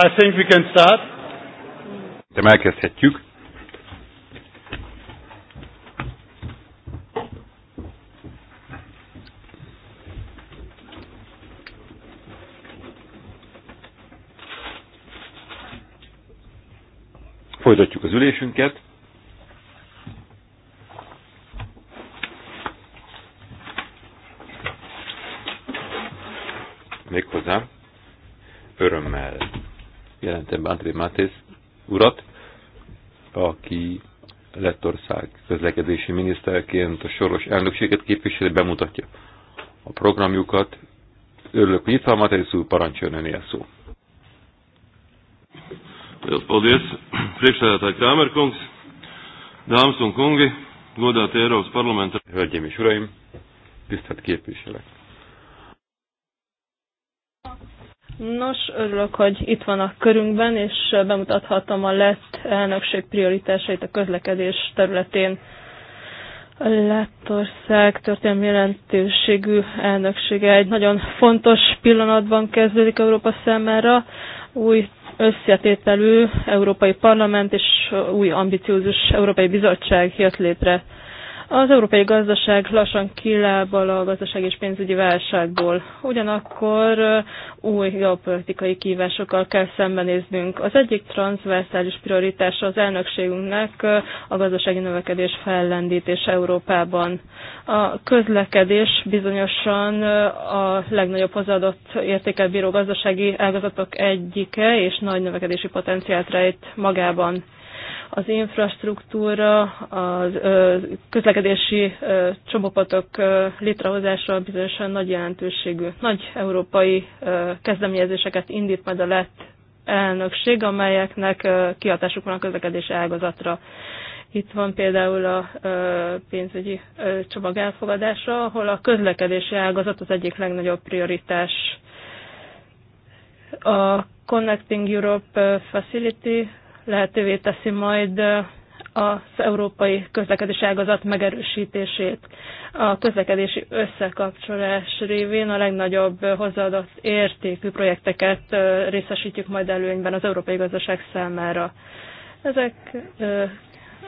I think we can start. De megkezdhetjük. Folytatjuk az ülésünket. Antrimatis urat, aki Lettország közlekedési miniszterként a soros elnökséget képviseli, bemutatja a programjukat. Örülök, hogy itt van, Matejsz úr, parancsoljon önél szó. Hölgyeim és uraim, tisztelt képviselek! Nos, örülök, hogy itt van a körünkben, és bemutathatom a lett elnökség prioritásait a közlekedés területén. A Lettország történelmi jelentőségű elnöksége egy nagyon fontos pillanatban kezdődik Európa számára. Új összetételű Európai Parlament és új ambiciózus Európai Bizottság jött létre. Az európai gazdaság lassan kilábal a gazdaság és pénzügyi válságból. Ugyanakkor új geopolitikai kívásokkal kell szembenéznünk. Az egyik transzverszális prioritása az elnökségünknek a gazdasági növekedés fellendítés Európában. A közlekedés bizonyosan a legnagyobb hozzáadott értékel bíró gazdasági ágazatok egyike, és nagy növekedési potenciált rejt magában az infrastruktúra, a közlekedési csomapatok létrehozása bizonyosan nagy jelentőségű. Nagy európai kezdeményezéseket indít majd a lett elnökség, amelyeknek kihatásuk van a közlekedési ágazatra. Itt van például a pénzügyi csomag elfogadása, ahol a közlekedési ágazat az egyik legnagyobb prioritás. A Connecting Europe Facility lehetővé teszi majd az európai közlekedési ágazat megerősítését. A közlekedési összekapcsolás révén a legnagyobb hozzáadott értékű projekteket részesítjük majd előnyben az európai gazdaság számára. Ezek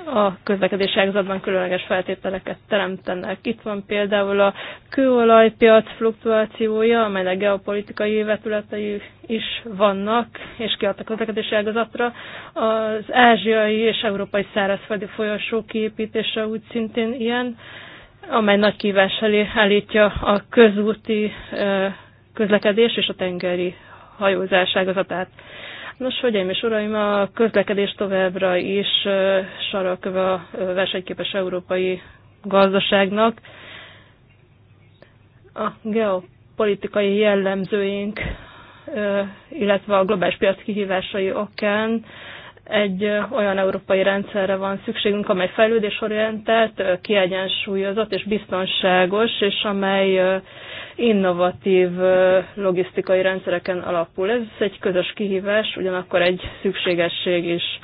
a közlekedési ágazatban különleges feltételeket teremtenek. Itt van például a kőolajpiac fluktuációja, amelynek geopolitikai vetületei is vannak, és kiadtak a közlekedési ágazatra. Az ázsiai és európai szárazföldi folyosó kiépítése úgy szintén ilyen, amely nagy kívás elé állítja a közúti közlekedés és a tengeri hajózás ágazatát. Nos, hölgyeim és uraim, a közlekedés továbbra is saralköve a versenyképes európai gazdaságnak. A geopolitikai jellemzőink, illetve a globális piac kihívásai okán egy olyan európai rendszerre van szükségünk, amely fejlődésorientált, kiegyensúlyozott és biztonságos, és amely innovatív logisztikai rendszereken alapul. Ez egy közös kihívás, ugyanakkor egy szükségesség is.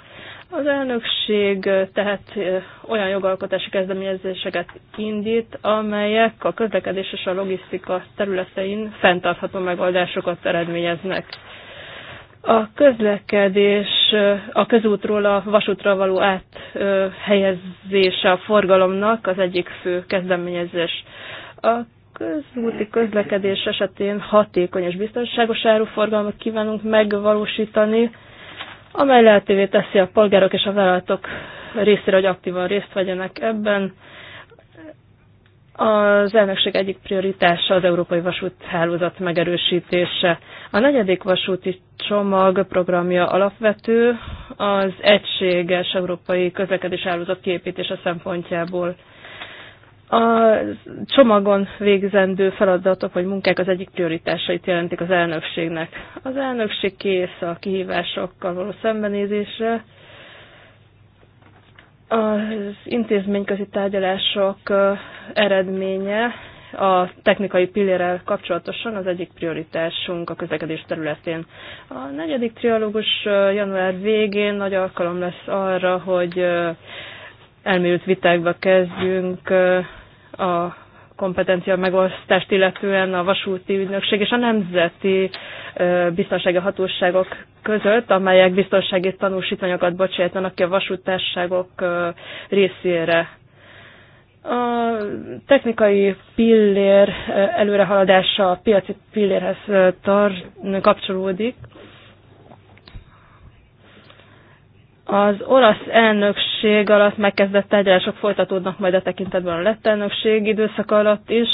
Az elnökség tehát olyan jogalkotási kezdeményezéseket indít, amelyek a közlekedés és a logisztika területein fenntartható megoldásokat eredményeznek. A közlekedés a közútról a vasútra való áthelyezése a forgalomnak az egyik fő kezdeményezés. A közúti közlekedés esetén hatékony és biztonságos áruforgalmat kívánunk megvalósítani, amely lehetővé teszi a polgárok és a vállalatok részére, hogy aktívan részt vegyenek ebben. Az elnökség egyik prioritása az európai vasúthálózat megerősítése. A negyedik vasúti csomag programja alapvető az egységes európai közlekedés hálózat kiépítése szempontjából. A csomagon végzendő feladatok vagy munkák az egyik prioritásait jelentik az elnökségnek. Az elnökség kész a kihívásokkal való szembenézésre. Az intézményközi tárgyalások eredménye a technikai pillérrel kapcsolatosan az egyik prioritásunk a közlekedés területén. A negyedik trialógus január végén nagy alkalom lesz arra, hogy elmélyült vitákba kezdjünk a kompetencia megosztást illetően a vasúti ügynökség és a nemzeti biztonsági hatóságok között, amelyek biztonsági tanúsítványokat bocsájtanak ki a vasútárságok részére. A technikai pillér előrehaladása a piaci pillérhez tar- kapcsolódik, Az orosz elnökség alatt megkezdett tárgyalások folytatódnak majd a tekintetben a lett elnökség időszak alatt is.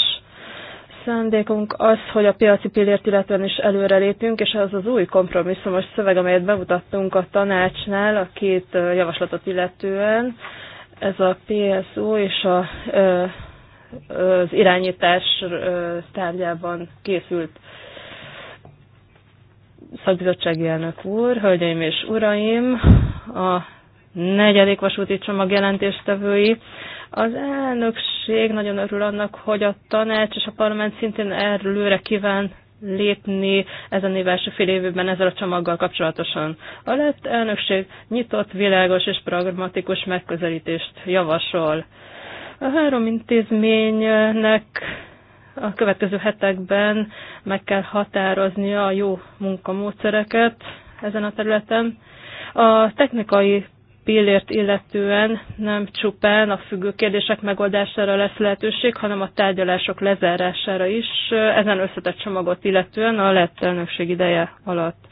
Szándékunk az, hogy a piaci pillért illetően is előrelépjünk, és az az új kompromisszumos szöveg, amelyet bemutattunk a tanácsnál a két javaslatot illetően, ez a PSO és a, az irányítás tárgyában készült szakbizottsági elnök úr, hölgyeim és uraim, a negyedik vasúti csomag jelentéstevői. Az elnökség nagyon örül annak, hogy a tanács és a parlament szintén előre kíván lépni ezen év első fél évben ezzel a csomaggal kapcsolatosan. A lett elnökség nyitott, világos és pragmatikus megközelítést javasol. A három intézménynek a következő hetekben meg kell határoznia a jó munkamódszereket ezen a területen, a technikai pillért illetően nem csupán a függő kérdések megoldására lesz lehetőség, hanem a tárgyalások lezárására is, eh, ezen összetett csomagot illetően a lett elnökség ideje alatt.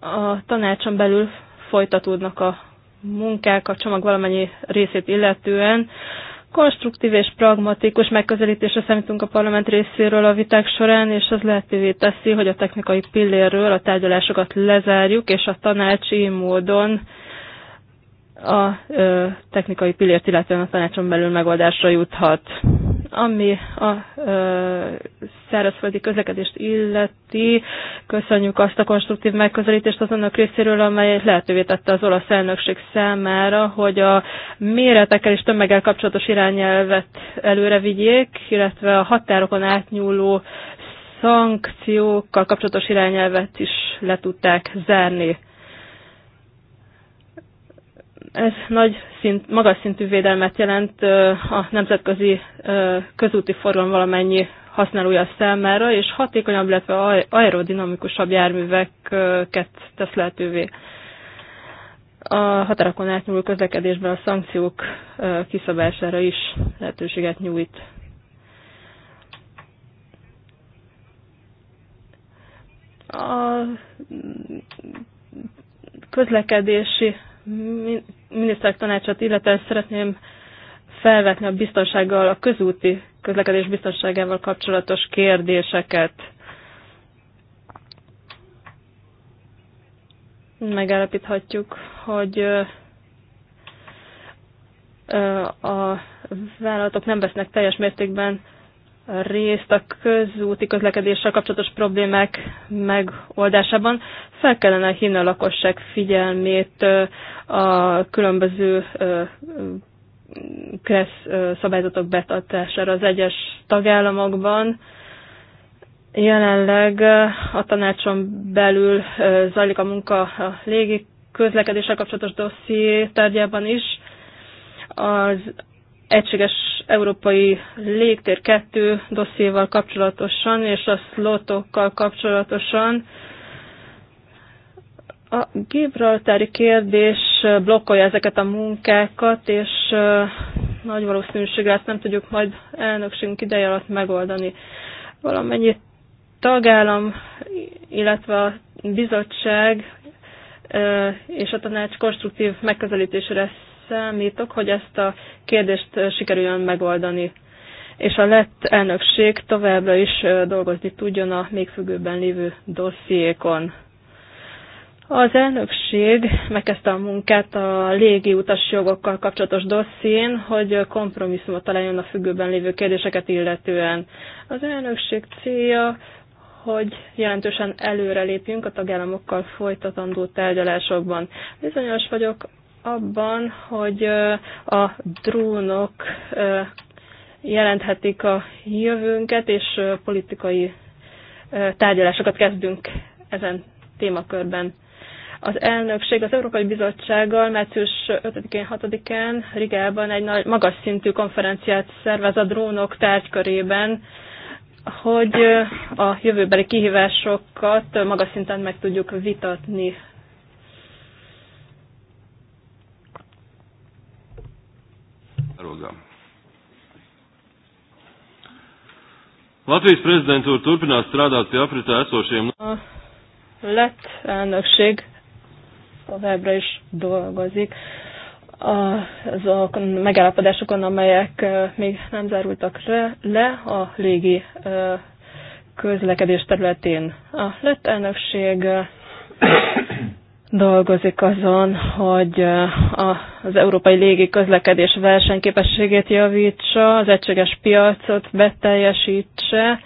A tanácson belül folytatódnak a munkák a csomag valamennyi részét illetően. Konstruktív és pragmatikus megközelítésre számítunk a parlament részéről a viták során, és az lehetővé teszi, hogy a technikai pillérről a tárgyalásokat lezárjuk, és a tanács így módon a ö, technikai pillért, illetve a tanácson belül megoldásra juthat. Ami a ö, szárazföldi közlekedést illeti, köszönjük azt a konstruktív megközelítést az önök részéről, amely lehetővé tette az olasz elnökség számára, hogy a méretekkel és tömeggel kapcsolatos irányelvet előre vigyék, illetve a határokon átnyúló szankciókkal kapcsolatos irányelvet is le tudták zárni ez nagy szint, magas szintű védelmet jelent a nemzetközi közúti forgalom valamennyi használója számára, és hatékonyabb, illetve aerodinamikusabb járműveket tesz lehetővé. A határokon átnyúló közlekedésben a szankciók kiszabására is lehetőséget nyújt. A közlekedési miniszterek tanácsát illetően szeretném felvetni a biztonsággal, a közúti közlekedés biztonságával kapcsolatos kérdéseket. Megállapíthatjuk, hogy a vállalatok nem vesznek teljes mértékben részt a közúti közlekedéssel kapcsolatos problémák megoldásában. Fel kellene hinni a lakosság figyelmét a különböző kressz szabályzatok betartására az egyes tagállamokban. Jelenleg a tanácson belül zajlik a munka a légi közlekedéssel kapcsolatos dosszié tárgyában is. Az egységes európai légtér kettő dosszéval kapcsolatosan és a szlotokkal kapcsolatosan. A Gibraltári kérdés blokkolja ezeket a munkákat, és nagy valószínűséggel ezt nem tudjuk majd elnökségünk ideje alatt megoldani. Valamennyi tagállam, illetve a bizottság és a tanács konstruktív megközelítésre számítok, hogy ezt a kérdést sikerüljön megoldani és a lett elnökség továbbra is dolgozni tudjon a még függőben lévő dossziékon. Az elnökség megkezdte a munkát a légi jogokkal kapcsolatos dosszín, hogy kompromisszumot találjon a függőben lévő kérdéseket illetően. Az elnökség célja, hogy jelentősen előrelépjünk a tagállamokkal folytatandó tárgyalásokban. Bizonyos vagyok abban, hogy a drónok jelenthetik a jövőnket, és politikai tárgyalásokat kezdünk ezen témakörben. Az elnökség az Európai Bizottsággal március 5-én, 6-án Rigában egy nagy, magas szintű konferenciát szervez a drónok tárgykörében, hogy a jövőbeli kihívásokat magas szinten meg tudjuk vitatni Luksemburgā. Latvijas prezidentūra turpinās strādāt pie apritē esošiem. A lett elnökség továbbra is dolgozik azokon megállapodásokon, amelyek még nem zárultak le, le a légi közlekedés területén. A lett elnökség dolgozik azon, hogy az európai légi közlekedés versenyképességét javítsa, az egységes piacot beteljesítse,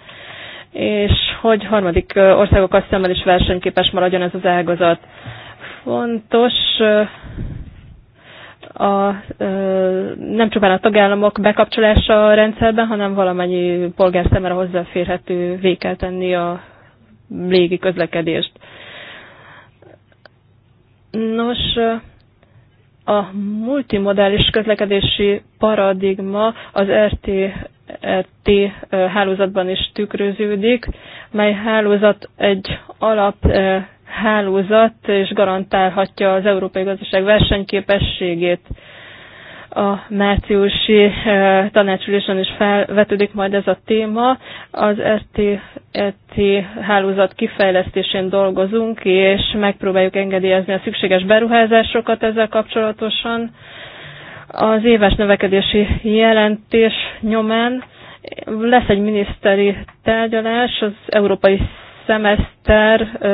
és hogy harmadik országok szemmel is versenyképes maradjon ez az ágazat. Fontos a, nem csupán a tagállamok bekapcsolása a rendszerben, hanem valamennyi polgár szemre hozzáférhető kell tenni a légi közlekedést. Nos, a multimodális közlekedési paradigma az RTT hálózatban is tükröződik, mely hálózat egy alap hálózat, és garantálhatja az európai gazdaság versenyképességét a márciusi e, tanácsülésen is felvetődik majd ez a téma. Az STT hálózat kifejlesztésén dolgozunk, és megpróbáljuk engedélyezni a szükséges beruházásokat ezzel kapcsolatosan. Az éves növekedési jelentés nyomán lesz egy miniszteri tárgyalás az európai szemeszter e,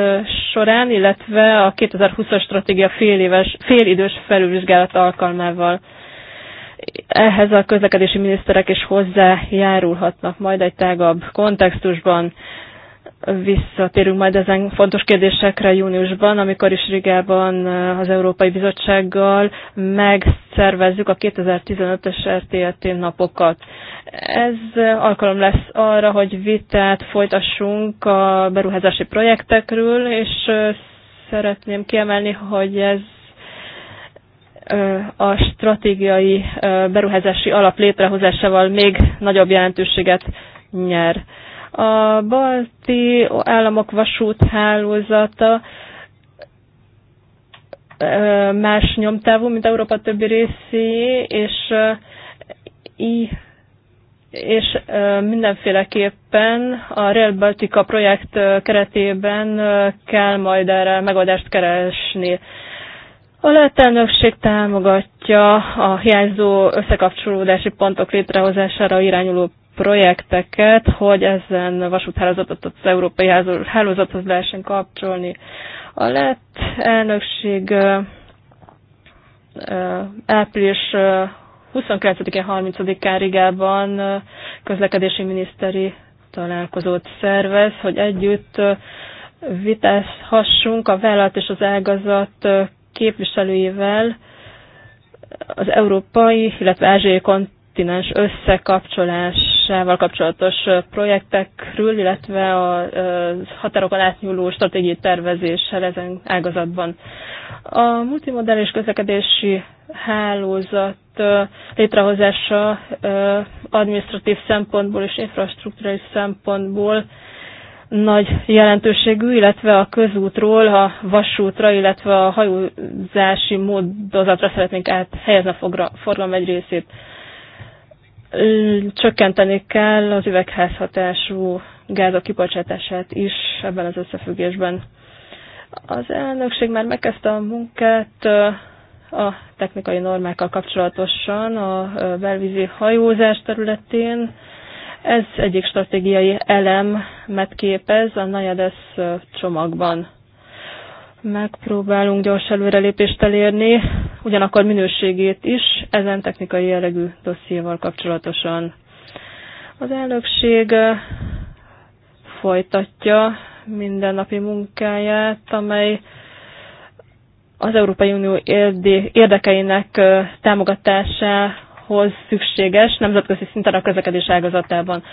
során, illetve a 2020-as stratégia fél felülvizsgálat alkalmával ehhez a közlekedési miniszterek is hozzájárulhatnak majd egy tágabb kontextusban. Visszatérünk majd ezen fontos kérdésekre júniusban, amikor is Rigában eh, az Európai Bizottsággal megszervezzük a 2015-es RTLT napokat. Ez alkalom lesz arra, hogy vitát folytassunk a beruházási projektekről, és eh, szeretném kiemelni, hogy ez a stratégiai beruházási alap létrehozásával még nagyobb jelentőséget nyer. A balti államok vasúthálózata más nyomtávú, mint Európa többi részé, és és mindenféleképpen a Rail Baltica projekt keretében kell majd erre megoldást keresni. A lett elnökség támogatja a hiányzó összekapcsolódási pontok létrehozására irányuló projekteket, hogy ezen vasúthálózatot az európai hálózathoz lehessen kapcsolni. A lett elnökség április 29-én 30-án Rigában közlekedési miniszteri találkozót szervez, hogy együtt vitázhassunk a vállalat és az ágazat képviselőjével az európai, illetve ázsiai kontinens összekapcsolásával kapcsolatos projektekről, illetve a határokon átnyúló stratégiai tervezéssel ezen ágazatban. A multimodális közlekedési hálózat létrehozása administratív szempontból és infrastruktúrális szempontból nagy jelentőségű, illetve a közútról a vasútra, illetve a hajózási módozatra szeretnénk áthelyezni a forgalom egy részét. Csökkenteni kell az üvegházhatású gázok kibocsátását is ebben az összefüggésben. Az elnökség már megkezdte a munkát a technikai normákkal kapcsolatosan a belvízi hajózás területén, ez egyik stratégiai elemet képez a Nayades csomagban. Megpróbálunk gyors előrelépést elérni, ugyanakkor minőségét is ezen technikai jellegű dossziéval kapcsolatosan. Az elnökség folytatja mindennapi munkáját, amely az Európai Unió érdekeinek támogatása hoz szükséges nemzetközi szinten a közlekedés ágazatában.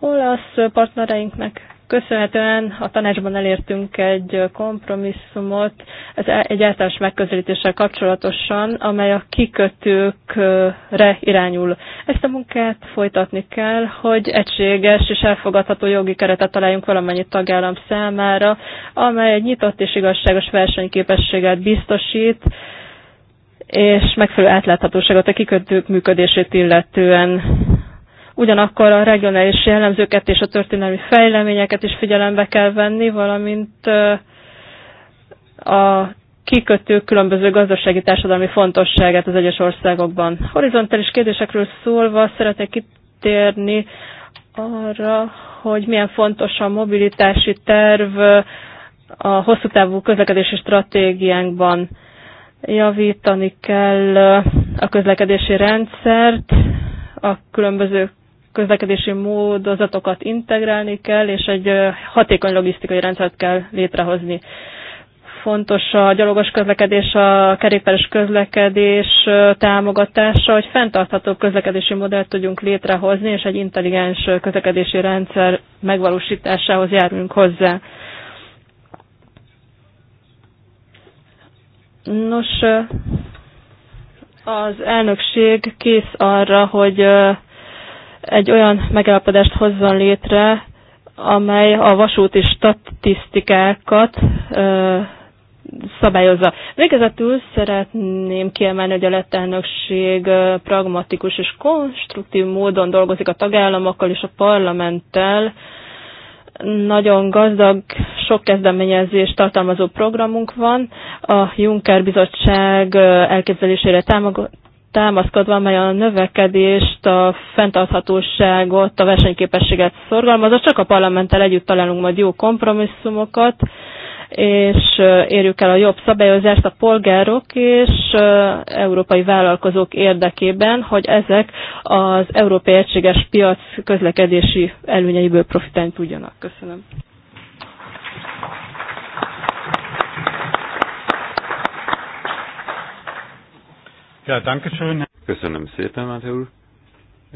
Olasz partnereinknek köszönhetően a tanácsban elértünk egy kompromisszumot ez e- egy általános megközelítéssel kapcsolatosan, amely a kikötőkre irányul. Ezt a munkát folytatni kell, hogy egységes és elfogadható jogi keretet találjunk valamennyi tagállam számára, amely egy nyitott és igazságos versenyképességet biztosít, és megfelelő átláthatóságot a kikötők működését illetően. Ugyanakkor a regionális jellemzőket és a történelmi fejleményeket is figyelembe kell venni, valamint a kikötők különböző gazdasági társadalmi fontosságát az egyes országokban. Horizontális kérdésekről szólva szeretnék kitérni arra, hogy milyen fontos a mobilitási terv a hosszú távú közlekedési stratégiánkban. Javítani kell a közlekedési rendszert, a különböző közlekedési módozatokat integrálni kell, és egy hatékony logisztikai rendszert kell létrehozni. Fontos a gyalogos közlekedés, a kerékpáros közlekedés támogatása, hogy fenntartható közlekedési modellt tudjunk létrehozni, és egy intelligens közlekedési rendszer megvalósításához járunk hozzá. Nos, az elnökség kész arra, hogy egy olyan megállapodást hozzon létre, amely a vasúti statisztikákat szabályozza. Végezetül szeretném kiemelni, hogy a lett elnökség pragmatikus és konstruktív módon dolgozik a tagállamokkal és a parlamenttel nagyon gazdag, sok kezdeményezést tartalmazó programunk van. A Juncker Bizottság elképzelésére támaszkodva, amely a növekedést, a fenntarthatóságot, a versenyképességet szorgalmazza, csak a parlamenttel együtt találunk majd jó kompromisszumokat, és érjük el a jobb szabályozást a polgárok és európai vállalkozók érdekében, hogy ezek az európai egységes piac közlekedési előnyeiből profitálni tudjanak. Köszönöm. Ja, danke schön. Köszönöm szépen, Máté úr,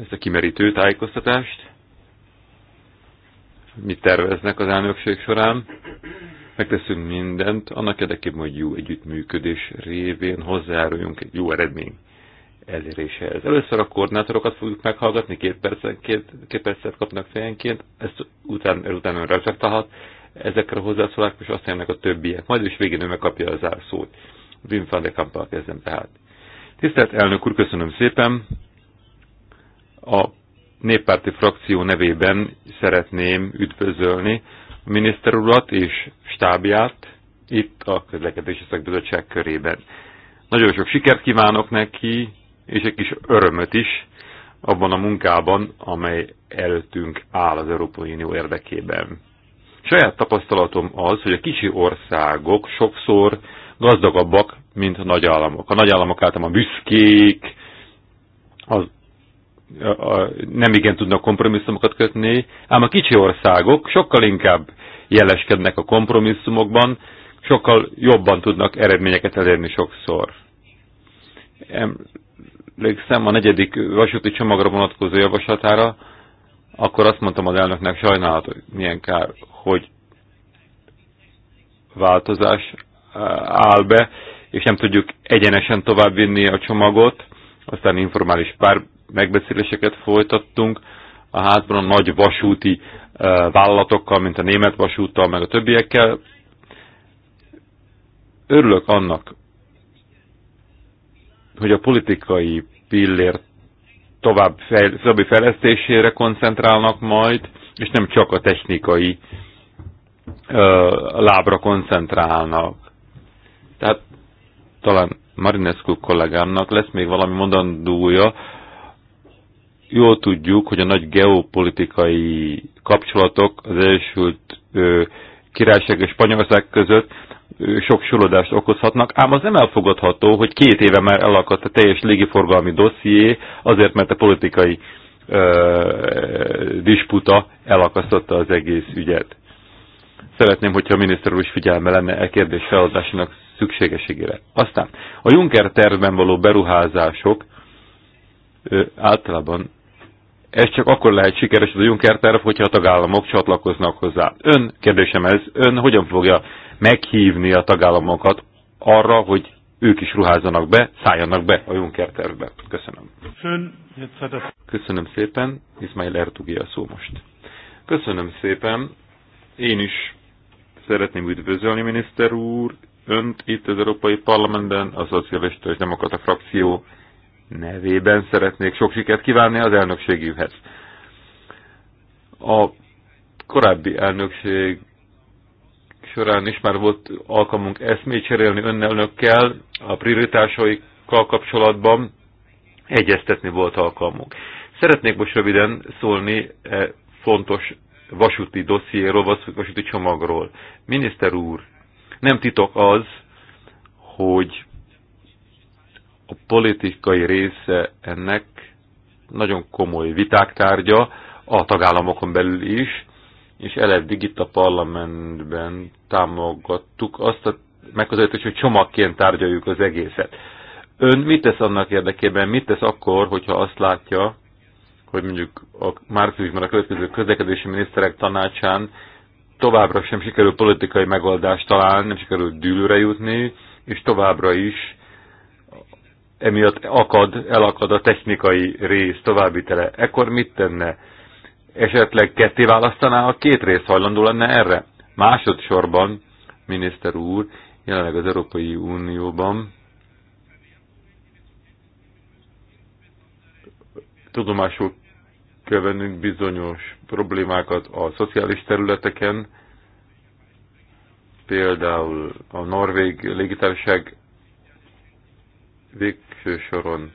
ezt a kimerítő tájékoztatást. Mit terveznek az elnökség során? Megteszünk mindent, annak érdekében, hogy jó együttműködés révén hozzájáruljunk egy jó eredmény eléréséhez. Először a koordinátorokat fogjuk meghallgatni, két percen, két, két percet kapnak fejenként, ezt után, után ön reflektálhat ezekre hozzászólák, és azt jönnek a többiek. Majd is végén ő megkapja a zárszót. Wim van de Kampal kezdem tehát. Tisztelt elnök úr, köszönöm szépen. A néppárti frakció nevében szeretném üdvözölni miniszter urat és stábját itt a közlekedési szakbizottság körében. Nagyon sok sikert kívánok neki, és egy kis örömöt is abban a munkában, amely előttünk áll az Európai Unió érdekében. Saját tapasztalatom az, hogy a kicsi országok sokszor gazdagabbak, mint a nagyállamok. A nagyállamok általában büszkék, az a, nem igen tudnak kompromisszumokat kötni, ám a kicsi országok sokkal inkább jeleskednek a kompromisszumokban, sokkal jobban tudnak eredményeket elérni sokszor. Emlékszem a negyedik vasúti csomagra vonatkozó javaslatára, akkor azt mondtam az elnöknek, sajnálat, hogy milyen kár, hogy változás áll be, és nem tudjuk egyenesen továbbvinni a csomagot, aztán informális pár megbeszéléseket folytattunk a házban a nagy vasúti eh, vállalatokkal, mint a német vasúttal, meg a többiekkel. Örülök annak, hogy a politikai pillér tovább fejl további fejlesztésére koncentrálnak majd, és nem csak a technikai ö, eh, lábra koncentrálnak. Tehát talán Marinescu kollégámnak lesz még valami mondandója jól tudjuk, hogy a nagy geopolitikai kapcsolatok az Egyesült Királyság és Spanyolország között sok sulodást okozhatnak, ám az nem elfogadható, hogy két éve már elakadt a teljes légiforgalmi dosszié, azért, mert a politikai ö, disputa elakasztotta az egész ügyet. Szeretném, hogyha a miniszter úr is figyelme lenne e kérdés feladásának szükségességére. Aztán a Juncker tervben való beruházások ö, általában ez csak akkor lehet sikeres az a Juncker terv, hogyha a tagállamok csatlakoznak hozzá. Ön, kérdésem ez, ön hogyan fogja meghívni a tagállamokat arra, hogy ők is ruházzanak be, szálljanak be a Juncker tervbe. Köszönöm. Köszönöm szépen. Ismail Ertugi a szó most. Köszönöm szépen. Én is szeretném üdvözölni, miniszter úr, önt itt az Európai Parlamentben, a Szocialista és Demokrata frakció nevében szeretnék sok sikert kívánni az elnökségükhöz. A korábbi elnökség során is már volt alkalmunk eszmét cserélni önnelnökkel a prioritásaikkal kapcsolatban, egyeztetni volt alkalmunk. Szeretnék most röviden szólni e fontos vasúti dossziéról, vasúti csomagról. Miniszter úr, nem titok az, hogy a politikai része ennek nagyon komoly viták tárgya, a tagállamokon belül is, és eleddig itt a parlamentben támogattuk azt a megközelítést, hogy csomagként tárgyaljuk az egészet. Ön mit tesz annak érdekében, mit tesz akkor, hogyha azt látja, hogy mondjuk a márciusban a következő közlekedési miniszterek tanácsán továbbra sem sikerül politikai megoldást találni, nem sikerül dűlőre jutni, és továbbra is emiatt akad, elakad a technikai rész továbbitele. Ekkor mit tenne? Esetleg ketté választaná a két rész, hajlandó lenne erre? Másodszorban, miniszter úr, jelenleg az Európai Unióban tudomásul kell vennünk bizonyos problémákat a szociális területeken, például a Norvég légitársaság vég végső soron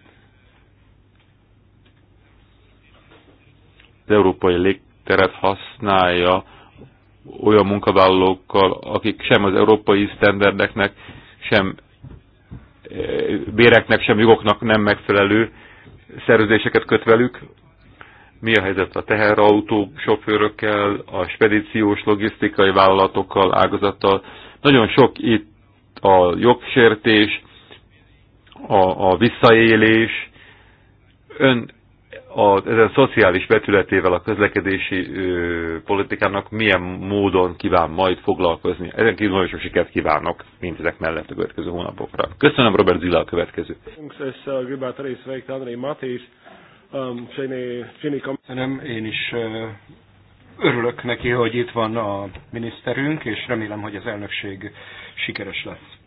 az európai légteret használja olyan munkavállalókkal, akik sem az európai sztenderdeknek, sem eh, béreknek, sem jogoknak nem megfelelő szerződéseket köt velük. Mi a helyzet a teherautó sofőrökkel, a spedíciós logisztikai vállalatokkal, ágazattal. Nagyon sok itt a jogsértés, a, a visszaélés, ön a, ezen a szociális betületével a közlekedési ö, politikának milyen módon kíván majd foglalkozni. Ezen kívül nagyon sok sikert kívánok ezek mellett a következő hónapokra. Köszönöm Robert Zilla a következő. Um, Köszönöm, én is örülök neki, hogy itt van a miniszterünk, és remélem, hogy az elnökség sikeres lesz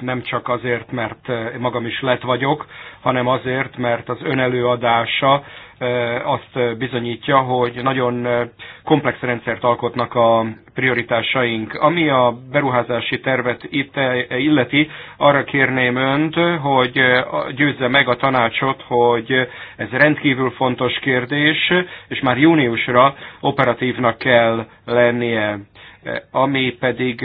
nem csak azért, mert eh, magam is lett vagyok, hanem azért, mert az önelőadása eh, azt eh, bizonyítja, hogy nagyon komplex rendszert alkotnak a prioritásaink. Ami a beruházási tervet itt illeti, arra kérném önt, hogy győzze meg a tanácsot, hogy ez rendkívül fontos kérdés, és már júniusra operatívnak kell lennie ami pedig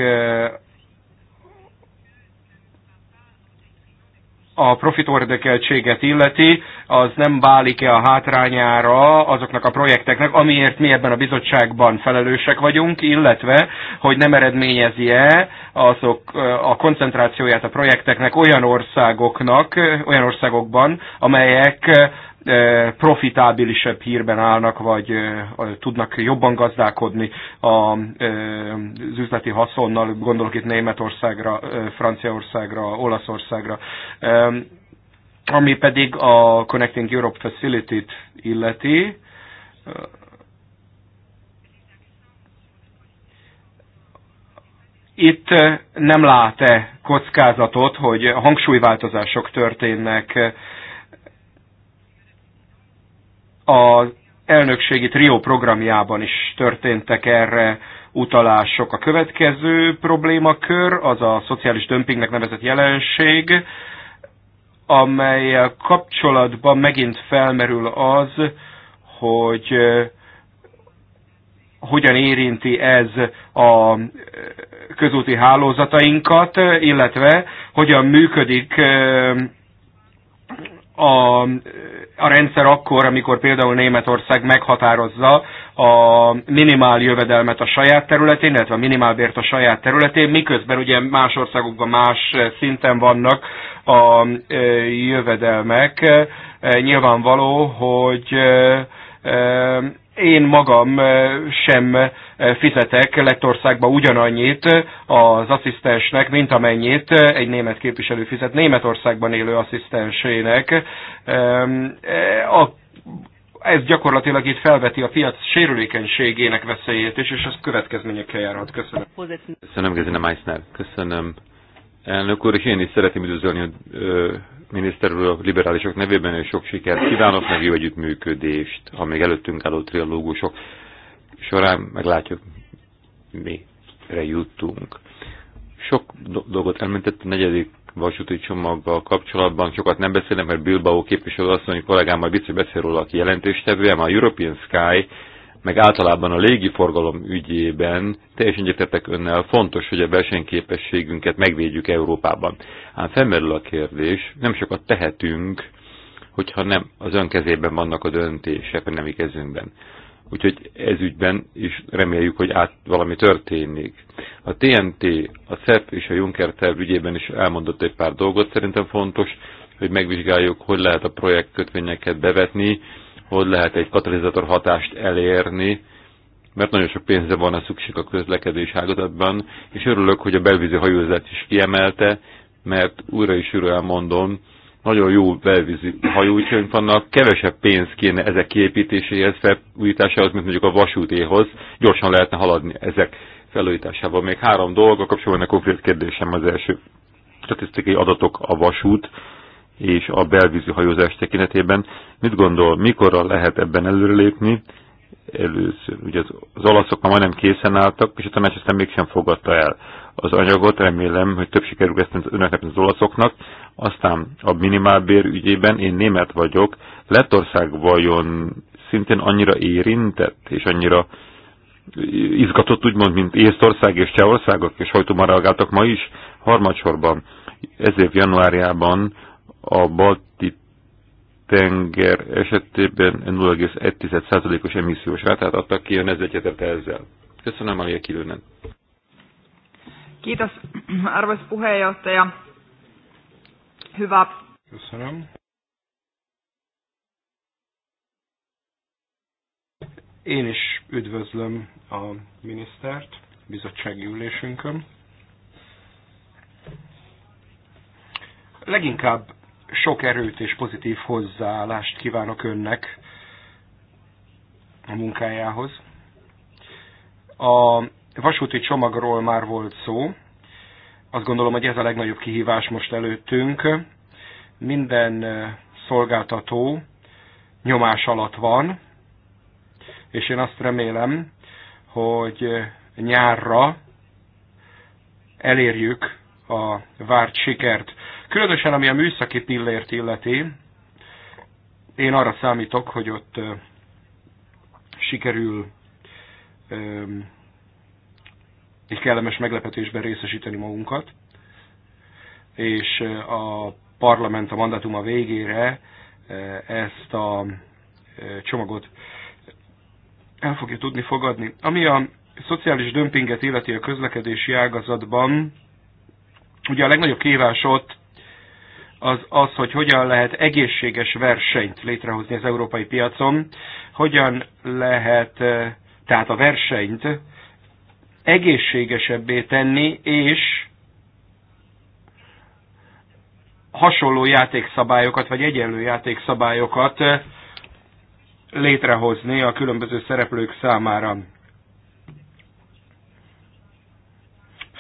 a profitérdekeltséget illeti, az nem válik-e a hátrányára azoknak a projekteknek, amiért mi ebben a bizottságban felelősek vagyunk, illetve hogy nem eredményezi-e azok a koncentrációját a projekteknek olyan országoknak, olyan országokban, amelyek profitábilisebb hírben állnak, vagy tudnak jobban gazdálkodni az üzleti haszonnal, gondolok itt Németországra, Franciaországra, Olaszországra ami pedig a Connecting Europe Facility-t illeti, itt nem lát-e kockázatot, hogy hangsúlyváltozások történnek az elnökségi trió programjában is történtek erre utalások. A következő problémakör az a szociális dömpingnek nevezett jelenség, Amely kapcsolatban megint felmerül az, hogy hogyan érinti ez a közúti hálózatainkat, illetve hogyan működik a, a rendszer akkor, amikor például Németország meghatározza a minimál jövedelmet a saját területén, illetve a minimálbért a saját területén, miközben ugye más országokban más szinten vannak a jövedelmek. Nyilvánvaló, hogy én magam eh, sem eh, fizetek Lettországba ugyanannyit az asszisztensnek, mint amennyit eh, egy német képviselő fizet Németországban élő asszisztensének. A ez gyakorlatilag itt felveti a piac sérülékenységének veszélyét és ez következményekkel járhat. Köszönöm. Köszönöm, Gezine Meissner. Köszönöm. Elnök úr, és én is szeretném üdvözölni a miniszter úr, a liberálisok nevében és sok sikert kívánok, meg jó együttműködést, ha még előttünk álló trilógusok során meglátjuk, mire jutunk. Sok dolgot elmentett a negyedik vasúti csomaggal kapcsolatban, sokat nem beszélek, mert Bilbao képviselő kollégám majd biztos beszél róla, aki jelentéstevője, a European Sky meg általában a légiforgalom ügyében teljesen egyetetek önnel, fontos, hogy a versenyképességünket megvédjük Európában. Ám felmerül a kérdés, nem sokat tehetünk, hogyha nem az ön kezében vannak a döntések, a nemi kezünkben. Úgyhogy ez ügyben is reméljük, hogy át valami történik. A TNT, a CEP és a Juncker terv ügyében is elmondott egy pár dolgot, szerintem fontos, hogy megvizsgáljuk, hogy lehet a projektkötvényeket bevetni, hogy lehet egy katalizátor hatást elérni, mert nagyon sok pénze van a szükség a közlekedés ágazatban, és örülök, hogy a belvízi hajózást is kiemelte, mert újra is újra elmondom, nagyon jó belvízi hajócsőnk vannak, kevesebb pénz kéne ezek kiépítéséhez, felújításához, mint mondjuk a vasútéhoz, gyorsan lehetne haladni ezek felújításával. Még három dolog, a kapcsolatban a konkrét kérdésem az első statisztikai adatok a vasút és a belvízi hajózás tekintetében. Mit gondol, mikorra lehet ebben előrelépni? Először, ugye az, az olaszok már majdnem készen álltak, és a tanács aztán mégsem fogadta el az anyagot, remélem, hogy több sikerül ezt önöknek az olaszoknak. Aztán a minimálbér ügyében én német vagyok, Lettország vajon szintén annyira érintett, és annyira izgatott úgymond, mint Észtország és Csehországok, és hajtóban reagáltak ma is, harmadsorban ezért januárjában a balti tenger esetében 0,1%-os emissziós rátát adtak ki, ön ez egyetet ezzel. Köszönöm, Alia Kilőnen. Kiitos, arvoisa puheenjohtaja. Hyvä. Köszönöm. Én is üdvözlöm a minisztert bizottsági ülésünkön. Leginkább sok erőt és pozitív hozzáállást kívánok önnek a munkájához. A vasúti csomagról már volt szó. Azt gondolom, hogy ez a legnagyobb kihívás most előttünk. Minden eh, szolgáltató nyomás alatt van, és én azt remélem, hogy eh, nyárra elérjük a várt sikert. Különösen ami a műszaki pillért illeti, én arra számítok, hogy ott sikerül egy kellemes meglepetésben részesíteni magunkat, és a parlament a mandátuma végére ezt a csomagot el fogja tudni fogadni. Ami a szociális dömpinget illeti a közlekedési ágazatban, ugye a legnagyobb kívás ott az az, hogy hogyan lehet egészséges versenyt létrehozni az európai piacon, hogyan lehet tehát a versenyt egészségesebbé tenni, és hasonló játékszabályokat, vagy egyenlő játékszabályokat létrehozni a különböző szereplők számára.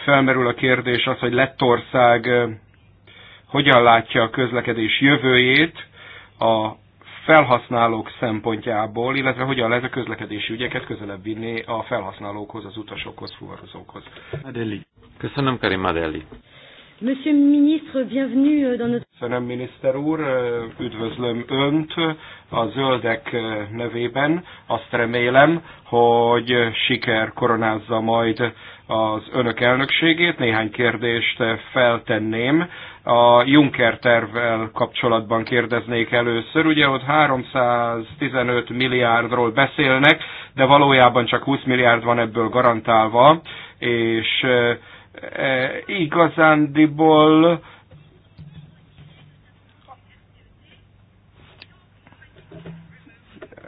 Felmerül a kérdés az, hogy Lettország hogyan látja a közlekedés jövőjét a felhasználók szempontjából, illetve hogyan lehet a közlekedési ügyeket közelebb vinni a felhasználókhoz, az utasokhoz, fuvarozókhoz. Madeli. Köszönöm, Karim Adeli. Monsieur le ministre, bienvenue euh, dans notre... Köszönöm, miniszter úr, euh, üdvözlöm Önt a zöldek euh, nevében. Azt remélem, hogy siker koronázza majd az Önök elnökségét. Néhány kérdést feltenném. A Juncker tervvel kapcsolatban kérdeznék először. Ugye ott 315 milliárdról beszélnek, de valójában csak 20 milliárd van ebből garantálva, és E, igazándiból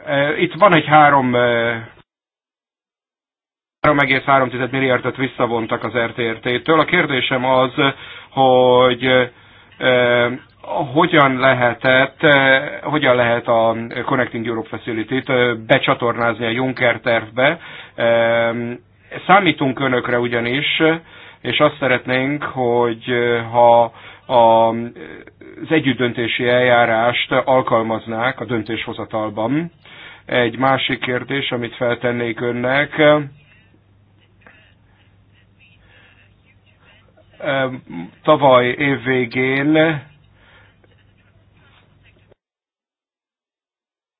e, itt van egy három 3,3 e, milliárdot visszavontak az RTRT-től. A kérdésem az, hogy hogyan lehetett, hogyan lehet a Connecting Europe Facility-t becsatornázni a Juncker tervbe. Számítunk önökre ugyanis, és azt szeretnénk, hogy ha az együttdöntési eljárást alkalmaznák a döntéshozatalban. Egy másik kérdés, amit feltennék önnek, tavaly év végén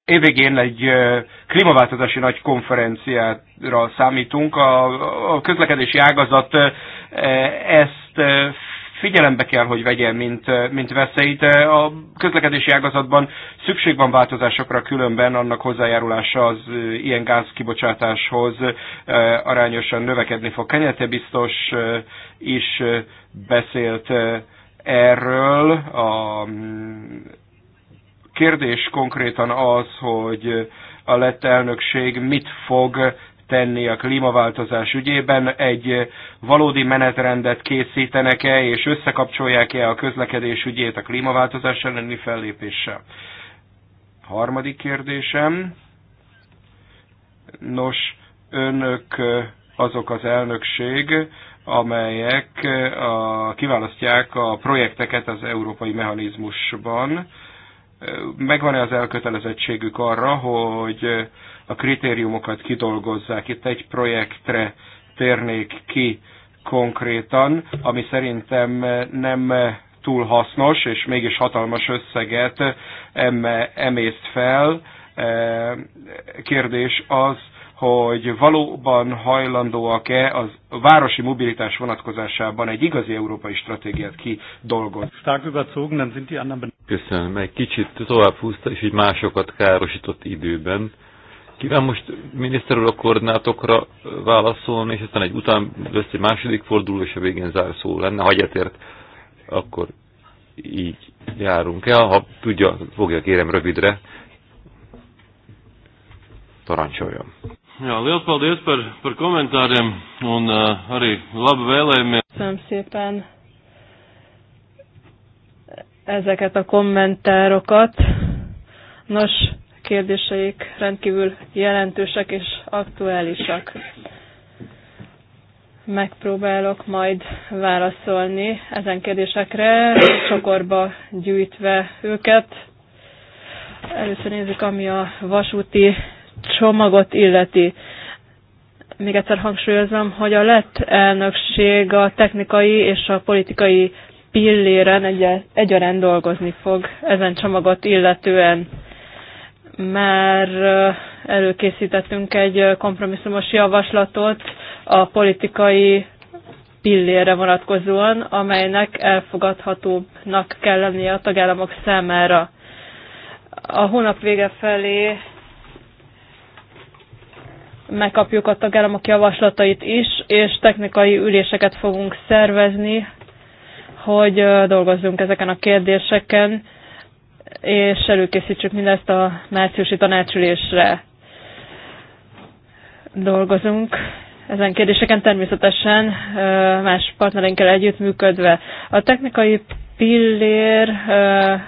évvégén egy klímaváltozási nagy konferenciára számítunk. a közlekedési ágazat Eh, ezt eh, figyelembe kell, hogy vegye, mint, eh, mint veszélyt. A közlekedési ágazatban szükség van változásokra, különben annak hozzájárulása az ilyen gázkibocsátáshoz arányosan növekedni fog. Kenyete biztos is beszélt erről. A mm, kérdés konkrétan az, hogy a lett elnökség mit fog tenni a klímaváltozás ügyében, egy valódi menetrendet készítenek-e, és összekapcsolják-e a közlekedés ügyét a klímaváltozás elleni fellépéssel. Harmadik kérdésem. Nos, önök azok az elnökség, amelyek a, kiválasztják a projekteket az európai mechanizmusban. Megvan-e az elkötelezettségük arra, hogy a kritériumokat kidolgozzák. Itt egy projektre térnék ki konkrétan, ami szerintem nem túl hasznos, és mégis hatalmas összeget emészt fel. E, kérdés az, hogy valóban hajlandóak-e az városi mobilitás vonatkozásában egy igazi európai stratégiát kidolgozni. Köszönöm, egy kicsit tovább húzta, és így másokat károsított időben. Kíván most miniszter úr a koordinátokra válaszolni, és aztán egy után lesz egy második forduló, és a végén zárszó lenne. Ha egyetért, akkor így járunk el. Ha tudja, fogja kérem rövidre. Parancsoljon. Ja, liels paldies par, par komentāriem un uh, arī labu vēlējumiem. Köszönöm szépen ezeket a kommentárokat. Nos, kérdéseik rendkívül jelentősek és aktuálisak. Megpróbálok majd válaszolni ezen kérdésekre, csokorba gyűjtve őket. Először nézzük, ami a vasúti csomagot illeti még egyszer hangsúlyozom, hogy a lett elnökség a technikai és a politikai pilléren egy egyaránt dolgozni fog ezen csomagot illetően már előkészítettünk egy kompromisszumos javaslatot a politikai pillére vonatkozóan, amelynek elfogadhatóbbnak kell lennie a tagállamok számára. A hónap vége felé megkapjuk a tagállamok javaslatait is, és technikai üléseket fogunk szervezni, hogy dolgozzunk ezeken a kérdéseken, és előkészítsük mindezt a márciusi tanácsülésre. Dolgozunk ezen kérdéseken természetesen más partnereinkkel együttműködve. A technikai pillérrel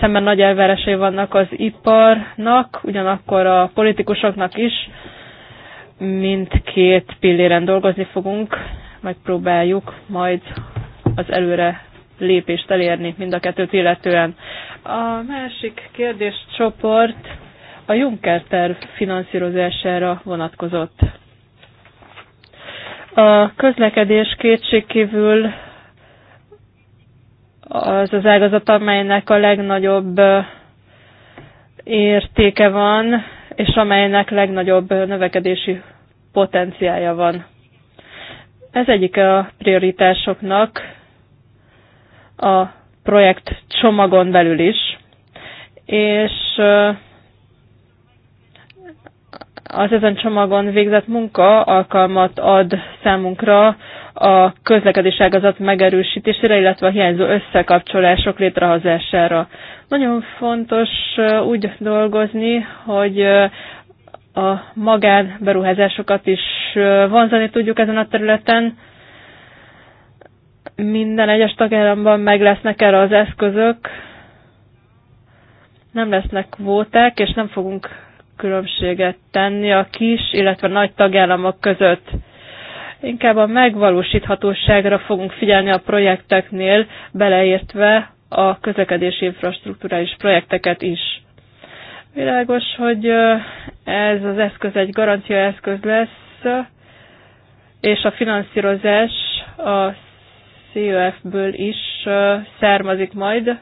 szemben nagy elvárásai vannak az iparnak, ugyanakkor a politikusoknak is. Mindkét pilléren dolgozni fogunk, megpróbáljuk majd az előre lépést elérni mind a kettőt illetően. A másik kérdéscsoport a Juncker terv finanszírozására vonatkozott. A közlekedés kétségkívül az az ágazat, amelynek a legnagyobb értéke van, és amelynek legnagyobb növekedési potenciája van. Ez egyik a prioritásoknak, a projekt csomagon belül is, és az ezen csomagon végzett munka alkalmat ad számunkra a közlekedés ágazat megerősítésére, illetve a hiányzó összekapcsolások létrehozására. Nagyon fontos úgy dolgozni, hogy a magánberuházásokat is vonzani tudjuk ezen a területen, minden egyes tagállamban meg lesznek erre az eszközök, nem lesznek kvóták, és nem fogunk különbséget tenni a kis, illetve nagy tagállamok között. Inkább a megvalósíthatóságra fogunk figyelni a projekteknél, beleértve a közlekedési infrastruktúrális projekteket is. Világos, hogy ez az eszköz egy garancia eszköz lesz, és a finanszírozás a CEF-ből is származik majd.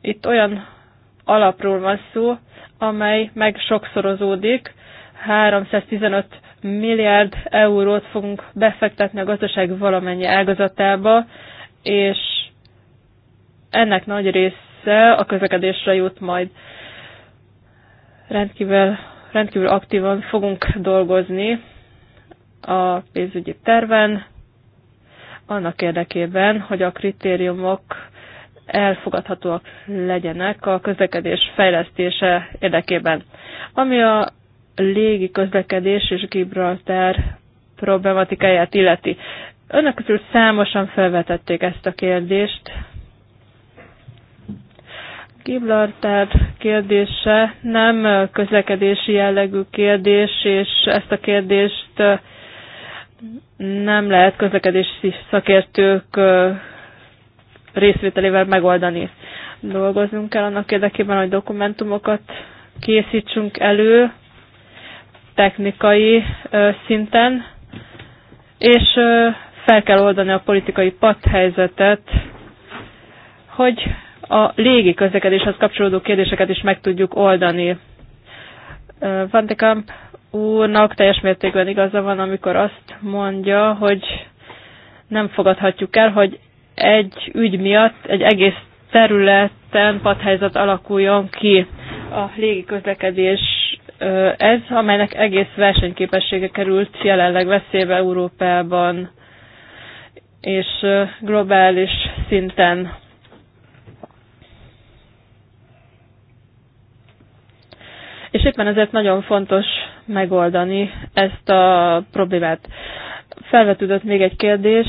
Itt olyan alapról van szó, amely meg sokszorozódik, 315 milliárd eurót fogunk befektetni a gazdaság valamennyi ágazatába, és ennek nagy része a közlekedésre jut majd. Rendkívül, rendkívül aktívan fogunk dolgozni a pénzügyi terven, annak érdekében, hogy a kritériumok elfogadhatóak legyenek a közlekedés fejlesztése érdekében. Ami a légi közlekedés és Gibraltar problematikáját illeti. Önök közül számosan felvetették ezt a kérdést. Gibraltar kérdése nem közlekedési jellegű kérdés, és ezt a kérdést nem lehet közlekedési szakértők részvételével megoldani. Dolgozunk kell annak érdekében, hogy dokumentumokat készítsünk elő technikai szinten, és fel kell oldani a politikai helyzetet, hogy a légi közlekedéshez kapcsolódó kérdéseket is meg tudjuk oldani. Van de Kamp úrnak teljes mértékben igaza van, amikor azt mondja, hogy nem fogadhatjuk el, hogy egy ügy miatt egy egész területen padhelyzet alakuljon ki. A légi közlekedés ez, amelynek egész versenyképessége került jelenleg veszélybe Európában és globális szinten. És éppen ezért nagyon fontos megoldani ezt a problémát. Felvetődött még egy kérdés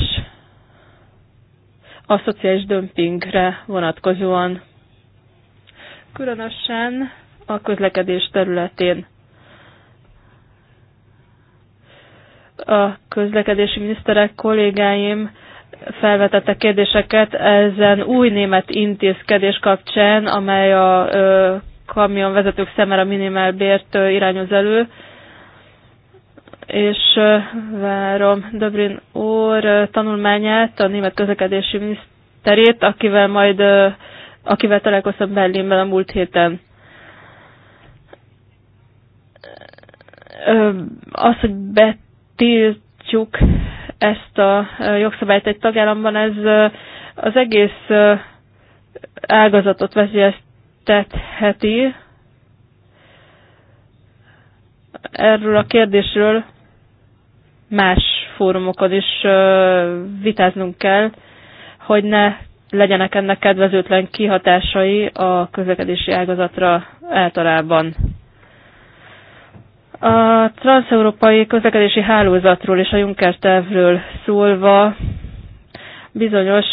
a szociális dömpingre vonatkozóan, különösen a közlekedés területén. A közlekedési miniszterek kollégáim felvetette kérdéseket ezen új német intézkedés kapcsán, amely a ö, kamionvezetők szemére minimálbért irányoz elő és várom Dobrin úr tanulmányát, a német közlekedési miniszterét, akivel majd akivel találkoztam Berlinben a múlt héten. Az, hogy betiltjuk ezt a jogszabályt egy tagállamban, ez az egész ágazatot veszélyeztetheti. Erről a kérdésről más fórumokon is vitáznunk kell, hogy ne legyenek ennek kedvezőtlen kihatásai a közlekedési ágazatra általában. A transeurópai közlekedési hálózatról és a Juncker tervről szólva bizonyos,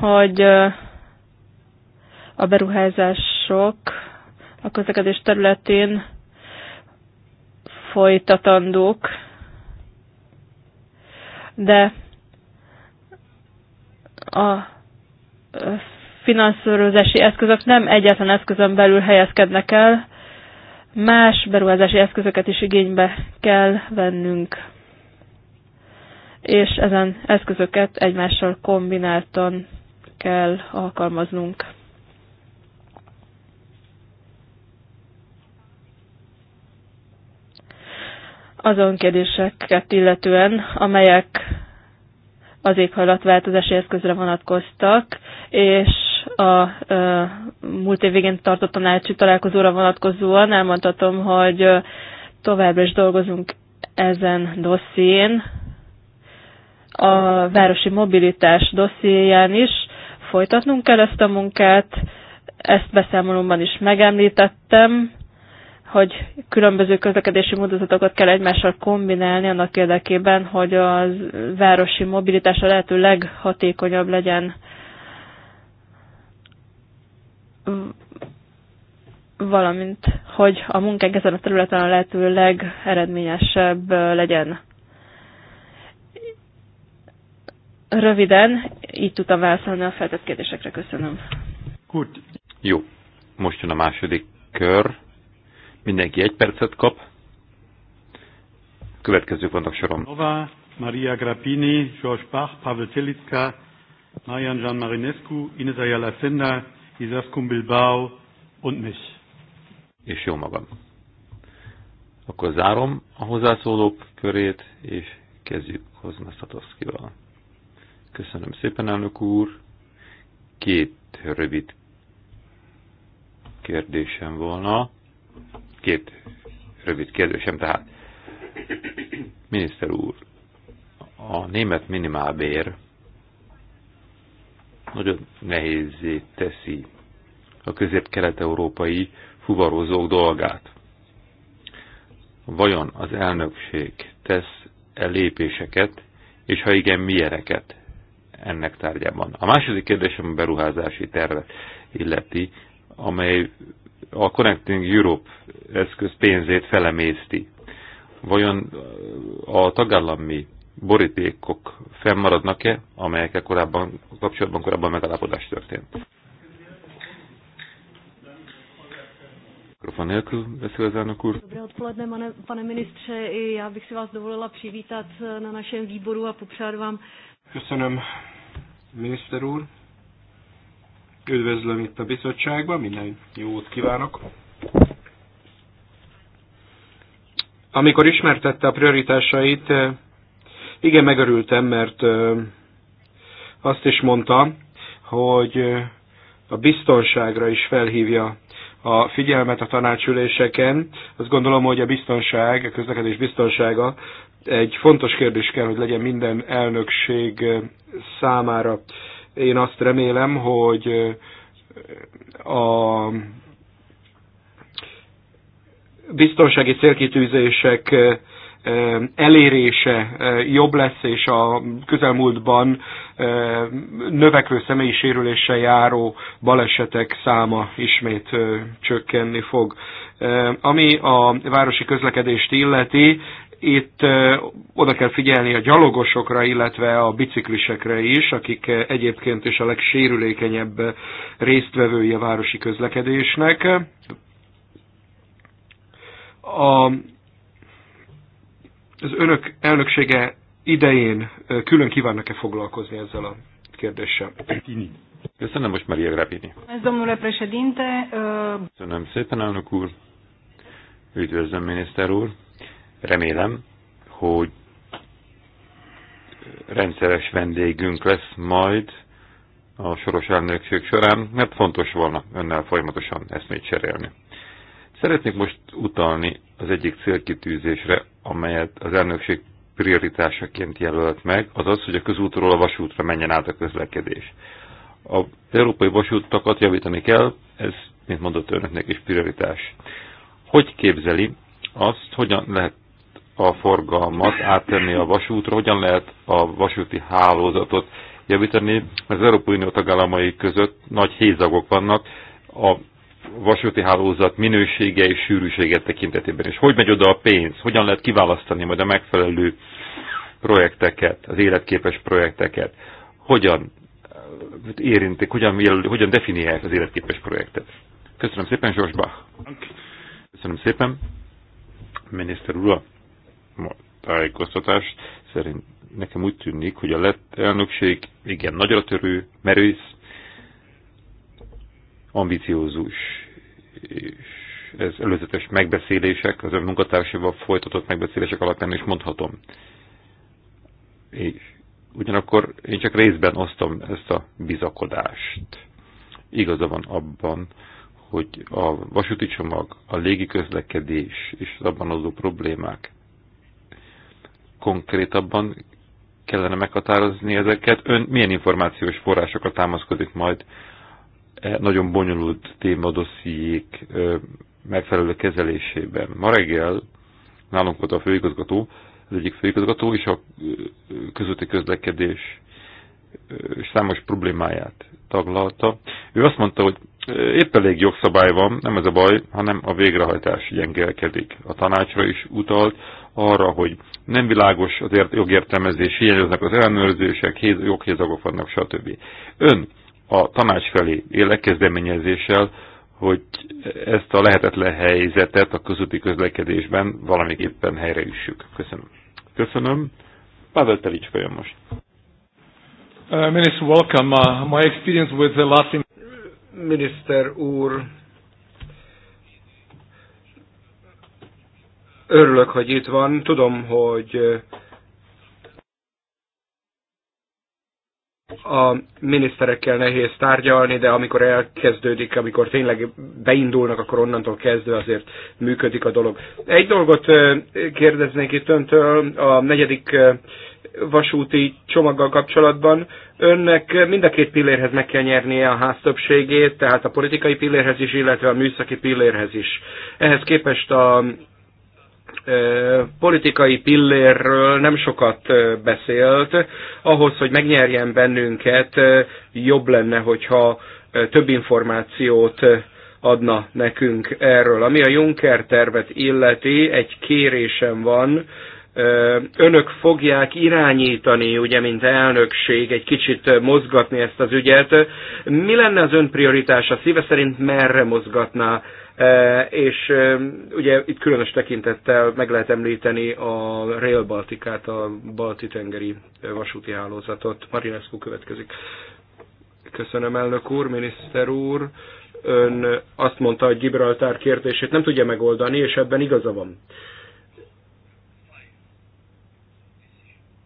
hogy a beruházások a közlekedés területén folytatandók, de a finanszírozási eszközök nem egyetlen eszközön belül helyezkednek el, más beruházási eszközöket is igénybe kell vennünk, és ezen eszközöket egymással kombináltan kell alkalmaznunk. azon kérdéseket illetően, amelyek az éghajlatváltozási eszközre vonatkoztak, és a e, múlt év végén tartott tanácsi találkozóra vonatkozóan elmondhatom, hogy továbbra is dolgozunk ezen dosszién, a városi mobilitás dossziéján is. Folytatnunk kell ezt a munkát, ezt beszámolomban is megemlítettem, hogy különböző közlekedési módozatokat kell egymással kombinálni annak érdekében, hogy a városi mobilitás a lehető leghatékonyabb legyen. Valamint, hogy a munkánk ezen a területen a lehető legeredményesebb legyen. Röviden, így tudtam válaszolni a feltett kérdésekre. Köszönöm. Good. Jó, most jön a második kör Mindenki egy percet kap. Következők vannak soron. Nova, Maria Grappini, George Bach, Pavel Telitska, Marian Jean Marinescu, Ines Ayala Senna, Izaskun Bilbao und mich. És jó magam. Akkor zárom a hozzászólók körét, és kezdjük Hozna Szatovszkival. Köszönöm szépen, elnök úr. Két rövid kérdésem volna. Két rövid kérdésem, tehát miniszter úr, a német minimálbér nagyon nehézé teszi a közép-kelet-európai fuvarozók dolgát. Vajon az elnökség tesz-e lépéseket, és ha igen, milyeneket ennek tárgyában? A második kérdésem a beruházási tervet illeti, amely a Connecting Europe eszköz pénzét felemészti. Vajon a tagállami borítékok fennmaradnak-e, amelyekkel korábban, kapcsolatban korábban megállapodás történt? Mikrofon nélkül beszél az elnök úr. Dobré odpoledne, pane, pane ministře, i já bych si vás dovolila přivítat eh, na našem výboru a popřát vám. Köszönöm, miniszter úr. Üdvözlöm itt a bizottságban, minden jót kívánok! Amikor ismertette a prioritásait, igen, megörültem, mert azt is mondta, hogy a biztonságra is felhívja a figyelmet a tanácsüléseken. Azt gondolom, hogy a biztonság, a közlekedés biztonsága egy fontos kérdés kell, hogy legyen minden elnökség számára. Én azt remélem, hogy a biztonsági célkitűzések elérése jobb lesz, és a közelmúltban növekvő személyi sérüléssel járó balesetek száma ismét csökkenni fog. Ami a városi közlekedést illeti, itt oda kell figyelni a gyalogosokra, illetve a biciklisekre is, akik egyébként is a legsérülékenyebb résztvevői a városi közlekedésnek. A, az önök elnöksége idején külön kívánnak-e foglalkozni ezzel a kérdéssel? Köszönöm most Maria Grapini. Köszönöm szépen, elnök úr. Üdvözlöm, miniszter úr. Remélem, hogy rendszeres vendégünk lesz majd a soros elnökség során, mert fontos volna önnel folyamatosan eszmét cserélni. Szeretnék most utalni az egyik célkitűzésre, amelyet az elnökség prioritásaként jelölt meg, az az, hogy a közútról a vasútra menjen át a közlekedés. A európai vasútakat javítani kell, ez, mint mondott önöknek is prioritás. Hogy képzeli azt, hogyan lehet a forgalmat áttenni a vasútra, hogyan lehet a vasúti hálózatot javítani. Az Európai Unió tagállamai között nagy hézagok vannak a vasúti hálózat minősége és sűrűsége tekintetében. És hogy megy oda a pénz? Hogyan lehet kiválasztani majd a megfelelő projekteket, az életképes projekteket? Hogyan érintik, hogyan, hogyan definiálják az életképes projektet? Köszönöm szépen, Zsors Bach. Köszönöm szépen, miniszter úr tájékoztatás Szerint nekem úgy tűnik, hogy a lett elnökség igen nagyra törő, merész, ambiciózus, és ez előzetes megbeszélések, az ön munkatársával folytatott megbeszélések alapján is mondhatom. És ugyanakkor én csak részben osztom ezt a bizakodást. Igaza van abban, hogy a vasúti csomag, a légiközlekedés és az abban adó problémák konkrétabban kellene meghatározni ezeket. Ön milyen információs forrásokat támaszkodik majd e nagyon bonyolult témadossziék megfelelő kezelésében? Ma reggel nálunk volt a főigazgató, az egyik főigazgató, is a közötti közlekedés számos problémáját taglalta. Ő azt mondta, hogy épp elég jogszabály van, nem ez a baj, hanem a végrehajtás gyengelkedik. A tanácsra is utalt arra, hogy nem világos az jogértelmezés, hiányoznak az ellenőrzések, joghézagok vannak, stb. Ön a tanács felé élek kezdeményezéssel, hogy ezt a lehetetlen helyzetet a közúti közlekedésben valamiképpen üssük. Köszönöm. Köszönöm. Pavel Telicska jön most. Uh, minister, welcome. Uh, my experience with the Latin Miniszter úr, örülök, hogy itt van. Tudom, hogy a miniszterekkel nehéz tárgyalni, de amikor elkezdődik, amikor tényleg beindulnak, akkor onnantól kezdve azért működik a dolog. Egy dolgot eh, kérdeznék itt öntől, a negyedik eh, vasúti csomaggal kapcsolatban. Önnek mind a két pillérhez meg kell nyernie a ház többségét, tehát a politikai pillérhez is, illetve a műszaki pillérhez is. Ehhez képest a e, politikai pillérről nem sokat e, beszélt. Ahhoz, hogy megnyerjen bennünket, e, jobb lenne, hogyha több információt adna nekünk erről. Ami a Juncker tervet illeti, egy kérésem van, önök fogják irányítani, ugye, mint elnökség, egy kicsit mozgatni ezt az ügyet. Mi lenne az ön prioritása? Szíve szerint merre mozgatná? És ugye itt különös tekintettel meg lehet említeni a Rail Baltikát, a Balti-tengeri vasúti hálózatot. Marinescu következik. Köszönöm, elnök úr, miniszter úr. Ön azt mondta, hogy Gibraltár kérdését nem tudja megoldani, és ebben igaza van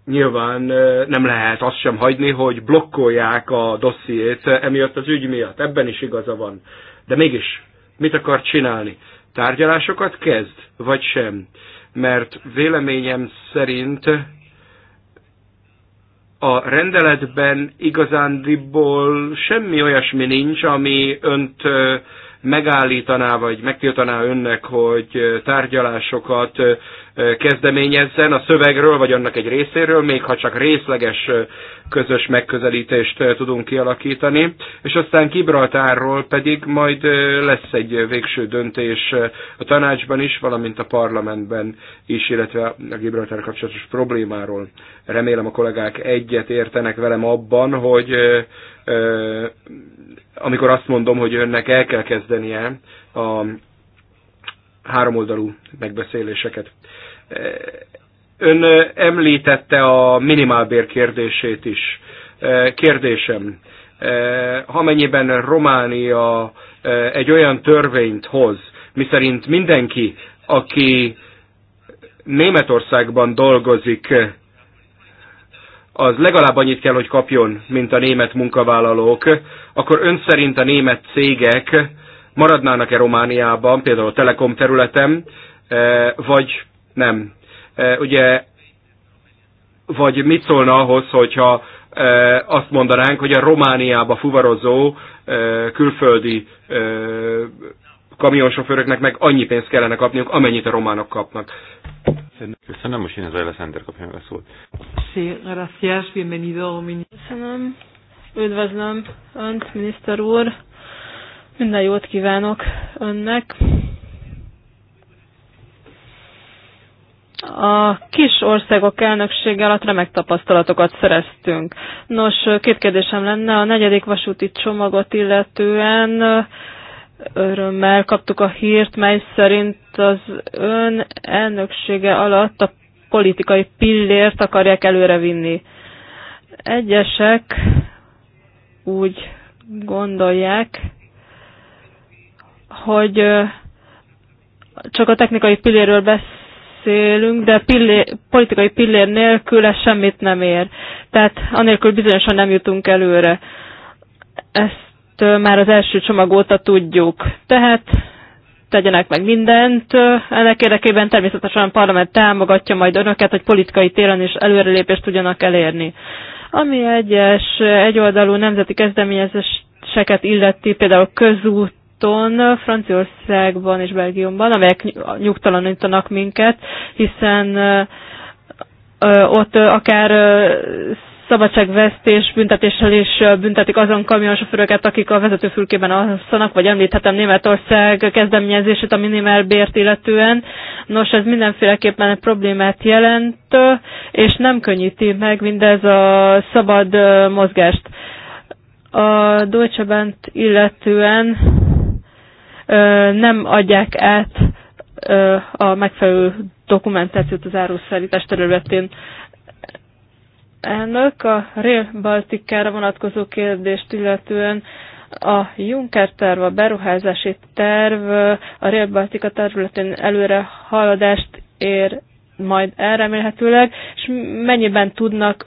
nyilván nem lehet azt sem hagyni, hogy blokkolják a dossziét emiatt az ügy miatt. Ebben is igaza van. De mégis, mit akar csinálni? Tárgyalásokat kezd, vagy sem? Mert véleményem szerint a rendeletben igazándiból semmi olyasmi nincs, ami önt megállítaná, vagy megtiltaná önnek, hogy tárgyalásokat kezdeményezzen a szövegről, vagy annak egy részéről, még ha csak részleges közös megközelítést tudunk kialakítani. És aztán Gibraltárról pedig majd lesz egy végső döntés a tanácsban is, valamint a parlamentben is, illetve a Gibraltár kapcsolatos problémáról. Remélem a kollégák egyet értenek velem abban, hogy amikor azt mondom, hogy önnek el kell kezdenie a háromoldalú megbeszéléseket. Ön eh, említette a minimálbér kérdését is. Eh, kérdésem, eh, ha mennyiben Románia egy olyan törvényt hoz, miszerint mindenki, aki Németországban dolgozik, az legalább annyit kell, hogy kapjon, mint a német munkavállalók, akkor ön szerint a német cégek maradnának-e Romániában, például a Telekom területen, vagy nem. Ugye, vagy mit szólna ahhoz, hogyha azt mondanánk, hogy a Romániába fuvarozó külföldi kamionsofőröknek meg annyi pénzt kellene kapniuk, amennyit a románok kapnak. Köszönöm, most én az Ayla Center kapja meg a szót. Sí, gracias, bienvenido, Köszönöm, üdvözlöm Önt, miniszter úr, minden jót kívánok Önnek. a kis országok elnöksége alatt remek tapasztalatokat szereztünk. Nos, két kérdésem lenne a negyedik vasúti csomagot illetően. Örömmel kaptuk a hírt, mely szerint az ön elnöksége alatt a politikai pillért akarják előrevinni. Egyesek úgy gondolják, hogy csak a technikai pilléről beszél, beszélünk, de pillér, politikai pillér nélkül ez semmit nem ér. Tehát anélkül bizonyosan nem jutunk előre. Ezt már az első csomag óta tudjuk. Tehát tegyenek meg mindent. Ennek érdekében természetesen a parlament támogatja majd önöket, hogy politikai téren is előrelépést tudjanak elérni. Ami egyes egyoldalú nemzeti kezdeményezéseket illeti, például közút, úton Franciaországban és Belgiumban, amelyek nyugtalanítanak minket, hiszen ott akár szabadságvesztés büntetéssel is büntetik azon kamionsofőröket, akik a vezetőfülkében alszanak, vagy említhetem Németország kezdeményezését a minimálbért illetően. Nos, ez mindenféleképpen egy problémát jelent, és nem könnyíti meg mindez a szabad mozgást. A Deutsche Bank illetően nem adják át a megfelelő dokumentációt az áruszállítás területén. Elnök, a Rail Baltikára vonatkozó kérdést illetően a Juncker terv, a beruházási terv a Rail Baltika területén előre haladást ér majd elremélhetőleg, és mennyiben tudnak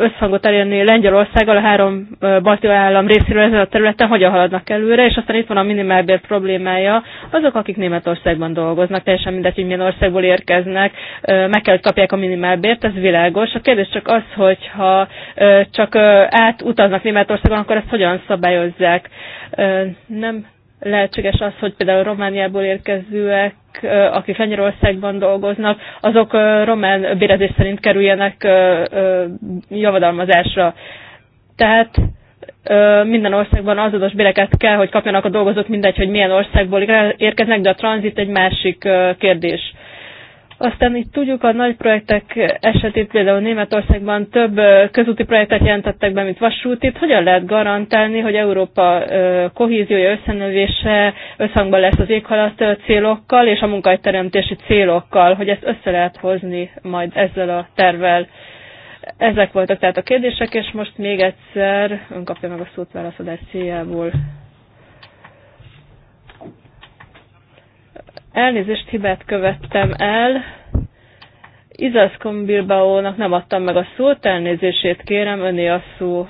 összhangot elérni Lengyelországgal, a három balti állam részéről ezen a területen, hogyan haladnak előre, és aztán itt van a minimálbér problémája. Azok, akik Németországban dolgoznak, teljesen mindegy, hogy milyen országból érkeznek, meg kell, hogy kapják a minimálbért, ez világos. A kérdés csak az, hogyha csak átutaznak Németországon, akkor ezt hogyan szabályozzák. Nem lehetséges az, hogy például Romániából érkezőek, akik Lengyelországban dolgoznak, azok román bérezés szerint kerüljenek javadalmazásra. Tehát minden országban azonos béreket kell, hogy kapjanak a dolgozók, mindegy, hogy milyen országból érkeznek, de a tranzit egy másik kérdés. Aztán itt tudjuk, a nagy projektek esetét például Németországban több közúti projektet jelentettek be, mint vasútit. Hogyan lehet garantálni, hogy Európa kohíziója összenövése összhangban lesz az éghaladt célokkal és a munkahelyteremtési célokkal, hogy ezt össze lehet hozni majd ezzel a tervel? Ezek voltak tehát a kérdések, és most még egyszer önkapja meg a szót válaszadás céljából. Elnézést, hibát követtem el. Izaszkom Bilbaónak nem adtam meg a szót, elnézését kérem, öné a szó.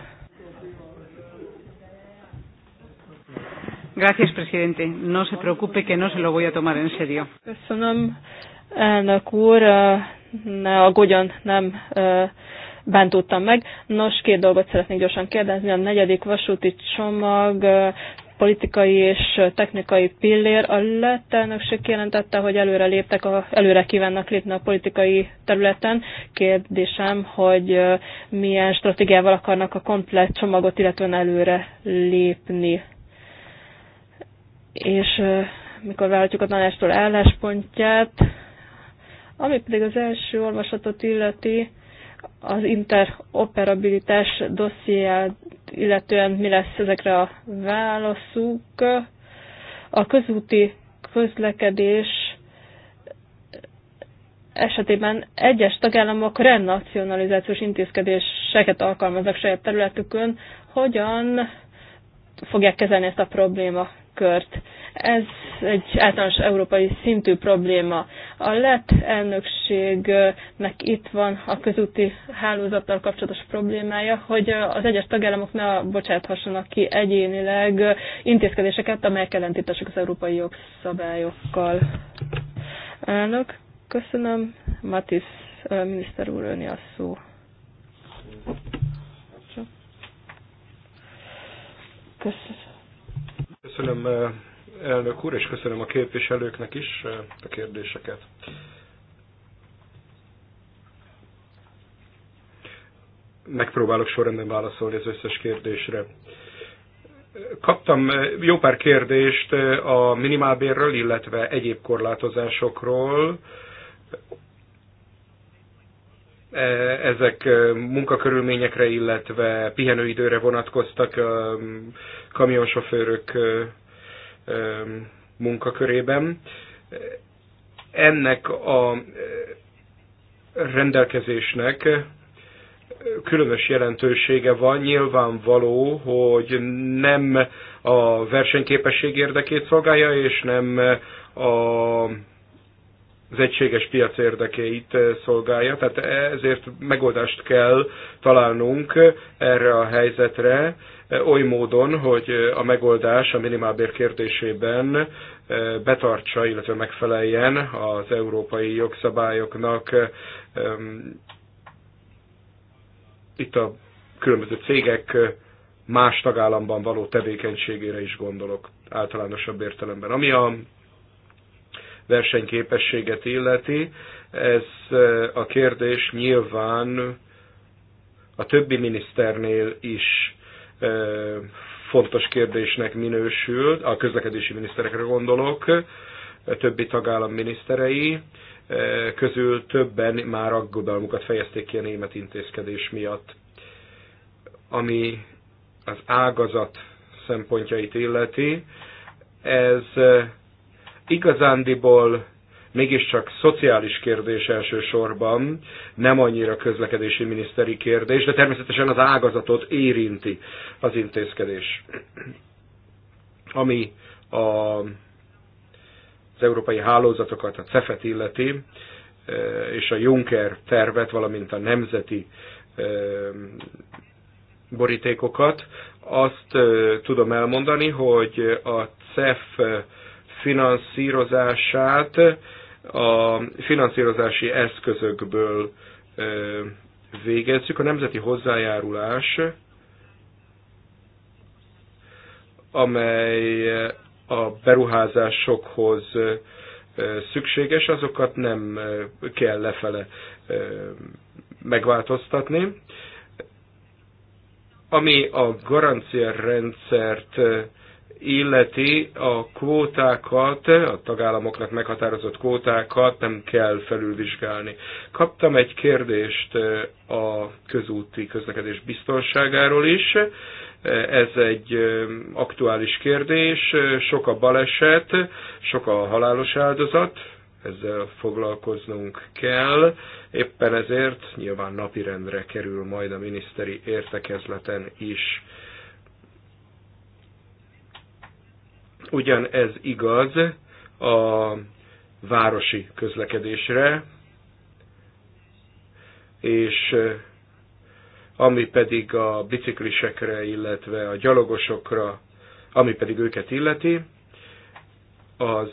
Gracias, presidente. No se preocupe que no se lo voy a tomar en serio. Köszönöm, elnök úr. Ne aggódjon, nem bántottam meg. Nos, két dolgot szeretnék gyorsan kérdezni. A negyedik vasúti csomag politikai és technikai pillér. A lett elnökség kijelentette, hogy előre léptek, a, előre kívánnak lépni a politikai területen. Kérdésem, hogy milyen stratégiával akarnak a komplet csomagot, illetően előre lépni. És mikor várhatjuk a tanástól álláspontját, ami pedig az első olvasatot illeti, az interoperabilitás dossziát illetően mi lesz ezekre a válaszuk. A közúti közlekedés esetében egyes tagállamok renacionalizációs intézkedéseket alkalmaznak saját területükön. Hogyan fogják kezelni ezt a probléma témakört. Ez egy általános európai szintű probléma. A lett elnökségnek itt van a közúti hálózattal kapcsolatos problémája, hogy az egyes tagállamok ne bocsáthassanak ki egyénileg intézkedéseket, amelyek ellentétesek az európai jogszabályokkal. Elnök, köszönöm. Matisz miniszter úr, a szó. Köszönöm Köszönöm eh, elnök úr, és köszönöm a képviselőknek is eh, a kérdéseket. Megpróbálok sorrendben válaszolni az összes kérdésre. Kaptam eh, jó pár kérdést a minimálbérről, illetve egyéb korlátozásokról ezek munkakörülményekre, illetve pihenőidőre vonatkoztak a kamionsofőrök munkakörében. Ennek a rendelkezésnek különös jelentősége van, nyilvánvaló, hogy nem a versenyképesség érdekét szolgálja, és nem a az egységes piac érdekeit szolgálja, tehát ezért megoldást kell találnunk erre a helyzetre, oly módon, hogy a megoldás a minimálbér kérdésében betartsa, illetve megfeleljen az európai jogszabályoknak. Itt a különböző cégek más tagállamban való tevékenységére is gondolok általánosabb értelemben. Ami a versenyképességet illeti. Ez a kérdés nyilván a többi miniszternél is fontos kérdésnek minősül, a közlekedési miniszterekre gondolok, a többi tagállam miniszterei közül többen már aggodalmukat fejezték ki a német intézkedés miatt, ami az ágazat szempontjait illeti. Ez igazándiból mégiscsak szociális kérdés elsősorban, nem annyira közlekedési miniszteri kérdés, de természetesen az ágazatot érinti az intézkedés. Ami a, az európai hálózatokat, a CEFET illeti, e, és a Juncker tervet, valamint a nemzeti e, borítékokat, azt e, tudom elmondani, hogy a CEF finanszírozását a finanszírozási eszközökből végezzük. A nemzeti hozzájárulás, amely a beruházásokhoz szükséges, azokat nem kell lefele megváltoztatni. Ami a garancia rendszert illeti a kvótákat, a tagállamoknak meghatározott kvótákat nem kell felülvizsgálni. Kaptam egy kérdést eh, a közúti közlekedés biztonságáról is. Eh, ez egy eh, aktuális kérdés. Sok a baleset, sok a halálos áldozat, ezzel foglalkoznunk kell. Éppen ezért nyilván napirendre kerül majd a miniszteri értekezleten is Ugyan ez igaz a városi közlekedésre, és ami pedig a biciklisekre, illetve a gyalogosokra, ami pedig őket illeti, az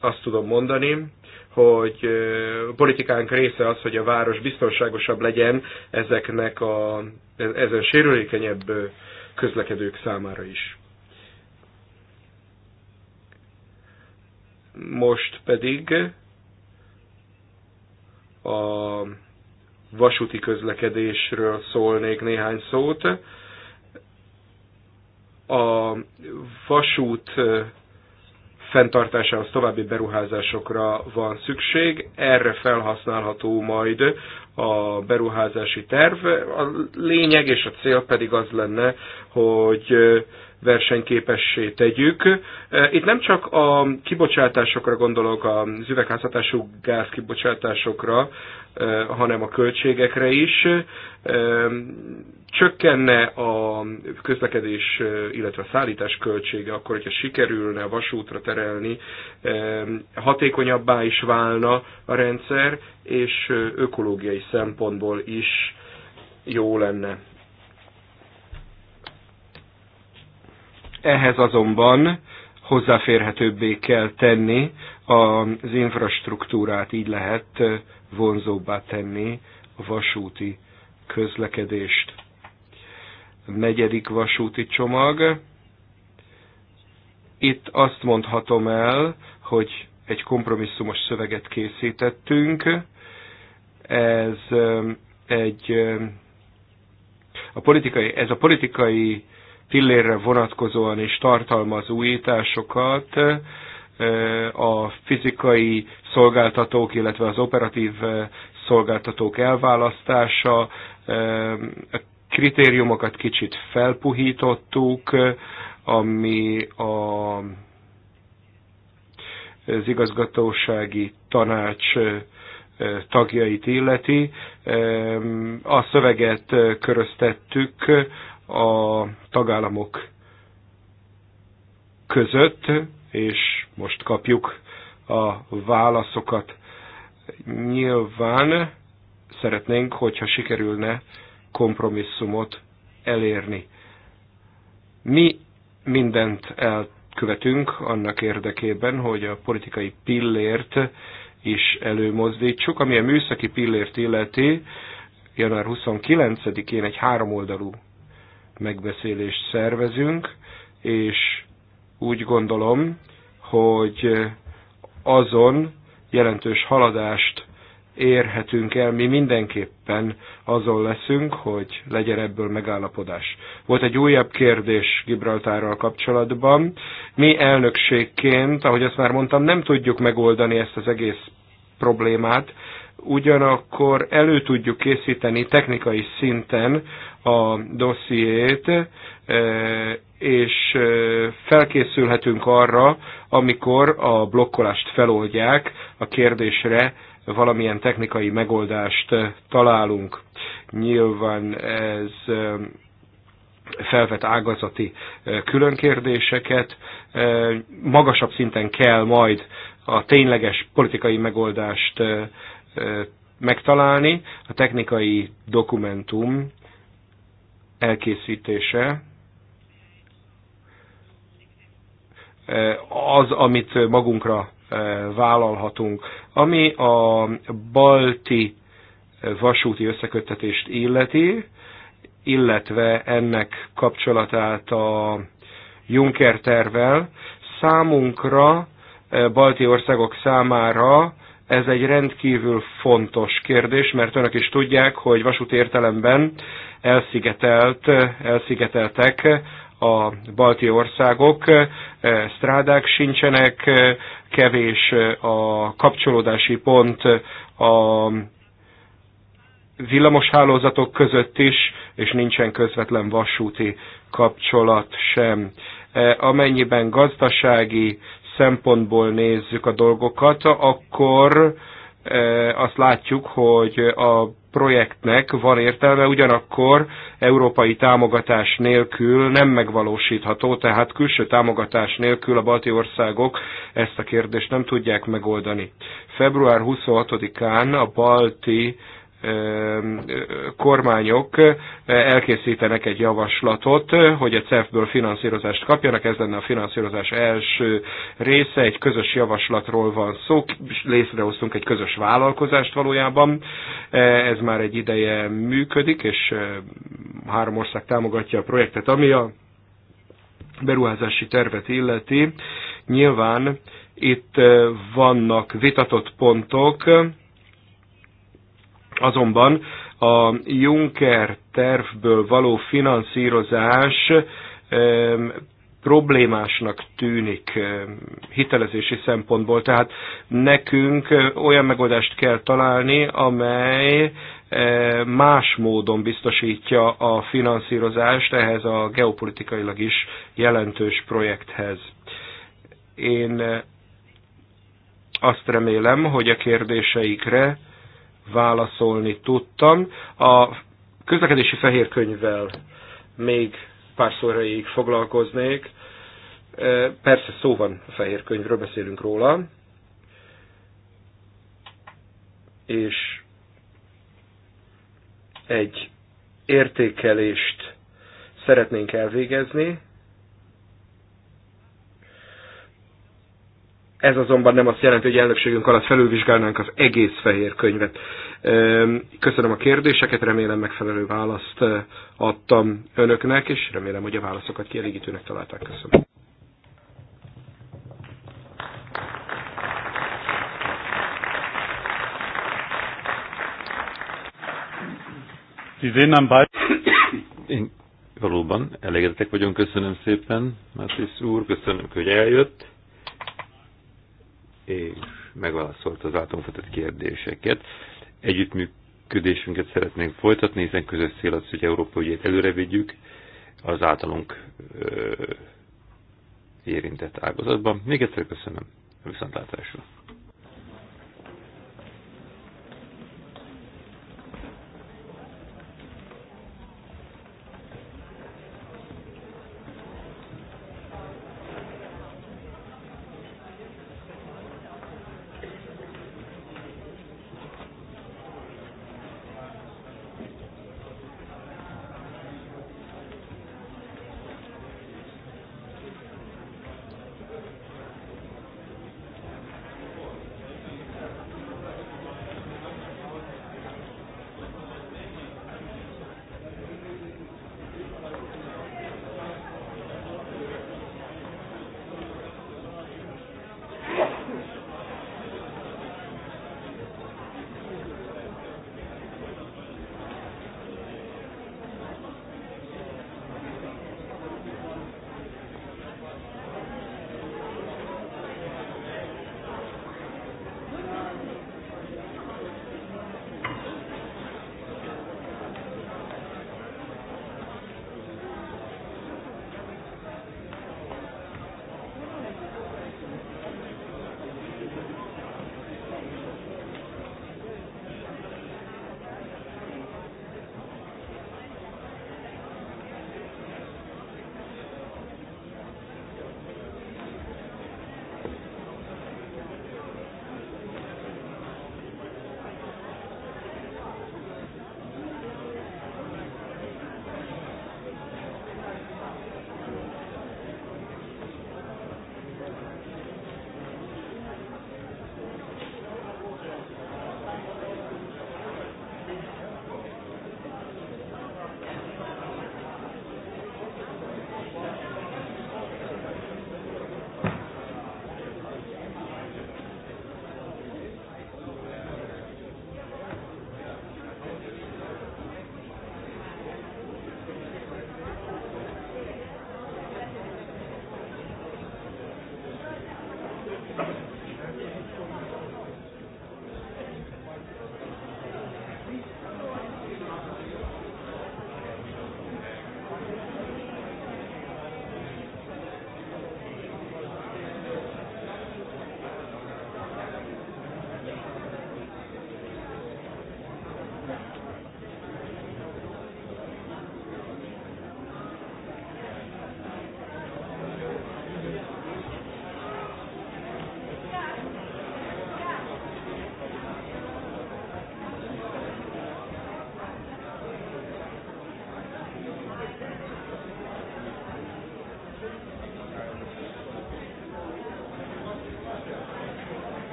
azt tudom mondani, hogy politikánk része az, hogy a város biztonságosabb legyen ezeknek a, ezen sérülékenyebb közlekedők számára is. Most pedig a vasúti közlekedésről szólnék néhány szót. A vasút fenntartásához további beruházásokra van szükség, erre felhasználható majd a beruházási terv. A lényeg és a cél pedig az lenne, hogy versenyképessé tegyük. E, itt nem csak a kibocsátásokra gondolok, az üvegházhatású gáz kibocsátásokra, e, hanem a költségekre is. E, csökkenne a közlekedés, illetve a szállítás költsége, akkor, hogyha sikerülne a vasútra terelni, hatékonyabbá is válna a rendszer, és ökológiai szempontból is jó lenne. Ehhez azonban hozzáférhetőbbé kell tenni az infrastruktúrát, így lehet vonzóbbá tenni a vasúti közlekedést. A negyedik vasúti csomag. Itt azt mondhatom el, hogy egy kompromisszumos szöveget készítettünk. Ez egy a politikai, ez a politikai pillérre vonatkozóan is tartalmaz újításokat, e, a fizikai szolgáltatók, illetve az operatív e, szolgáltatók elválasztása, e, kritériumokat kicsit felpuhítottuk, ami a, az igazgatósági tanács tagjait illeti. A szöveget köröztettük a tagállamok között, és most kapjuk a válaszokat. Nyilván szeretnénk, hogyha sikerülne kompromisszumot elérni. Mi mindent elkövetünk annak érdekében, hogy a politikai pillért is előmozdítsuk, ami a műszaki pillért illeti, január 29-én egy háromoldalú megbeszélést szervezünk, és úgy gondolom, hogy azon jelentős haladást érhetünk el, mi mindenképpen azon leszünk, hogy legyen ebből megállapodás. Volt egy újabb kérdés Gibraltárral kapcsolatban. Mi elnökségként, ahogy azt már mondtam, nem tudjuk megoldani ezt az egész problémát, ugyanakkor elő tudjuk készíteni technikai szinten a dossziét, e, és e, felkészülhetünk arra, amikor a blokkolást feloldják, a kérdésre valamilyen technikai megoldást találunk. Nyilván ez e, felvet ágazati különkérdéseket. Magasabb szinten kell majd a tényleges politikai megoldást megtalálni. A technikai dokumentum elkészítése e, az, amit magunkra e, vállalhatunk. Ami a balti e, vasúti összeköttetést illeti, illetve ennek kapcsolatát a Juncker tervel számunkra, balti országok számára ez egy rendkívül fontos kérdés, mert önök is tudják, hogy vasúti értelemben elszigetelt, elszigeteltek a balti országok, strádák sincsenek, kevés a kapcsolódási pont a hálózatok között is, és nincsen közvetlen vasúti kapcsolat sem. Amennyiben gazdasági szempontból nézzük a dolgokat, akkor eh, azt látjuk, hogy a projektnek van értelme, ugyanakkor európai támogatás nélkül nem megvalósítható, tehát külső támogatás nélkül a balti országok ezt a kérdést nem tudják megoldani. Február 26-án a balti kormányok elkészítenek egy javaslatot, hogy a CEF-ből finanszírozást kapjanak, ez lenne a finanszírozás első része, egy közös javaslatról van szó, létrehoztunk egy közös vállalkozást valójában, ez már egy ideje működik, és három ország támogatja a projektet, ami a beruházási tervet illeti. Nyilván itt vannak vitatott pontok, Azonban a Juncker tervből való finanszírozás problémásnak tűnik hitelezési szempontból. Tehát nekünk olyan megoldást kell találni, amely más módon biztosítja a finanszírozást ehhez a geopolitikailag is jelentős projekthez. Én azt remélem, hogy a kérdéseikre válaszolni tudtam. A közlekedési fehérkönyvvel még pár szóraig foglalkoznék. E, persze szó van a fehérkönyvről, beszélünk róla. És egy értékelést szeretnénk elvégezni, Ez azonban nem azt jelenti, hogy elnökségünk alatt felülvizsgálnánk az egész fehér könyvet. Köszönöm a kérdéseket, remélem megfelelő választ adtam önöknek, és remélem, hogy a válaszokat kielégítőnek találták. Köszönöm. Én valóban elégedettek vagyunk, köszönöm szépen, Mátis úr, köszönöm, hogy eljött és megválaszolta az általunk feltett kérdéseket. Együttműködésünket szeretnénk folytatni, hiszen közös cél az, hogy Európa ügyét előre vigyük az általunk ö, érintett ágazatban. Még egyszer köszönöm a viszontlátásra.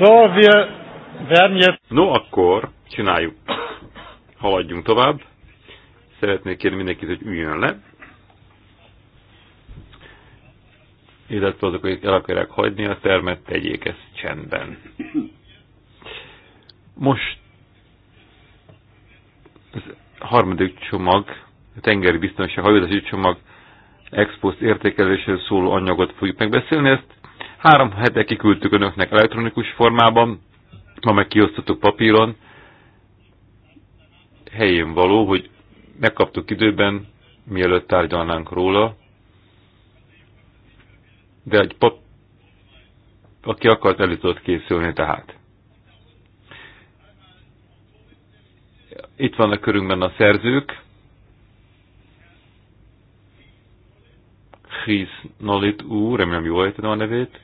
So, wir werden jetzt... No, akkor csináljuk. Haladjunk tovább. Szeretnék kérni mindenkit, hogy üljön le. Illetve azok, akik el akarják hagyni a termet, tegyék ezt csendben. Most az harmadik csomag, a tengeri biztonság hajózási csomag expost értékeléséről szóló anyagot fogjuk megbeszélni, ezt Három hete kiküldtük önöknek elektronikus formában, ma meg kiosztottuk papíron. Helyén való, hogy megkaptuk időben, mielőtt tárgyalnánk róla, de egy pap, aki akart, el tudott készülni tehát. Itt vannak körünkben a szerzők. Chris Nolit úr, remélem jól ejteni a nevét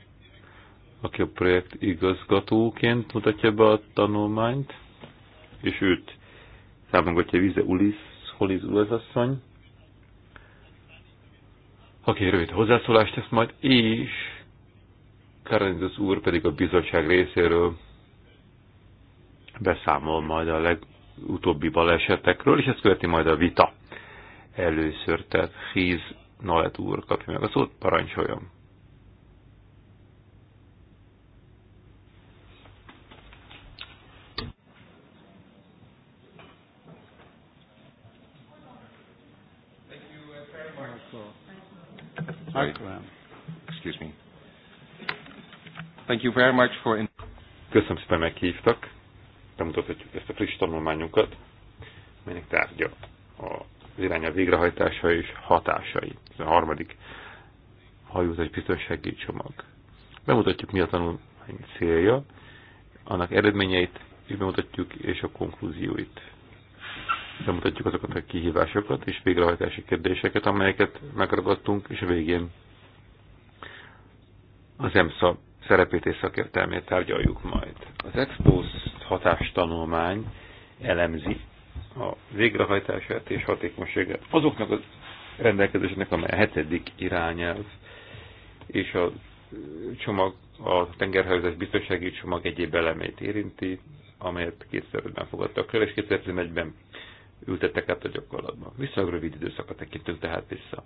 aki a projekt igazgatóként mutatja be a tanulmányt, és őt támogatja Vize Ulis, Holiz asszony, aki rövid hozzászólást tesz majd, és az úr pedig a bizottság részéről beszámol majd a legutóbbi balesetekről, és ezt követi majd a vita. Először, tehát Híz Nolet úr kapja meg a szót, parancsoljon. sorry. Background. Excuse me. Thank you very much for... Köszönöm szépen meghívtak. Bemutathatjuk ezt a friss tanulmányunkat, melynek tárgya az irány a végrehajtása és hatásai. Ez a harmadik hajózás biztonsági csomag. Bemutatjuk, mi a tanulmány célja, annak eredményeit is bemutatjuk, és a konklúzióit bemutatjuk azokat a kihívásokat és végrehajtási kérdéseket, amelyeket megragadtunk, és a végén az EMSZA szerepét és szakértelmét tárgyaljuk majd. Az Expos hatástanulmány elemzi a végrehajtását és hatékonyságát azoknak a rendelkezéseknek, amely a hetedik irányelv és a csomag, a tengerhajózás biztonsági csomag egyéb elemét érinti, amelyet 2005-ben fogadtak el, és 2011-ben ültettek át a gyakorlatba. Viszonylag rövid időszakra tekintünk tehát vissza.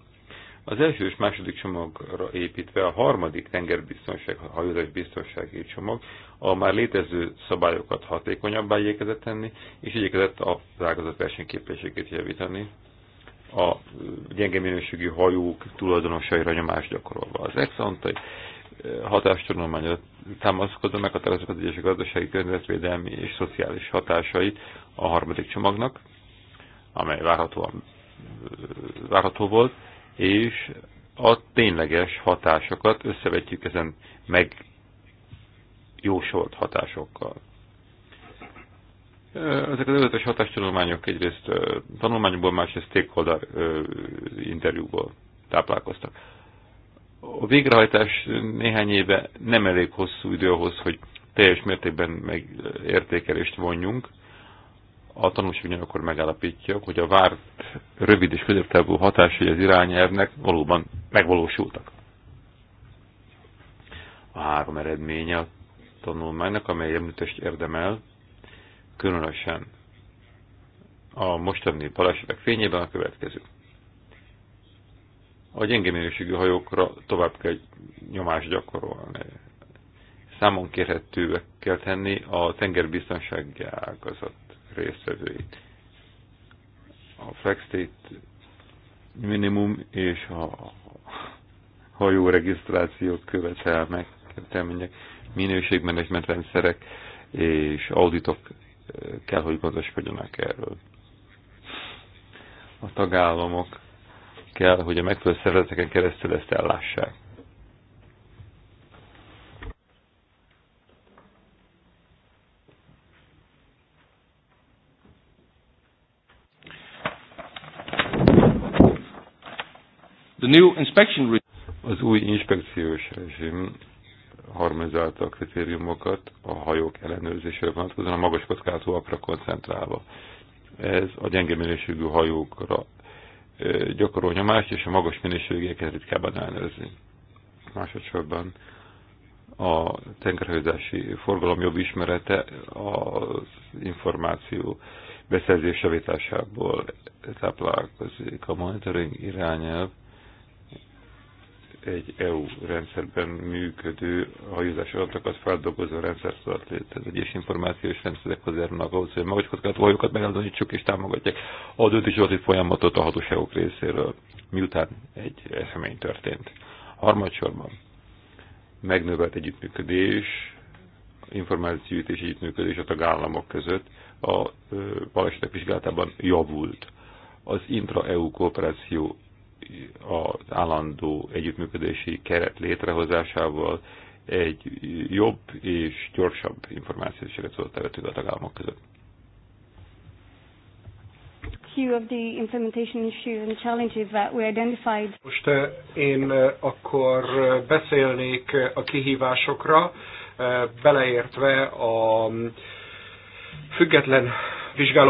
Az első és második csomagra építve a harmadik tengerbiztonság, hajózás biztonsági csomag a már létező szabályokat hatékonyabbá igyekezett tenni, és igyekezett a ágazat versenyképességét javítani, a gyenge minőségű hajók tulajdonosaira nyomás gyakorolva. Az exantai antai eh, hatástudományra támaszkodva a az egyes gazdasági, környezetvédelmi és szociális hatásait a harmadik csomagnak, amely várhatóan várható volt, és a tényleges hatásokat összevetjük ezen megjósolt hatásokkal. Ezek az előzetes hatástudományok egyrészt tanulmányokból, másrészt stakeholder interjúból táplálkoztak. A végrehajtás néhány éve nem elég hosszú idő ahhoz, hogy teljes mértékben megértékelést vonjunk, a tanulság ugyanakkor megállapítja, hogy a várt rövid és középtávú hatásai az irányelvnek valóban megvalósultak. A három eredménye a tanulmánynak, amely említést érdemel, különösen a mostani palesetek fényében a következő. A gyenge minőségű hajókra tovább kell nyomást gyakorolni. Számon kérhetőek kell tenni a tengerbiztonsági ágazat résztvevőit. A Flexstate minimum és a hajó regisztrációt követel meg, követelmények, minőségmenedzsment rendszerek és auditok eh, kell, hogy gondoskodjanak erről. A tagállamok kell, hogy a megfelelő szervezeteken keresztül ezt ellássák. The new inspection az új inspekciós rezsim harmonizálta a kritériumokat a hajók ellenőrzésére vonatkozóan a magas kockázatúakra koncentrálva. Ez a gyenge minőségű hajókra gyakorol nyomást, és a magas minőségűeket ritkábban ellenőrzi. Másodszorban a tengerhőzási forgalom jobb ismerete az információ beszerzés javításából táplálkozik. A monitoring irányelv egy EU rendszerben működő hajózási adatokat feldolgozó rendszer szart létre. Egyes információs rendszerek hozzájárulnak ahhoz, hogy magas kockázatú hajókat megazonítsuk és támogatják a döntési folyamatot a hatóságok részéről, miután egy esemény történt. Harmadsorban megnövelt együttműködés, információt és együttműködés a tagállamok között a balesetek vizsgálatában javult. Az intra-EU kooperáció az állandó együttműködési keret létrehozásával egy jobb és gyorsabb információs tudott tevetünk a tagállamok között. Most eh, én eh, akkor eh, beszélnék a kihívásokra, beleértve a mm, független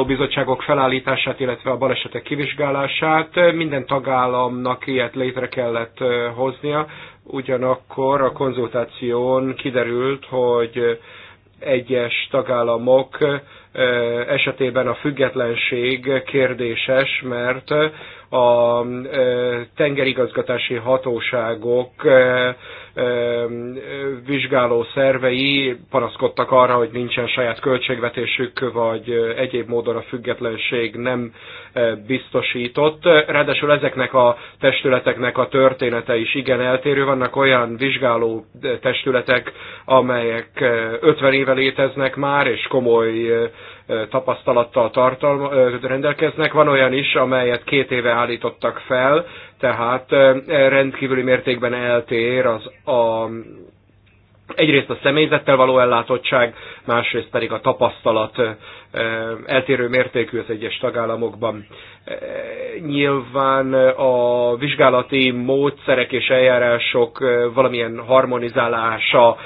bizottságok felállítását, illetve a balesetek kivizsgálását. Minden tagállamnak ilyet létre kellett hoznia, ugyanakkor a konzultáción kiderült, hogy egyes tagállamok esetében a függetlenség kérdéses, mert a e, tengerigazgatási hatóságok e, e, vizsgáló szervei panaszkodtak arra, hogy nincsen saját költségvetésük, vagy egyéb módon a függetlenség nem biztosított. Ráadásul ezeknek a testületeknek a története is igen eltérő. Vannak olyan vizsgáló testületek, amelyek 50 éve léteznek már, és komoly tapasztalattal tartalma, rendelkeznek. Van olyan is, amelyet két éve állítottak fel, tehát rendkívüli mértékben eltér az a egyrészt a személyzettel való ellátottság, másrészt pedig a tapasztalat eltérő mértékű az egyes tagállamokban. Nyilván a vizsgálati módszerek és eljárások valamilyen harmonizálása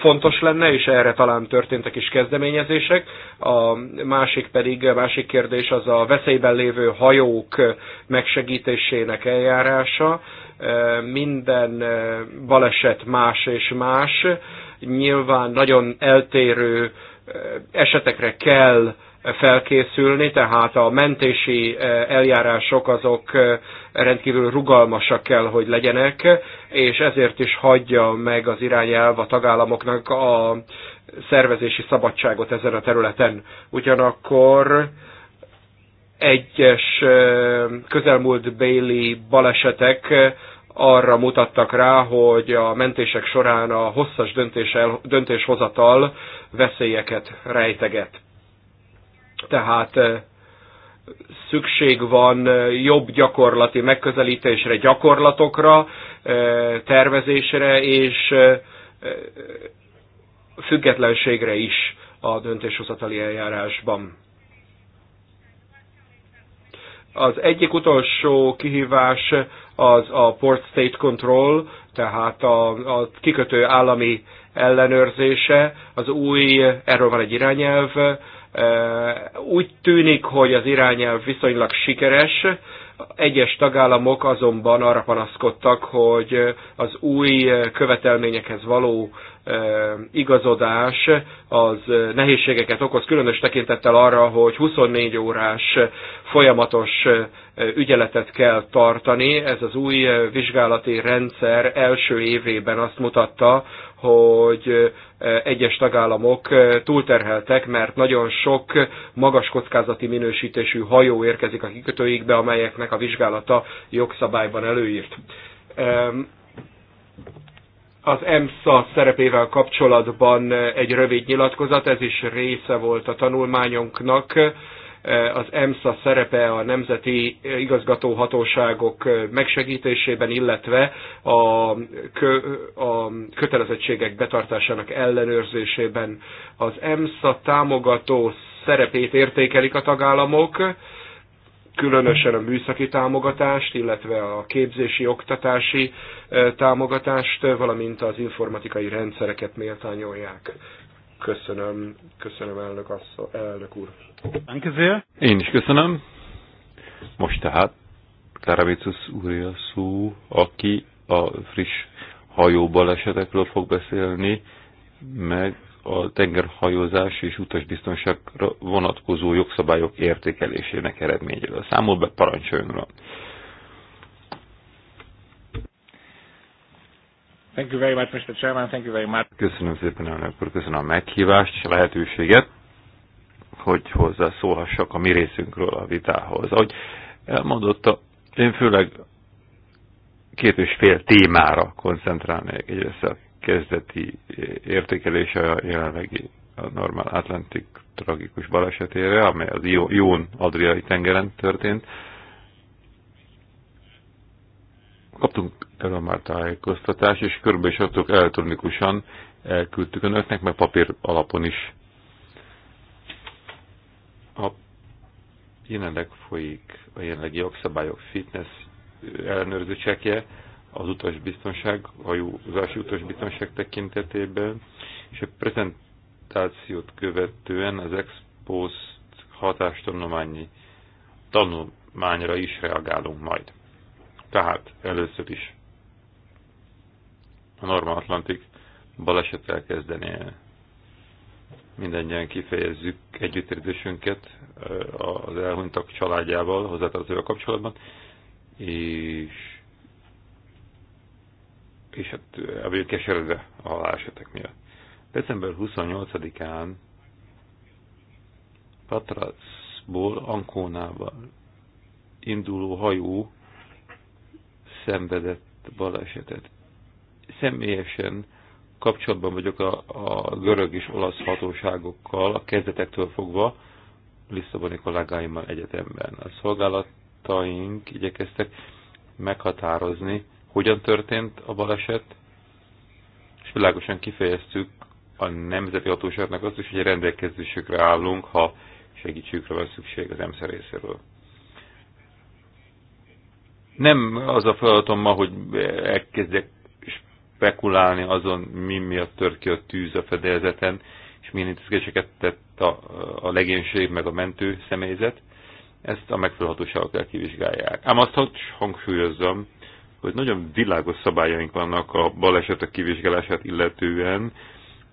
fontos lenne, és erre talán történtek is kezdeményezések. A másik pedig, a másik kérdés az a veszélyben lévő hajók megsegítésének eljárása minden baleset más és más. Nyilván nagyon eltérő esetekre kell felkészülni, tehát a mentési eljárások azok rendkívül rugalmasak kell, hogy legyenek, és ezért is hagyja meg az irányelv a tagállamoknak a szervezési szabadságot ezen a területen. Ugyanakkor egyes közelmúlt Bailey balesetek arra mutattak rá, hogy a mentések során a hosszas döntés döntéshozatal veszélyeket rejteget. Tehát szükség van jobb gyakorlati megközelítésre, gyakorlatokra, tervezésre és függetlenségre is a döntéshozatali eljárásban. Az egyik utolsó kihívás az a Port State Control, tehát a, a kikötő állami ellenőrzése, az új, erről van egy irányelv, e, úgy tűnik, hogy az irányelv viszonylag sikeres, egyes tagállamok azonban arra panaszkodtak, hogy az új követelményekhez való igazodás az nehézségeket okoz, különös tekintettel arra, hogy 24 órás folyamatos ügyeletet kell tartani. Ez az új vizsgálati rendszer első évében azt mutatta, hogy egyes tagállamok túlterheltek, mert nagyon sok magas kockázati minősítésű hajó érkezik a kikötőikbe, amelyeknek a vizsgálata jogszabályban előírt az EMSZA szerepével kapcsolatban egy rövid nyilatkozat, ez is része volt a tanulmányunknak. Az EMSZA szerepe a nemzeti igazgatóhatóságok megsegítésében, illetve a, kö, a kötelezettségek betartásának ellenőrzésében. Az EMSZA támogató szerepét értékelik a tagállamok, különösen a műszaki támogatást, illetve a képzési, oktatási e, támogatást, valamint az informatikai rendszereket méltányolják. Köszönöm, köszönöm elnök, assza, elnök úr. Én is köszönöm. Most tehát Karavicus úr szó, aki a friss hajóbalesetekről fog beszélni, meg a tengerhajózás és utasbiztonságra vonatkozó jogszabályok értékelésének eredményéről. Számol be parancsoljunkra. Thank you very much, Mr. Chairman. Thank you very much. Köszönöm szépen, elnök úr. Köszönöm a meghívást és a lehetőséget, hogy hozzászólhassak a mi részünkről a vitához. Ahogy elmondotta, én főleg két és fél témára koncentrálnék. Egyrészt a kezdeti értékelése a jelenlegi a normál Atlantik tragikus balesetére, amely az Jón Adriai tengeren történt. Kaptunk erről már tájékoztatást, és körbe is adtuk elektronikusan, elküldtük önöknek, meg papír alapon is. A jelenleg folyik a jelenlegi jogszabályok fitness ellenőrző csekje, az utas biztonság, hajózási utas biztonság tekintetében, és a prezentációt követően az Expost hatástanulmányi tanulmányra is reagálunk majd. Tehát először is a Norma Atlantik balesettel kezdené. Mindennyien kifejezzük együttérzésünket az elhunytak családjával, hozzátartozóval kapcsolatban, és és hát el keseredve a halálesetek miatt. December 28-án Patracból Ankónába induló hajó szenvedett balesetet. Személyesen kapcsolatban vagyok a, a görög és olasz hatóságokkal, a kezdetektől fogva, Lisszaboni kollégáimmal egyetemben. A szolgálataink igyekeztek meghatározni hogyan történt a baleset, és világosan kifejeztük a nemzeti hatóságnak azt is, hogy rendelkezésükre állunk, ha segítségükre van szükség az EMSZ részéről. Nem az a feladatom ma, hogy elkezdjek spekulálni azon, mi miatt tört ki a tűz a fedélzeten, és milyen intézkedéseket tett a, a legénység meg a mentő személyzet, ezt a megfelelő hatóságok kell kivizsgálják. Ám azt hangsúlyozzam, hogy nagyon világos szabályaink vannak a balesetek kivizsgálását illetően,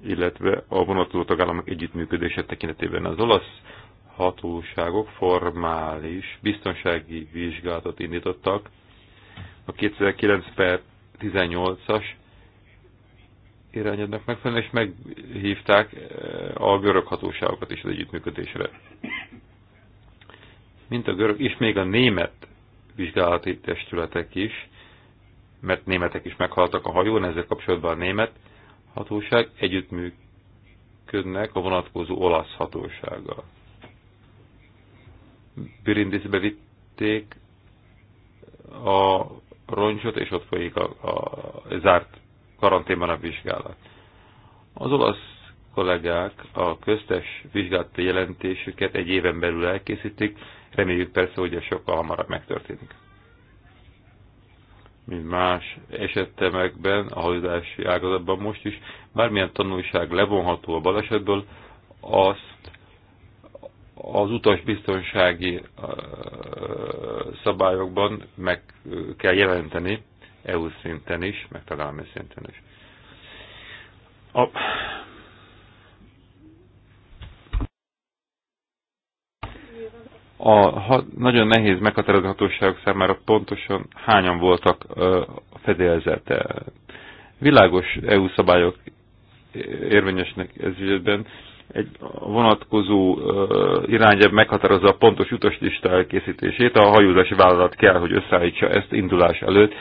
illetve a vonatkozó tagállamok együttműködése tekintetében. Az olasz hatóságok formális biztonsági vizsgálatot indítottak a 2009 per 18-as irányadnak megfelelően, és meghívták eh, a görög hatóságokat is az együttműködésre. Mint a görög, és még a német vizsgálati testületek is mert németek is meghaltak a hajón, ezzel kapcsolatban a német hatóság együttműködnek a vonatkozó olasz hatósággal. Birindisbe vitték a roncsot, és ott folyik a, a, a zárt karanténban a vizsgálat. Az olasz kollégák a köztes vizsgálati jelentésüket egy éven belül elkészítik, reméljük persze, hogy ez sokkal hamarabb megtörténik mint más esetemekben, a hajózási ágazatban most is, bármilyen tanulság levonható a balesetből, azt az biztonsági szabályokban meg kell jelenteni, EU szinten is, meg tagállami szinten is. A a, ha, nagyon nehéz meghatározni hatóságok számára pontosan hányan voltak a fedélzete. Világos EU szabályok érvényesnek ez ügyben. Egy vonatkozó irányelv meghatározza a pontos utaslista elkészítését, a hajózási vállalat kell, hogy összeállítsa ezt indulás előtt,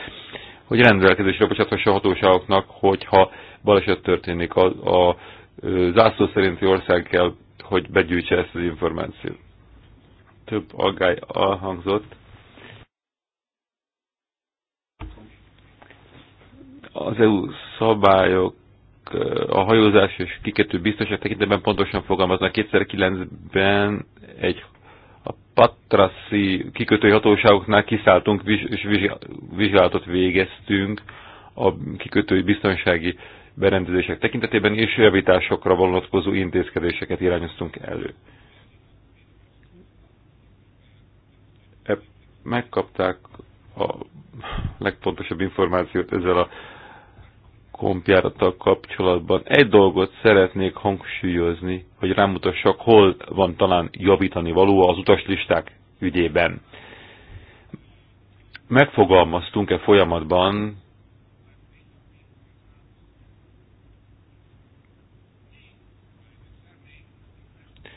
hogy rendelkezésre bocsáthassa a hatóságoknak, hogyha baleset történik. A, a zászló szerinti ország kell, hogy begyűjtse ezt az információt több aggály alhangzott. Az EU szabályok a hajózás és kikető biztonság tekintetben pontosan fogalmaznak. 2009-ben egy a patraszi kikötői hatóságoknál kiszálltunk és vizsgálatot végeztünk a kikötői biztonsági berendezések tekintetében és javításokra vonatkozó intézkedéseket irányoztunk elő. megkapták a legfontosabb információt ezzel a kompjárattal kapcsolatban. Egy dolgot szeretnék hangsúlyozni, hogy rámutassak, hol van talán javítani való az utaslisták ügyében. Megfogalmaztunk-e folyamatban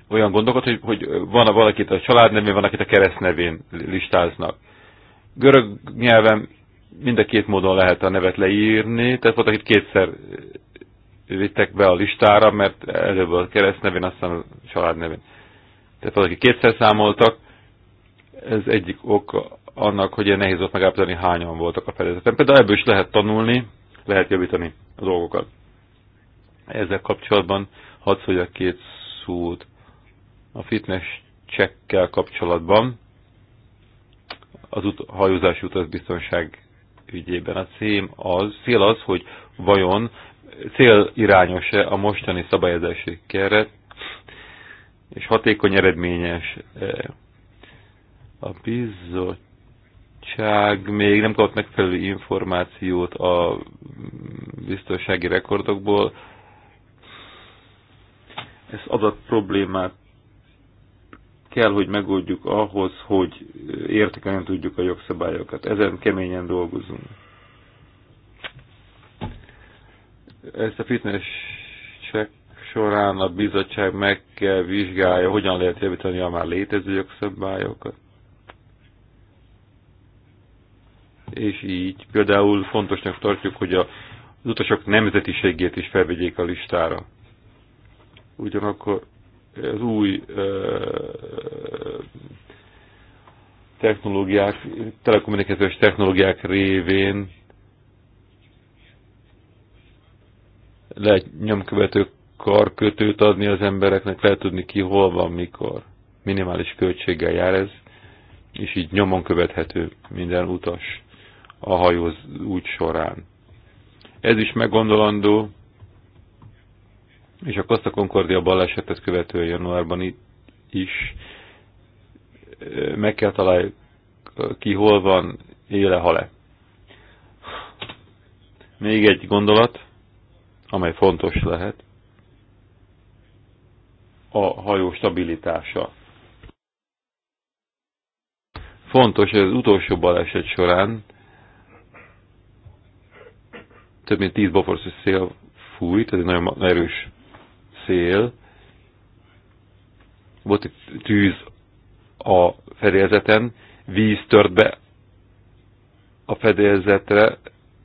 olyan gondokat, hogy, hogy van -e valakit a család nevén, van, akit a kereszt nevén listáznak. Görög nyelven mind a két módon lehet a nevet leírni, tehát volt, akit kétszer vittek be a listára, mert előbb a kereszt nevén, aztán a család nevén. Tehát volt, akik kétszer számoltak, ez egyik ok annak, hogy ilyen nehéz volt megállapítani, hányan voltak a fedezeten. Például ebből is lehet tanulni, lehet javítani a dolgokat. Ezzel kapcsolatban hadd szóljak két szót a fitness csekkel kapcsolatban az ut hajózási biztonság ügyében. A cím az, cél az, hogy vajon célirányos-e a mostani szabályozási keret, és hatékony eredményes -e. a bizottság még nem kapott megfelelő információt a biztonsági rekordokból. Ez adat problémát kell, hogy megoldjuk ahhoz, hogy értékelni tudjuk a jogszabályokat. Ezen keményen dolgozunk. Ezt a fitness check során a bizottság meg kell vizsgálja, hogyan lehet javítani a már létező jogszabályokat. És így például fontosnak tartjuk, hogy az utasok nemzetiségét is felvegyék a listára. Ugyanakkor az új technológiák, telekommunikációs technológiák révén lehet nyomkövető karkötőt adni az embereknek, lehet tudni ki hol van, mikor. Minimális költséggel jár ez, és így nyomon követhető minden utas a hajóz út során. Ez is meggondolandó, és a Costa Concordia balesetet követő januárban itt is meg kell találjuk ki hol van, éle hale. Még egy gondolat, amely fontos lehet, a hajó stabilitása. Fontos, hogy az utolsó baleset során több mint 10 boforszű szél fújt, ez egy nagyon erős szél, volt egy tűz a fedélzeten, víz tört be a fedélzetre,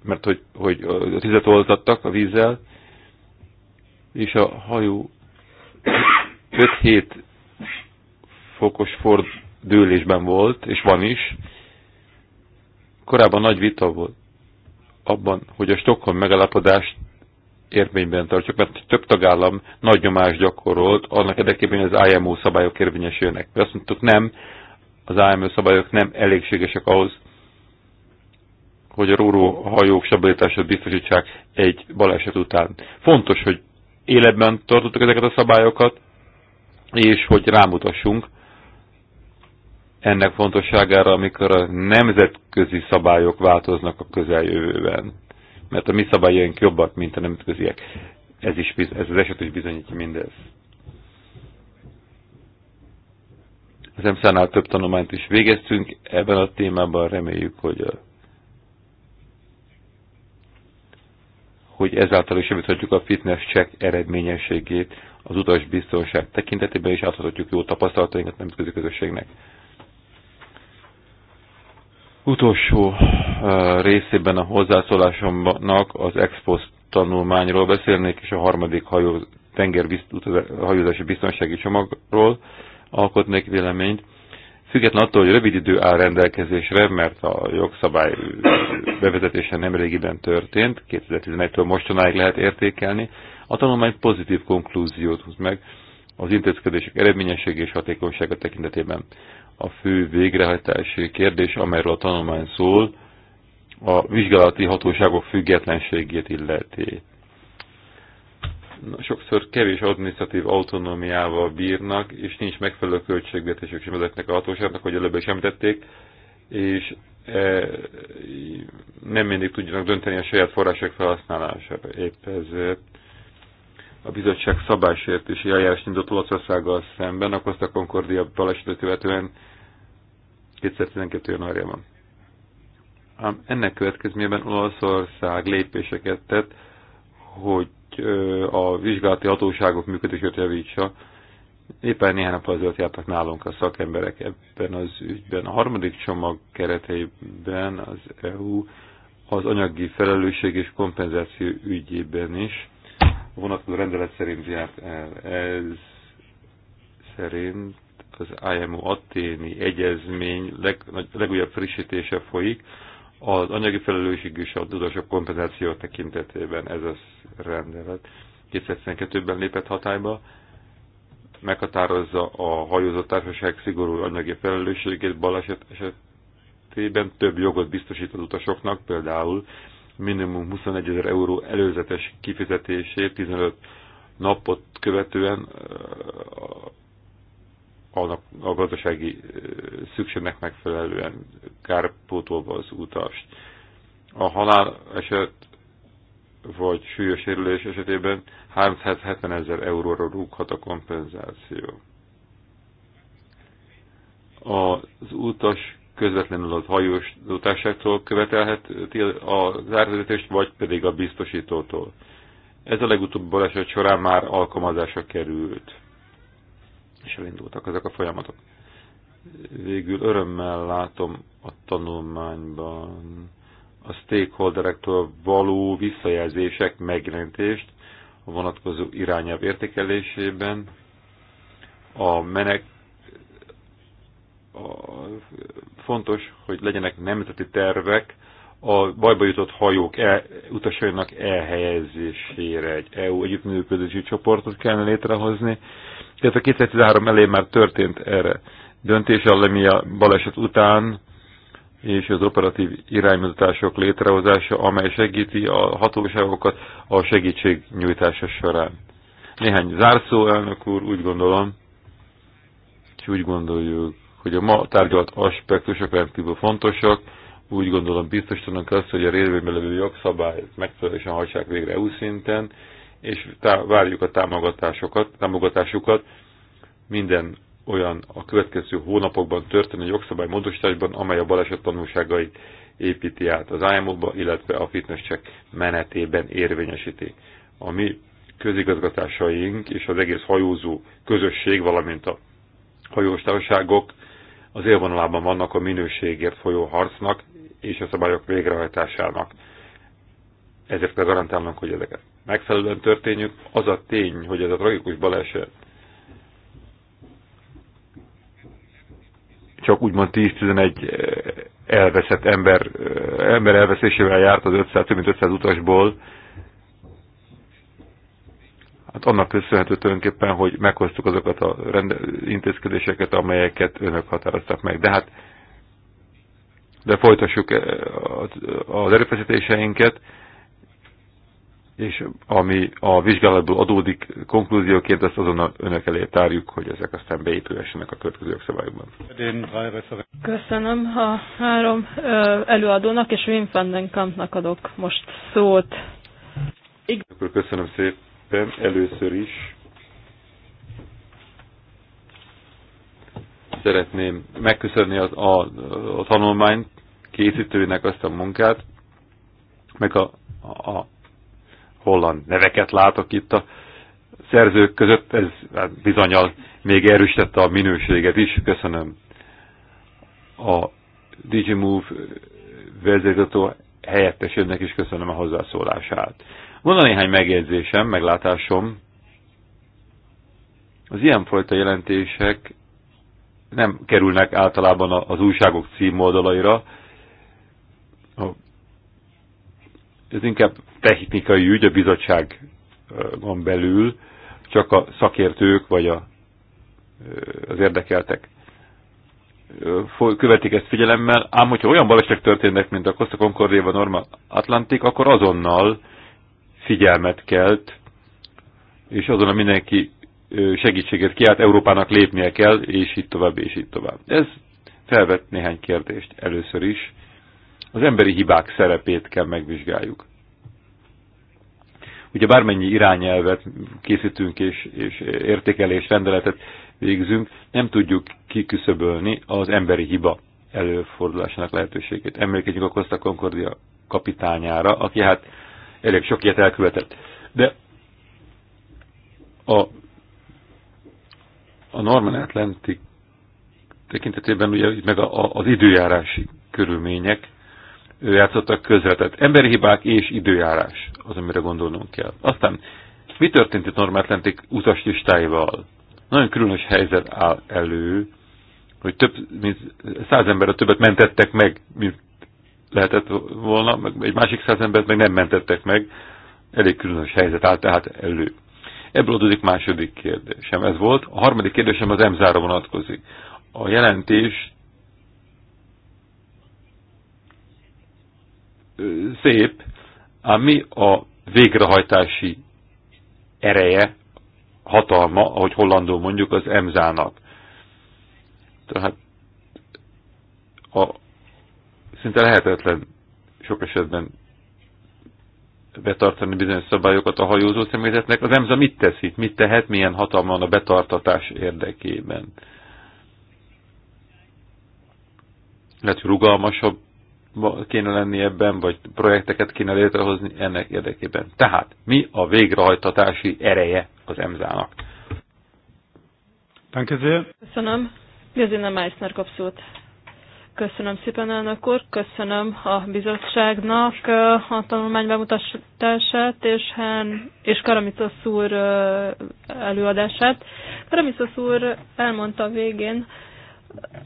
mert hogy, hogy a tüzet oltattak a vízzel, és a hajó 5-7 fokos fordülésben volt, és van is. Korábban nagy vita volt abban, hogy a Stockholm megalapodást érvényben tartjuk, mert több tagállam nagy nyomást gyakorolt annak érdekében, hogy az IMO szabályok érvényesülnek. Mi azt mondtuk, nem, az IMO szabályok nem elégségesek ahhoz, hogy a róró hajók stabilitását biztosítsák egy baleset után. Fontos, hogy életben tartottuk ezeket a szabályokat, és hogy rámutassunk ennek fontosságára, amikor a nemzetközi szabályok változnak a közeljövőben mert a mi szabályaink jobbak, mint a nemzetköziek. Ez, is, ez az eset is bizonyítja mindez. Az EMSZ-nál több tanulmányt is végeztünk, ebben a témában reméljük, hogy a hogy ezáltal is javíthatjuk a fitness check eredményességét az utas biztonság tekintetében, és átadhatjuk jó tapasztalatainkat nemzetközi közösségnek utolsó uh, részében a hozzászólásomnak az Exposz tanulmányról beszélnék, és a harmadik hajó, tengerhajózási biztonsági csomagról alkotnék véleményt. Független attól, hogy rövid idő áll rendelkezésre, mert a jogszabály bevezetése nemrégiben történt, 2011-től mostanáig lehet értékelni, a tanulmány pozitív konklúziót húz meg az intézkedések eredményessége és hatékonysága tekintetében a fő végrehajtási kérdés, amelyről a tanulmány szól, a vizsgálati hatóságok függetlenségét illeti. Sokszor kevés adminisztratív autonómiával bírnak, és nincs megfelelő költségvetésük sem ezeknek a hatóságnak, hogy előbb is említették, és e, nem mindig tudjanak dönteni a saját források felhasználására. Épp ezért a bizottság szabálysértési eljárás indított Olaszországgal szemben, a Costa Concordia balesetet követően 2012. januárjában. Ám ennek következményében Olaszország lépéseket tett, hogy a vizsgálati hatóságok működését javítsa. Éppen néhány nap azért jártak nálunk a szakemberek ebben az ügyben. A harmadik csomag kereteiben az EU az anyagi felelősség és kompenzáció ügyében is vonatkozó rendelet szerint járt el. Ez szerint az IMO Aténi egyezmény leg, legújabb frissítése folyik az anyagi felelősség és a tudósabb kompenzáció tekintetében ez az rendelet 2012-ben lépett hatályba, meghatározza a hajózott társaság szigorú anyagi felelősségét baleset esetében több jogot biztosít az utasoknak, például minimum 21 ezer euró előzetes kifizetését 15 napot követően annak a gazdasági szükségnek megfelelően kárpótolva az utast. A halál eset vagy súlyos sérülés esetében 370 ezer euróra rúghat a kompenzáció. Az utas közvetlenül az hajós utásságtól követelheti az árvezetést, vagy pedig a biztosítótól. Ez a legutóbbi baleset során már alkalmazásra került, és elindultak ezek a folyamatok. Végül örömmel látom a tanulmányban a stakeholderektől való visszajelzések megjelentést a vonatkozó irányelv értékelésében, a menek fontos, hogy legyenek nemzeti tervek a bajba jutott hajók el, utasainak elhelyezésére. Egy EU együttműködési csoportot kellene létrehozni. Tehát a 2013 elején már történt erre döntés, ami a baleset után és az operatív iránymutatások létrehozása, amely segíti a hatóságokat a segítség nyújtása során. Néhány zárszó, elnök úr, úgy gondolom, és úgy gondoljuk, hogy a ma tárgyalt aspektusok rendkívül fontosak, úgy gondolom biztosítanak azt, hogy a révében levő jogszabály megfelelően hajtsák végre EU szinten, és várjuk a támogatásokat, támogatásukat minden olyan a következő hónapokban történő jogszabály módosításban, amely a baleset tanulságait építi át az IMO-ba, illetve a fitness check menetében érvényesíti. A mi közigazgatásaink és az egész hajózó közösség, valamint a hajóstárságok az élvonalában vannak a minőségért folyó harcnak és a szabályok végrehajtásának. Ezért kell garantálnunk, hogy ezeket megfelelően történjük. Az a tény, hogy ez a tragikus baleset csak úgymond 10-11 eh, elveszett ember, eh, ember elveszésével járt az 500, több mint 500 utasból, Hát annak köszönhető tulajdonképpen, hogy meghoztuk azokat a rende, intézkedéseket, amelyeket önök határoztak meg. De hát de folytassuk eh, az erőfeszítéseinket, és ami a vizsgálatból adódik konklúzióként, ezt azonnal önök elé tárjuk, hogy ezek aztán beépülhessenek a következő jogszabályokban. Köszönöm a három előadónak, és Wim Fandenkampnak adok most szót. köszönöm szépen szépen. Először is szeretném megköszönni a, a, a tanulmány készítőnek azt a munkát, meg a, a, a holland neveket látok itt a szerzők között, ez hát bizonyal még erősítette a minőséget is, köszönöm. A Digimove vezérzetó helyettesének is köszönöm a hozzászólását. Volna néhány megjegyzésem, meglátásom. Az ilyenfajta jelentések nem kerülnek általában az újságok címoldalaira. Ez inkább technikai ügy a bizottságon belül, csak a szakértők vagy a, az érdekeltek követik ezt figyelemmel, ám hogyha olyan balesetek történnek, mint a Costa Concordia Norma Atlantik, akkor azonnal figyelmet kelt, és azon a mindenki segítséget kiált, Európának lépnie kell, és így tovább, és így tovább. Ez felvet néhány kérdést először is. Az emberi hibák szerepét kell megvizsgáljuk. Ugye bármennyi irányelvet készítünk és, és értékelés rendeletet végzünk, nem tudjuk kiküszöbölni az emberi hiba előfordulásának lehetőségét. Emlékezzünk a Costa Concordia kapitányára, aki hát elég sok ilyet elkövetett. De a, a Norman Atlantic tekintetében ugye meg a, a, az időjárási körülmények játszottak közvetett. Emberi hibák és időjárás az, amire gondolnunk kell. Aztán mi történt itt Norman Atlantic utas listáival? Nagyon különös helyzet áll elő, hogy több mint száz emberre többet mentettek meg, mint lehetett volna, meg egy másik száz embert meg nem mentettek meg, elég különös helyzet állt tehát elő. Ebből adódik második kérdésem. Ez volt. A harmadik kérdésem az m vonatkozik. A jelentés szép, ám mi a végrehajtási ereje, hatalma, ahogy hollandó mondjuk, az EMZ-nak? Tehát a, szinte lehetetlen sok esetben betartani bizonyos szabályokat a hajózó személyzetnek. Az emsza mit tesz itt? Mit tehet? Milyen hatalma van a betartatás érdekében? Lehet, hogy rugalmasabb kéne lenni ebben, vagy projekteket kéne létrehozni ennek érdekében. Tehát mi a végrehajtatási ereje az EMSA-nak? Köszönöm. Gözina Meissner kap szót. Köszönöm szépen, elnök úr, köszönöm a bizottságnak a tanulmány bemutatását és, Hán, és Karamitosz úr előadását. Karamitosz úr elmondta a végén,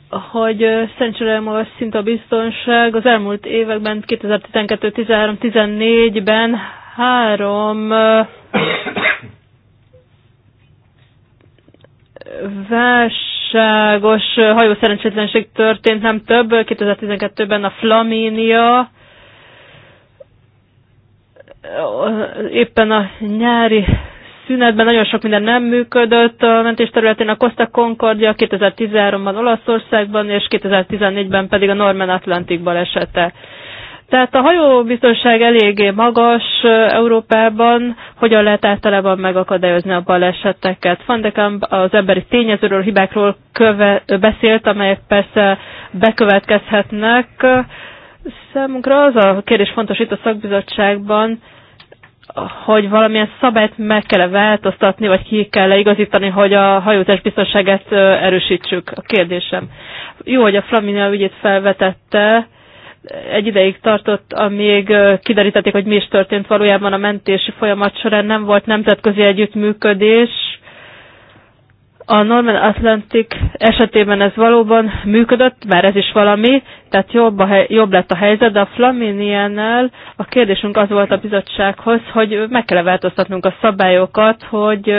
hogy szerencsére magas szint a biztonság. Az elmúlt években, 2012, 13, 14 ben három vers valóságos hajószerencsétlenség történt, nem több. 2012-ben a Flaminia éppen a nyári szünetben nagyon sok minden nem működött a mentés területén. A Costa Concordia 2013-ban Olaszországban, és 2014-ben pedig a Norman Atlantic balesete. Tehát a hajóbiztonság eléggé magas Európában, hogyan lehet általában megakadályozni a baleseteket. Van de az emberi tényezőről, hibákról köve, beszélt, amelyek persze bekövetkezhetnek. Számunkra az a kérdés fontos itt a szakbizottságban, hogy valamilyen szabályt meg kell -e változtatni, vagy ki kell -e igazítani, hogy a hajózás biztonságát erősítsük. A kérdésem. Jó, hogy a Flaminia ügyét felvetette, egy ideig tartott, amíg kiderítették, hogy mi is történt valójában a mentési folyamat során, nem volt nemzetközi együttműködés. A Norman Atlantic esetében ez valóban működött, mert ez is valami, tehát jobb, a hely, jobb lett a helyzet, de a Flaminiennel a kérdésünk az volt a bizottsághoz, hogy meg kell változtatnunk a szabályokat, hogy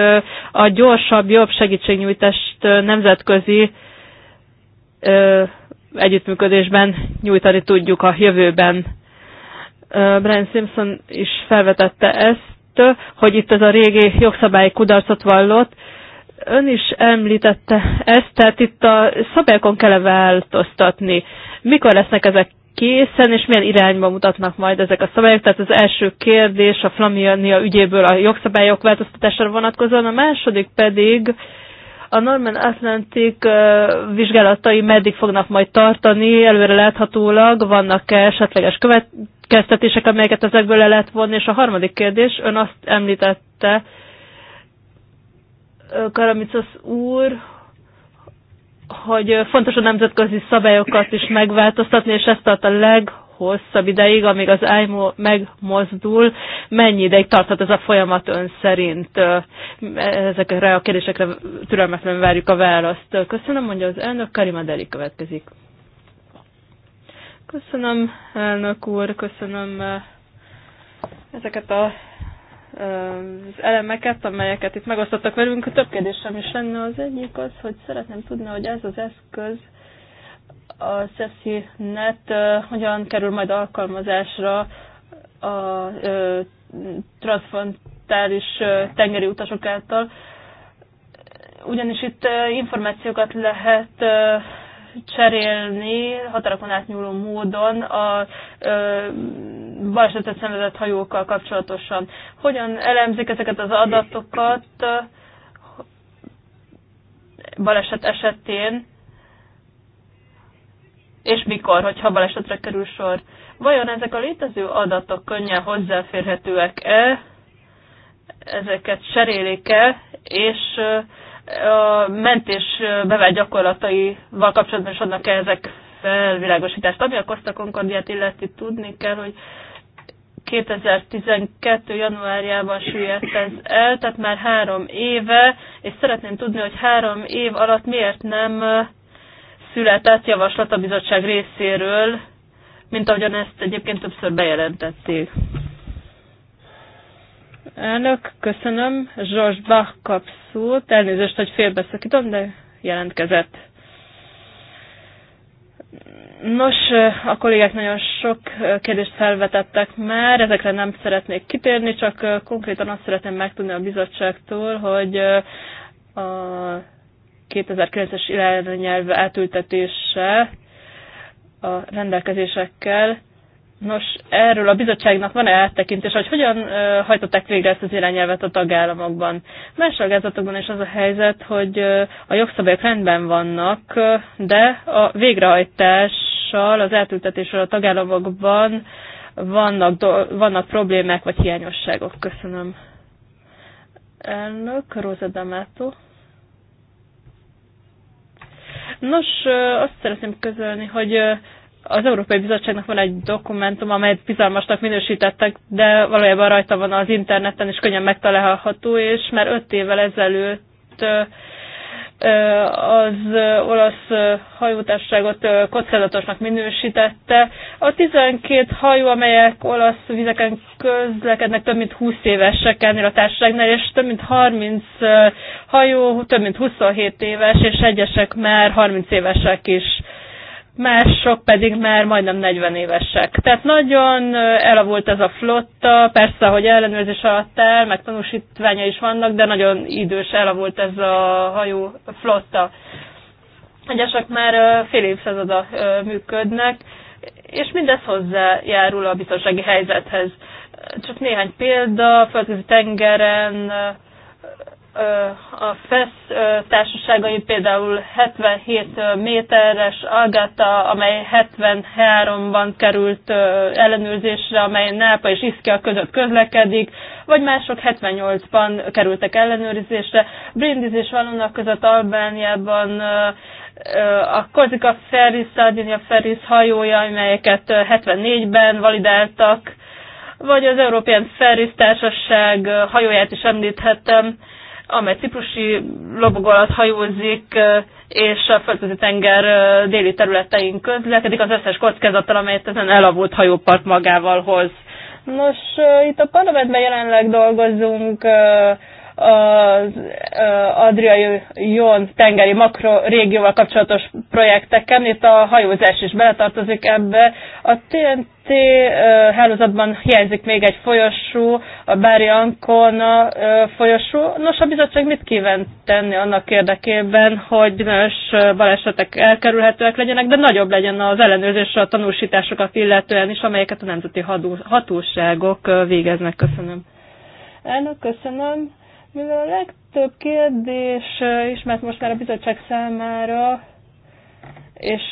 a gyorsabb, jobb segítségnyújtást nemzetközi együttműködésben nyújtani tudjuk a jövőben. Brian Simpson is felvetette ezt, hogy itt ez a régi jogszabályi kudarcot vallott. Ön is említette ezt, tehát itt a szabályokon kell -e változtatni. Mikor lesznek ezek készen, és milyen irányba mutatnak majd ezek a szabályok. Tehát az első kérdés a Flaminia ügyéből a jogszabályok változtatására vonatkozóan, a második pedig a Norman Atlantic vizsgálatai meddig fognak majd tartani, előre láthatólag vannak -e esetleges következtetések, amelyeket ezekből le lehet vonni, és a harmadik kérdés, ön azt említette, Karamicos úr, hogy fontos a nemzetközi szabályokat is megváltoztatni, és ezt tart a leg hosszabb ideig, amíg az IMO megmozdul, mennyi ideig tarthat ez a folyamat ön szerint? Ezekre a kérdésekre türelmetlenül várjuk a választ. Köszönöm, mondja az elnök, Karima Deli következik. Köszönöm, elnök úr, köszönöm ezeket a az elemeket, amelyeket itt megosztottak velünk. Több kérdésem is lenne. Az egyik az, hogy szeretném tudni, hogy ez az eszköz a CESZI-net hogyan kerül majd alkalmazásra a transzfrontális tengeri utasok által, ugyanis itt információkat lehet cserélni határokon átnyúló módon a balesetet szenvedett hajókkal kapcsolatosan. Hogyan elemzik ezeket az adatokat baleset esetén, és mikor, hogyha balesetre kerül sor. Vajon ezek a létező adatok könnyen hozzáférhetőek-e, ezeket cserélik-e, és a mentés bevált gyakorlataival kapcsolatban is adnak-e ezek felvilágosítást. Ami a Costa Concordiát illeti tudni kell, hogy 2012. januárjában süllyedt ez el, tehát már három éve, és szeretném tudni, hogy három év alatt miért nem született javaslat a bizottság részéről, mint ahogyan ezt egyébként többször bejelentették. Elnök, köszönöm. Zsors Bach kap szót. Elnézést, hogy félbeszakítom, de jelentkezett. Nos, a kollégák nagyon sok kérdést felvetettek már, ezekre nem szeretnék kitérni, csak konkrétan azt szeretném megtudni a bizottságtól, hogy a 2009-es irányelv átültetése a rendelkezésekkel. Nos, erről a bizottságnak van-e áttekintés, hogy hogyan hajtották végre ezt az irányelvet a tagállamokban? Más ágazatokban is az a helyzet, hogy a jogszabályok rendben vannak, de a végrehajtással, az átültetéssel a tagállamokban vannak, vannak problémák vagy hiányosságok. Köszönöm. Elnök, Róza Damátó. Nos, azt szeretném közölni, hogy az Európai Bizottságnak van egy dokumentum, amelyet bizalmasnak minősítettek, de valójában rajta van az interneten, és könnyen megtalálható, és már öt évvel ezelőtt az olasz hajótárságot kockázatosnak minősítette. A 12 hajó, amelyek olasz vizeken közlekednek, több mint 20 évesek ennél a társaságnál, és több mint 30 hajó, több mint 27 éves, és egyesek már 30 évesek is mások pedig már majdnem 40 évesek. Tehát nagyon elavult ez a flotta, persze, hogy ellenőrzés alatt el, meg tanúsítványa is vannak, de nagyon idős elavult ez a hajó flotta. Egyesek már fél évszázada működnek, és mindez hozzájárul a biztonsági helyzethez. Csak néhány példa, földközi tengeren, a FESZ társaságai például 77 méteres Agata, amely 73-ban került ellenőrzésre, amely Nápa és Iszkia között közlekedik, vagy mások 78-ban kerültek ellenőrzésre. Brindis és Valona között Albániában a Korzika Ferris, Sardinia Ferris hajója, amelyeket 74-ben validáltak, vagy az Európai Ferris Társaság hajóját is említhettem, amely ciprusi lobogó alatt hajózik, és a földközi tenger déli területein közlekedik az összes kockázattal, amelyet ezen elavult hajópart magával hoz. Nos, itt a parlamentben jelenleg dolgozunk az Adria Jón tengeri régióval kapcsolatos projekteken. Itt a hajózás is beletartozik ebbe. A TNT hálózatban hiányzik még egy folyosó, a Bári Ancona folyosó. Nos, a bizottság mit kíván tenni annak érdekében, hogy bizonyos balesetek elkerülhetőek legyenek, de nagyobb legyen az ellenőrzés a tanúsításokat illetően is, amelyeket a nemzeti hatóságok végeznek. Köszönöm. Elnök, köszönöm. Mivel a legtöbb kérdés ismert most már a bizottság számára, és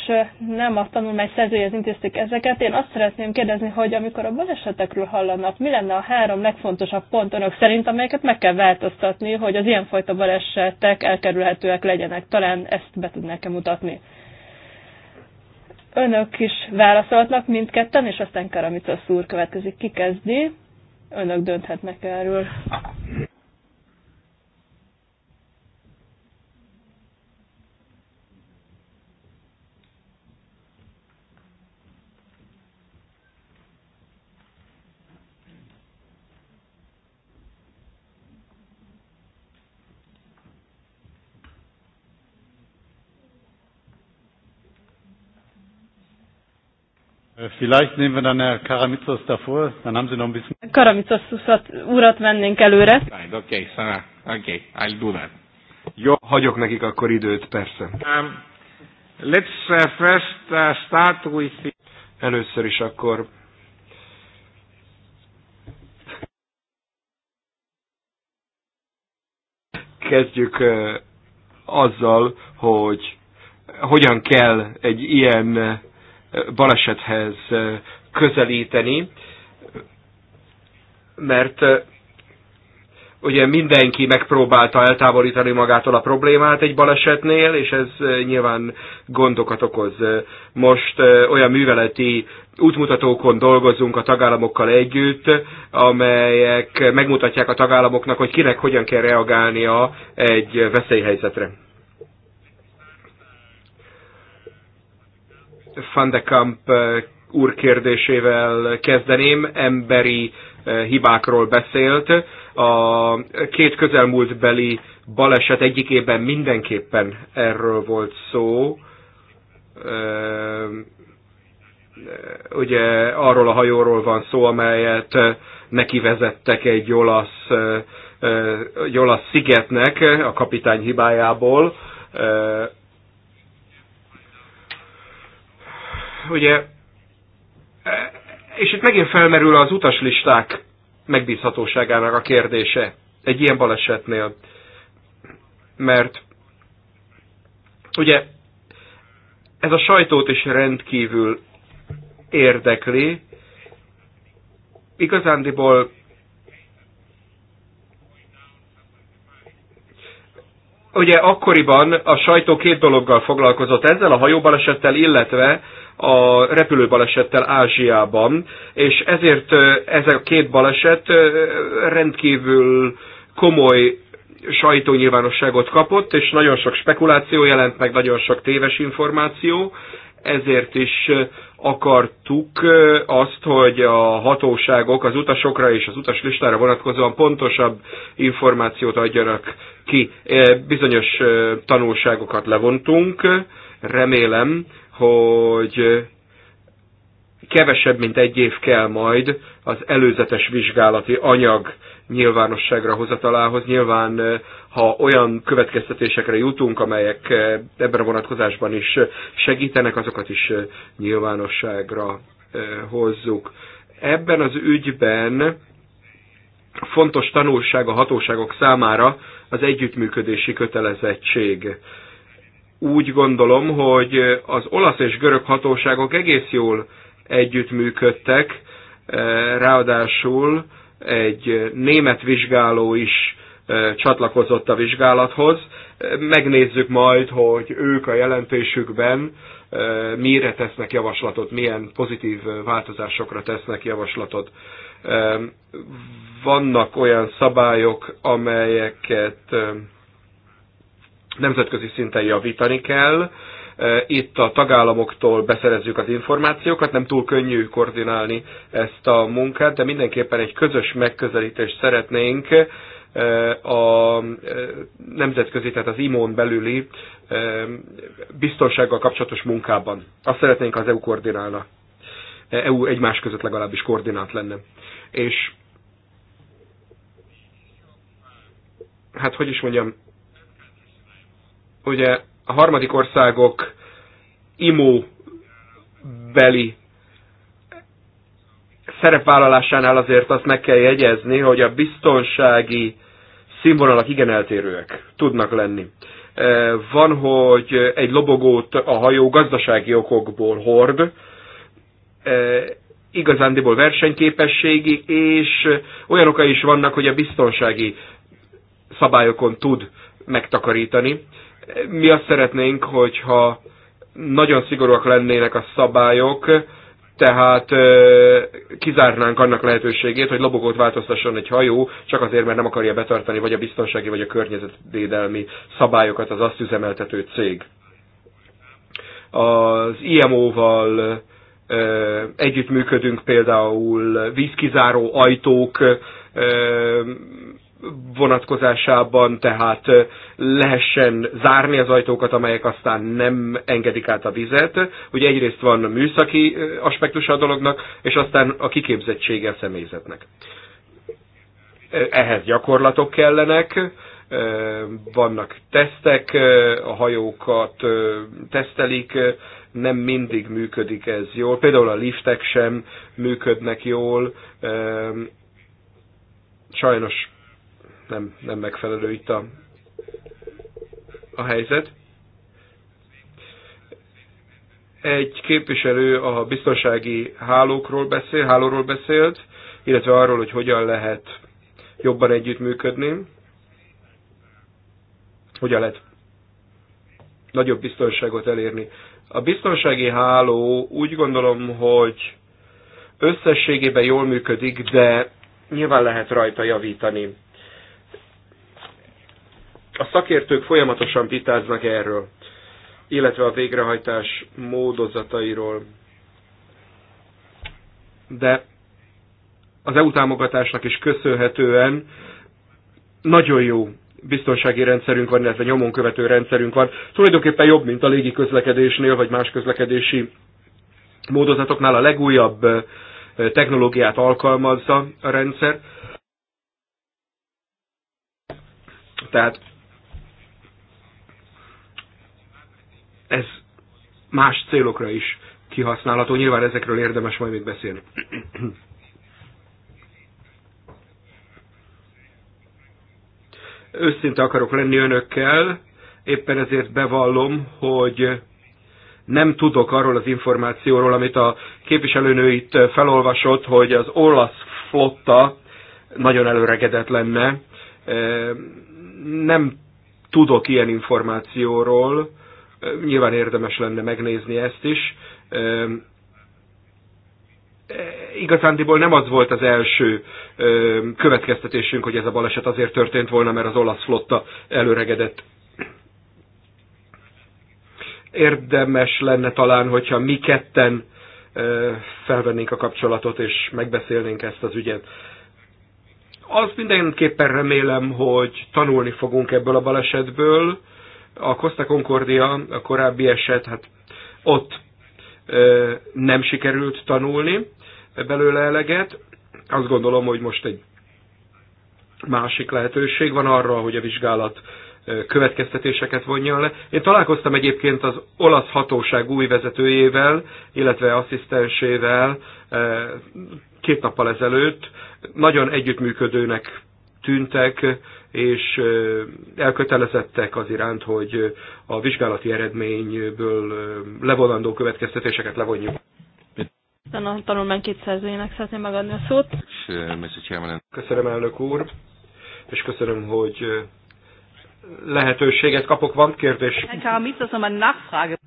nem a tanulmány szerzőjéhez intézték ezeket. Én azt szeretném kérdezni, hogy amikor a balesetekről hallanak, mi lenne a három legfontosabb pont önök szerint, amelyeket meg kell változtatni, hogy az ilyenfajta balesetek elkerülhetőek legyenek? Talán ezt be tudnák-e mutatni? Önök is válaszolhatnak mindketten, és aztán Karamica szúr következik. Ki kezdi? Önök dönthetnek erről. Äh, vielleicht nehmen wir dann Herr Karamitsos davor, dann haben Sie noch ein bisschen. Karamitsos urat vennénk előre. Right, okay, Sana, okay, I'll do that. Jó, hagyok nekik akkor időt, persze. Um, let's uh, first uh, start with the... Először is akkor kezdjük uh, azzal, hogy hogyan kell egy ilyen uh, balesethez közelíteni, mert ugye mindenki megpróbálta eltávolítani magától a problémát egy balesetnél, és ez nyilván gondokat okoz. Most olyan műveleti útmutatókon dolgozunk a tagállamokkal együtt, amelyek megmutatják a tagállamoknak, hogy kinek hogyan kell reagálnia egy veszélyhelyzetre. Van de Kamp eh, úr kérdésével kezdeném, emberi eh, hibákról beszélt. A két közelmúltbeli baleset egyikében mindenképpen erről volt szó. Eh, ugye arról a hajóról van szó, amelyet neki vezettek egy olasz, egy olasz szigetnek a kapitány hibájából ugye, e, és itt megint felmerül az utaslisták megbízhatóságának a kérdése egy ilyen balesetnél. Mert ugye ez a sajtót is rendkívül érdekli. Igazándiból ugye akkoriban a sajtó két dologgal foglalkozott ezzel, a hajóbalesettel, illetve a repülőbalesettel Ázsiában, és ezért ez a két baleset rendkívül komoly sajtónyilvánosságot kapott, és nagyon sok spekuláció jelent meg, nagyon sok téves információ, ezért is akartuk azt, hogy a hatóságok az utasokra és az utas listára vonatkozóan pontosabb információt adjanak ki. Bizonyos tanulságokat levontunk, remélem, hogy kevesebb, mint egy év kell majd az előzetes vizsgálati anyag nyilvánosságra hozatalához. Nyilván, ha olyan következtetésekre jutunk, amelyek ebben a vonatkozásban is segítenek, azokat is nyilvánosságra eh, hozzuk. Ebben az ügyben fontos tanulság a hatóságok számára az együttműködési kötelezettség úgy gondolom, hogy az olasz és görög hatóságok egész jól együttműködtek, e, ráadásul egy német vizsgáló is e, csatlakozott a vizsgálathoz. E, megnézzük majd, hogy ők a jelentésükben mire tesznek javaslatot, milyen pozitív változásokra tesznek javaslatot. Vannak olyan szabályok, amelyeket nemzetközi szinten javítani kell. E, itt a tagállamoktól beszerezzük az információkat, nem túl könnyű koordinálni ezt a munkát, de mindenképpen egy közös megközelítést szeretnénk e, a e, nemzetközi, tehát az IMON belüli biztonsággal kapcsolatos munkában. Azt szeretnénk, az EU koordinálna. EU egymás között legalábbis koordinált lenne. És hát hogy is mondjam, ugye a harmadik országok imó beli szerepvállalásánál azért azt meg kell jegyezni, hogy a biztonsági színvonalak igen eltérőek tudnak lenni. E, van, hogy egy lobogót a hajó gazdasági okokból hord, e, igazándiból versenyképességi, és olyan okai is vannak, hogy a biztonsági szabályokon tud megtakarítani. Mi azt szeretnénk, hogyha nagyon szigorúak lennének a szabályok, tehát kizárnánk annak lehetőségét, hogy lobogót változtasson egy hajó, csak azért, mert nem akarja betartani vagy a biztonsági, vagy a környezetvédelmi szabályokat az azt üzemeltető cég. Az IMO-val együttműködünk például vízkizáró ajtók vonatkozásában, tehát lehessen zárni az ajtókat, amelyek aztán nem engedik át a vizet. Ugye egyrészt van a műszaki aspektus a dolognak, és aztán a kiképzettsége a személyzetnek. Ehhez gyakorlatok kellenek, vannak tesztek, a hajókat tesztelik, nem mindig működik ez jól. Például a liftek sem működnek jól. Sajnos nem, nem megfelelő itt a, a helyzet. Egy képviselő a biztonsági hálókról beszél, hálóról beszélt, illetve arról, hogy hogyan lehet jobban együttműködni, hogyan lehet nagyobb biztonságot elérni. A biztonsági háló úgy gondolom, hogy összességében jól működik, de nyilván lehet rajta javítani. A szakértők folyamatosan vitáznak erről, illetve a végrehajtás módozatairól. De az EU támogatásnak is köszönhetően nagyon jó biztonsági rendszerünk van, illetve nyomon követő rendszerünk van. Tulajdonképpen jobb, mint a légi közlekedésnél, vagy más közlekedési módozatoknál a legújabb technológiát alkalmazza a rendszer. Tehát ez más célokra is kihasználható. Nyilván ezekről érdemes majd még beszélni. Őszinte akarok lenni önökkel, éppen ezért bevallom, hogy nem tudok arról az információról, amit a képviselőnő itt felolvasott, hogy az olasz flotta nagyon előregedett lenne. Ehm, nem tudok ilyen információról, Nyilván érdemes lenne megnézni ezt is. E, igazándiból nem az volt az első következtetésünk, hogy ez a baleset azért történt volna, mert az olasz flotta előregedett érdemes lenne talán, hogyha mi ketten felvennénk a kapcsolatot, és megbeszélnénk ezt az ügyet. Azt mindenképpen remélem, hogy tanulni fogunk ebből a balesetből, a Costa Concordia, a korábbi eset, hát ott nem sikerült tanulni belőle eleget. Azt gondolom, hogy most egy másik lehetőség van arra, hogy a vizsgálat következtetéseket vonjon le. Én találkoztam egyébként az olasz hatóság új vezetőjével, illetve asszisztensével két nappal ezelőtt. Nagyon együttműködőnek tűntek, és elkötelezettek az iránt, hogy a vizsgálati eredményből levonandó következtetéseket levonjuk. A tanulmány két szerzőjének szeretném megadni a szót. Köszönöm, elnök úr, és köszönöm, hogy lehetőséget kapok. Van kérdés?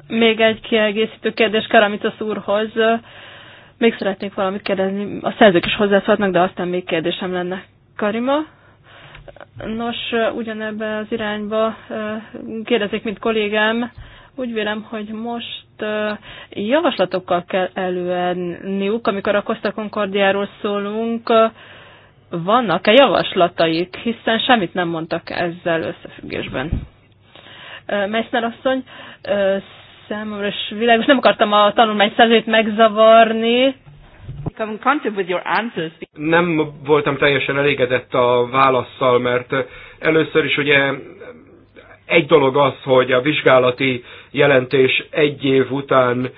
Még egy kiegészítő kérdés Karamitas úrhoz. Még szeretnék valamit kérdezni. A szerzők is hozzászólhatnak, de aztán még kérdésem lenne. Karima? Nos, ugyanebben az irányba kérdezik, mint kollégám, úgy vélem, hogy most javaslatokkal kell előenniuk, amikor a Costa Concordiáról szólunk, vannak-e javaslataik, hiszen semmit nem mondtak ezzel összefüggésben. Meissner asszony, számomra is világos, nem akartam a tanulmány szerzőt megzavarni, nem voltam teljesen elégedett a válaszsal, mert először is ugye egy dolog az, hogy a vizsgálati jelentés egy év után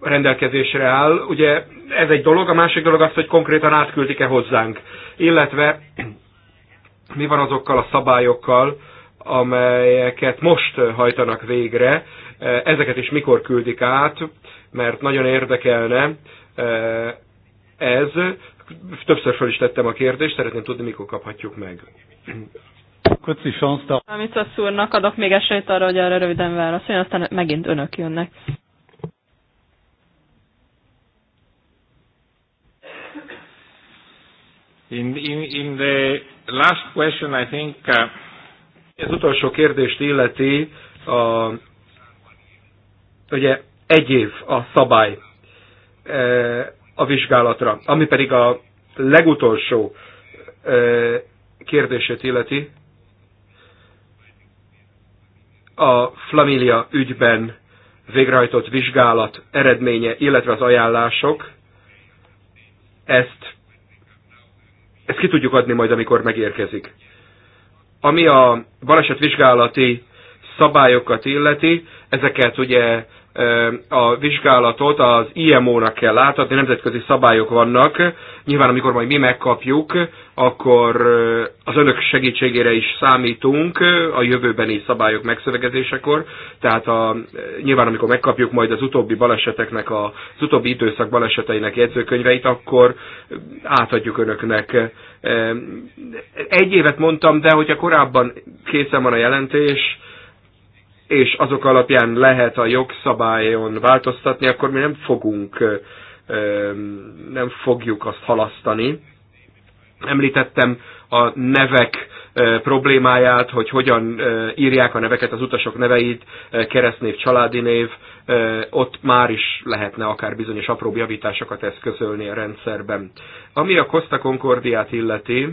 rendelkezésre áll. Ugye ez egy dolog, a másik dolog az, hogy konkrétan átküldik-e hozzánk. Illetve mi van azokkal a szabályokkal, amelyeket most hajtanak végre, ezeket is mikor küldik át, mert nagyon érdekelne e, ez. Többször fel is tettem a kérdést, szeretném tudni, mikor kaphatjuk meg. Köci Sanszta. Amit a szúrnak adok még esélyt arra, hogy arra röviden válaszoljon, aztán megint önök jönnek. In, in, in the last question, I think... Uh... Az utolsó kérdést illeti, a, ugye egy év a szabály e, a vizsgálatra. Ami pedig a legutolsó e, kérdését illeti, a Flamilia ügyben végrehajtott vizsgálat eredménye, illetve az ajánlások, ezt, ezt ki tudjuk adni majd, amikor megérkezik. Ami a balesetvizsgálati szabályokat illeti, ezeket ugye a vizsgálatot az IMO-nak kell látni, nemzetközi szabályok vannak. Nyilván, amikor majd mi megkapjuk, akkor az önök segítségére is számítunk a jövőbeni szabályok megszövegezésekor. Tehát a, nyilván, amikor megkapjuk majd az utóbbi baleseteknek, a, az utóbbi időszak baleseteinek jegyzőkönyveit, akkor átadjuk önöknek. Egy évet mondtam, de hogyha korábban készen van a jelentés, és azok alapján lehet a jogszabályon változtatni, akkor mi nem fogunk, nem fogjuk azt halasztani. Említettem a nevek problémáját, hogy hogyan írják a neveket, az utasok neveit, keresztnév, családi név, ott már is lehetne akár bizonyos apró javításokat eszközölni a rendszerben. Ami a Costa Concordiát illeti,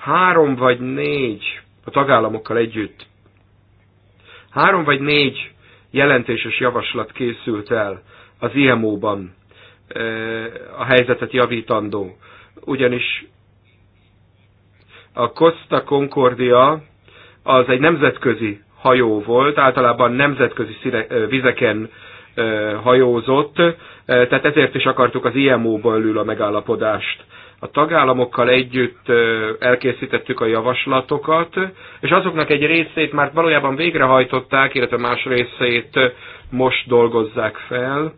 három vagy négy a tagállamokkal együtt Három vagy négy jelentéses javaslat készült el az IMO-ban a helyzetet javítandó. Ugyanis a Costa Concordia az egy nemzetközi hajó volt, általában nemzetközi vizeken hajózott, tehát ezért is akartuk az imo ból ül a megállapodást a tagállamokkal együtt elkészítettük a javaslatokat, és azoknak egy részét már valójában végrehajtották, illetve más részét most dolgozzák fel.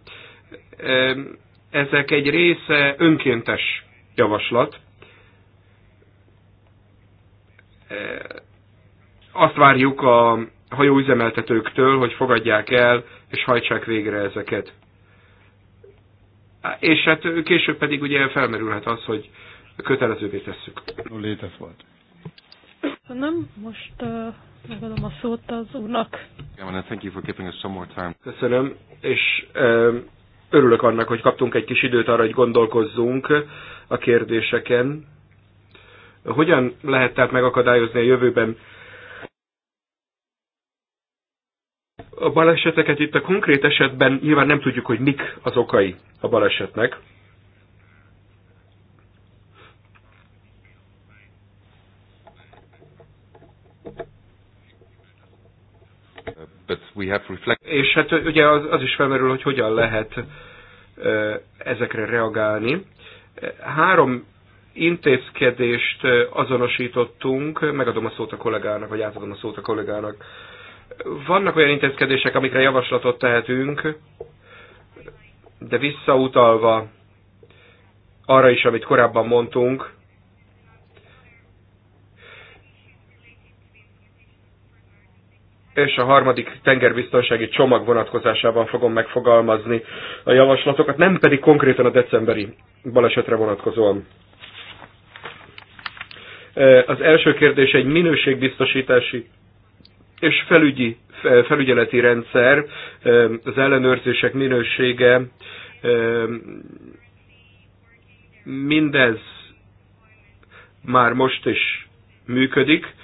Ezek egy része önkéntes javaslat. Azt várjuk a hajóüzemeltetőktől, hogy fogadják el és hajtsák végre ezeket. És hát később pedig ugye felmerülhet az, hogy kötelezővé tesszük. Létez volt. Köszönöm, most uh, megadom a szót az úrnak. Köszönöm, és uh, örülök annak, hogy kaptunk egy kis időt arra, hogy gondolkozzunk a kérdéseken. Hogyan lehet tehát megakadályozni a jövőben a baleseteket itt a konkrét esetben nyilván nem tudjuk, hogy mik az okai a balesetnek. But we have reflect- És hát ugye az, az is felmerül, hogy hogyan lehet ezekre reagálni. Három intézkedést azonosítottunk, megadom a szót a kollégának, vagy átadom a szót a kollégának, vannak olyan intézkedések, amikre javaslatot tehetünk, de visszautalva arra is, amit korábban mondtunk, és a harmadik tengerbiztonsági csomag vonatkozásában fogom megfogalmazni a javaslatokat, nem pedig konkrétan a decemberi balesetre vonatkozóan. Az első kérdés egy minőségbiztosítási és felügyi, felügyeleti rendszer, az ellenőrzések minősége, mindez már most is működik,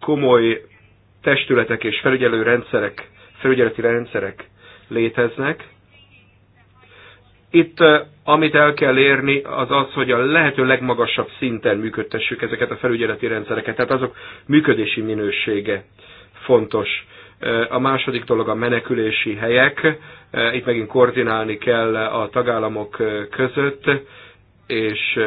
komoly testületek és felügyelő rendszerek, felügyeleti rendszerek léteznek. Itt amit el kell érni, az az, hogy a lehető legmagasabb szinten működtessük ezeket a felügyeleti rendszereket, tehát azok működési minősége fontos. A második dolog a menekülési helyek. Itt megint koordinálni kell a tagállamok között, és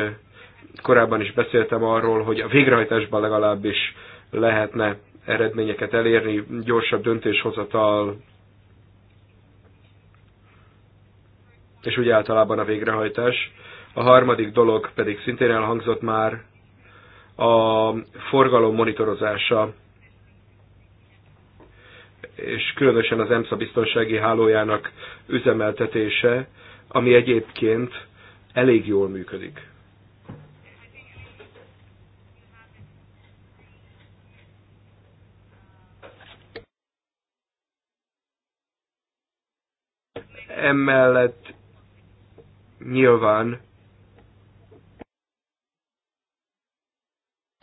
korábban is beszéltem arról, hogy a végrehajtásban legalábbis lehetne eredményeket elérni, gyorsabb döntéshozatal, és úgy általában a végrehajtás. A harmadik dolog pedig szintén elhangzott már, a forgalom monitorozása és különösen az EMSZA biztonsági hálójának üzemeltetése, ami egyébként elég jól működik. Emellett nyilván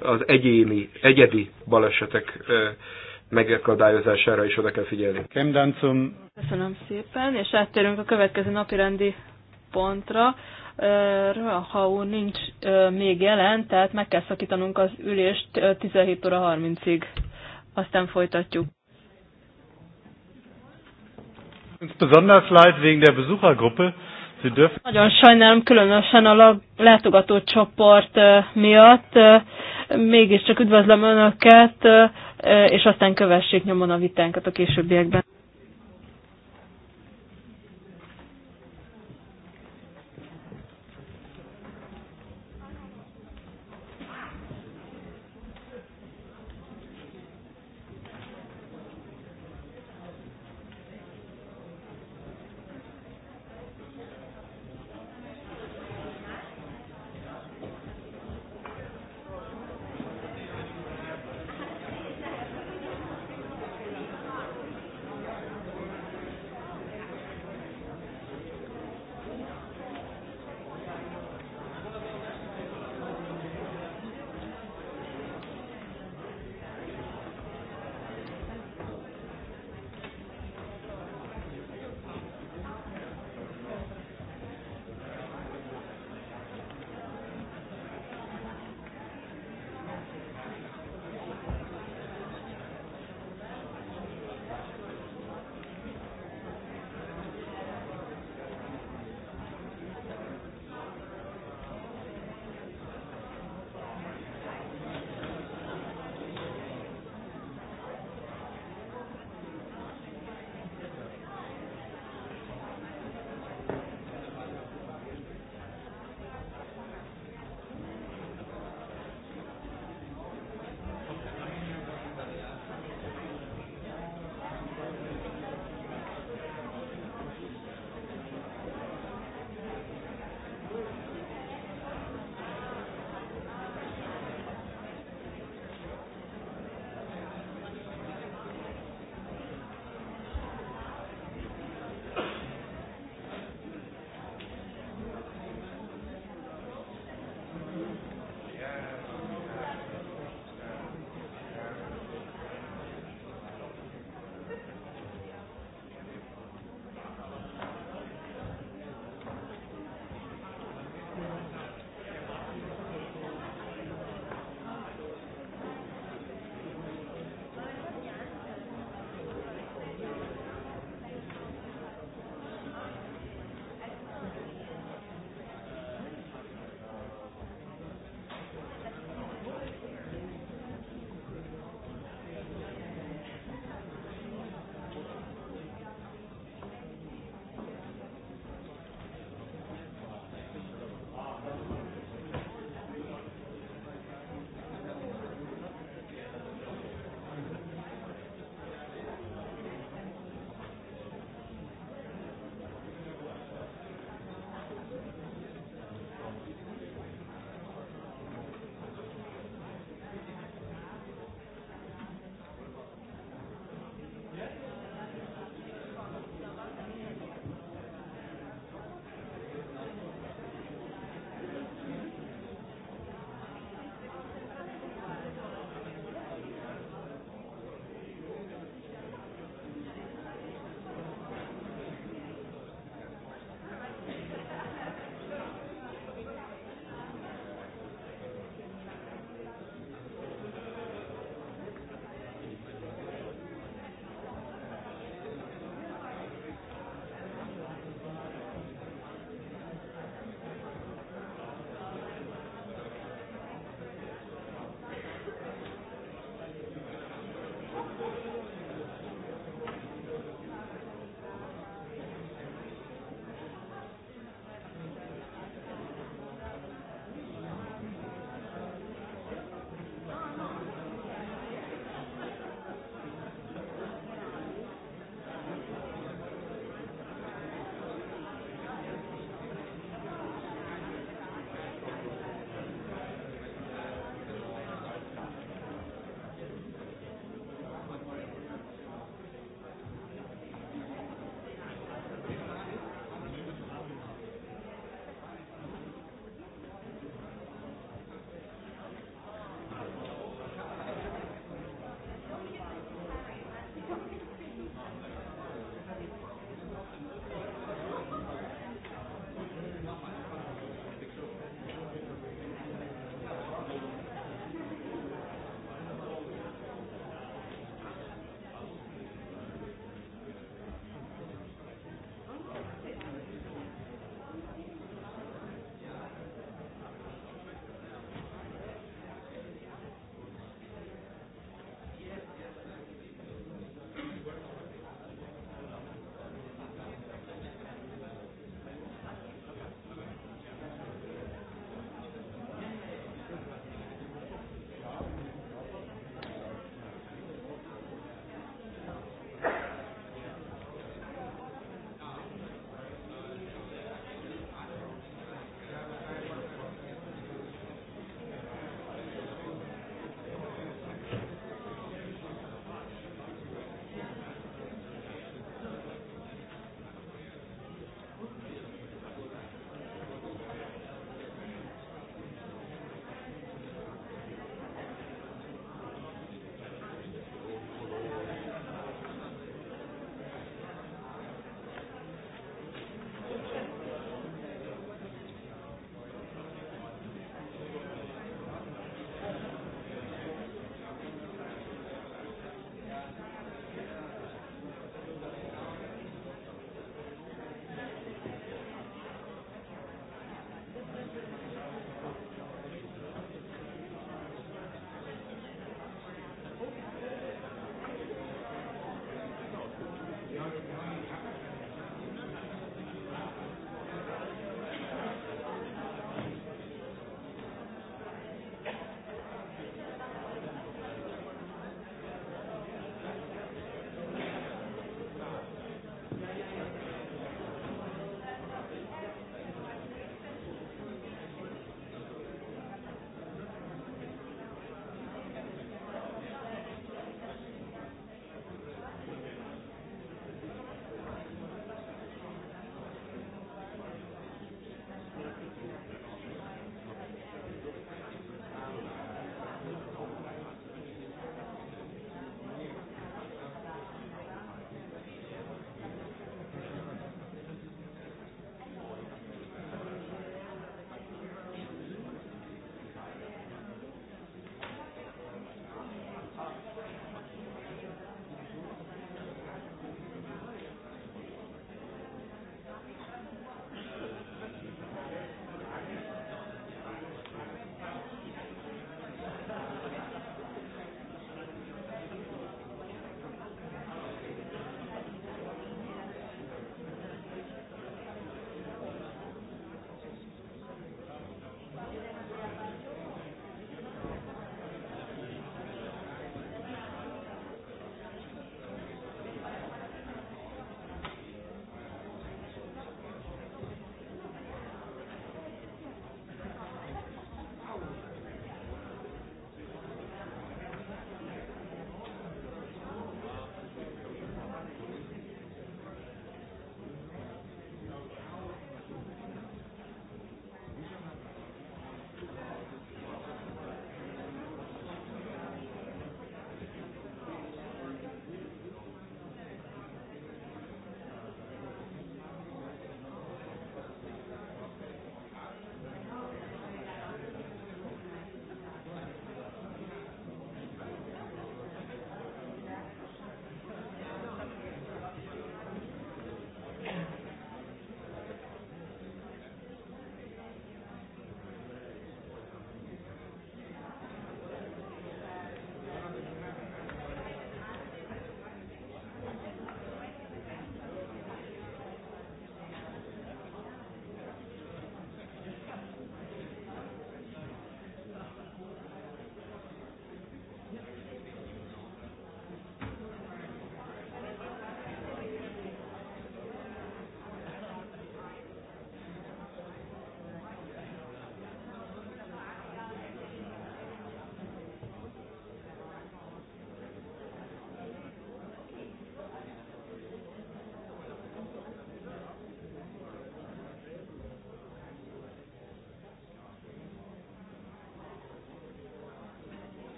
az egyéni, egyedi balesetek megakadályozására is oda kell figyelni. Köszönöm szépen, és áttérünk a következő napi rendi pontra. úr nincs még jelen, tehát meg kell szakítanunk az ülést 17 óra 30-ig. Aztán folytatjuk. besonders leid wegen der Besuchergruppe. Sie dürfen Nagyon sajnálom, különösen a látogatócsoport miatt mégiscsak üdvözlöm Önöket, és aztán kövessék nyomon a vitánkat a későbbiekben.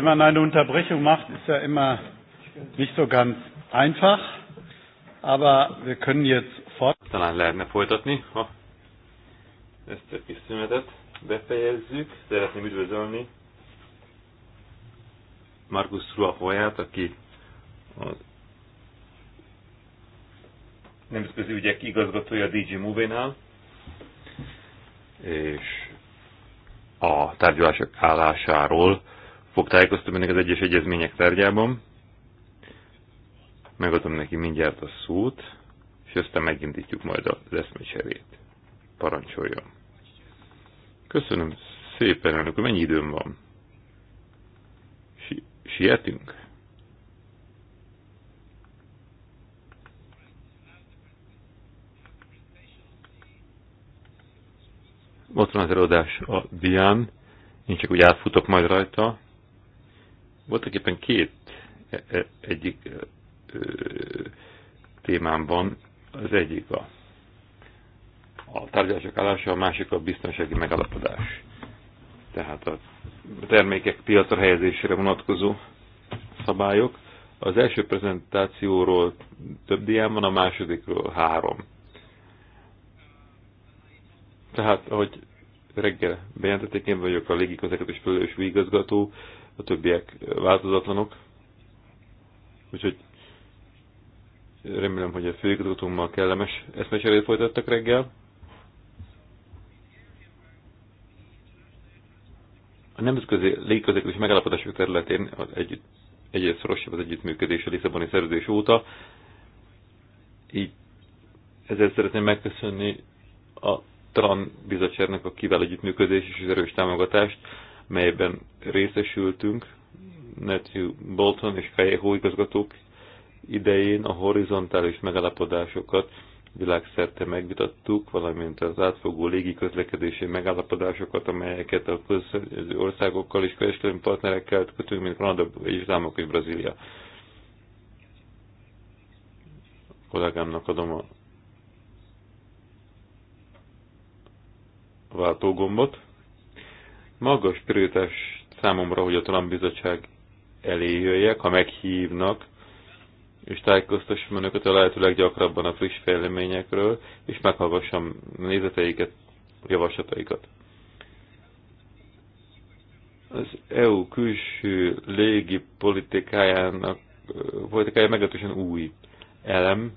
wenn man eine Unterbrechung macht, ist ja immer nicht so ganz einfach, aber wir können jetzt fort. Talán lehetne folytatni, ha ezt a kis szünetet befejezzük. Szeretném üdvözölni Markus Ruahoyát, aki az nemzetközi ügyek igazgatója a DG movie és a tárgyalások állásáról fog tájékoztatni ennek az egyes egyezmények tárgyában. Megadom neki mindjárt a szót, és aztán megindítjuk majd az eszmecserét. Parancsoljon. Köszönöm szépen, elnök mennyi időm van? Si sietünk? Ott van az előadás a dián, én csak úgy átfutok majd rajta. Voltak éppen két e, e, egyik e, témám van, az egyik a, a tárgyalások állása, a másik a biztonsági megalapodás. Tehát a termékek piacra helyezésére vonatkozó szabályok. Az első prezentációról több diám van, a másodikról három. Tehát, ahogy reggel bejelentették, én vagyok a légiközlekedés felelős igazgató, a többiek változatlanok. Úgyhogy remélem, hogy a főigazgatómmal kellemes eszmecserét folytattak reggel. A nemzetközi légközlekedés megállapodások területén együtt, egyre szorosabb az együttműködés a Lisszaboni szerződés óta. Így ezért szeretném megköszönni a TRAN bizottságnak a kivel együttműködés és az erős támogatást melyben részesültünk, Matthew Bolton és Fejehó igazgatók idején a horizontális megállapodásokat világszerte megvitattuk, valamint az átfogó légi közlekedési megállapodásokat, amelyeket a közös országokkal és kereskedelmi partnerekkel kötünk, mint Kanada, Egyesült és Brazília. kollégámnak adom a váltógombot. Magas prioritás számomra, hogy a Talán Bizottság elé jöjjek, ha meghívnak, és tájékoztassam önöket a lehető leggyakrabban a friss fejleményekről, és meghallgassam nézeteiket, javaslataikat. Az EU külső légi politikájának politikája meglehetősen új elem,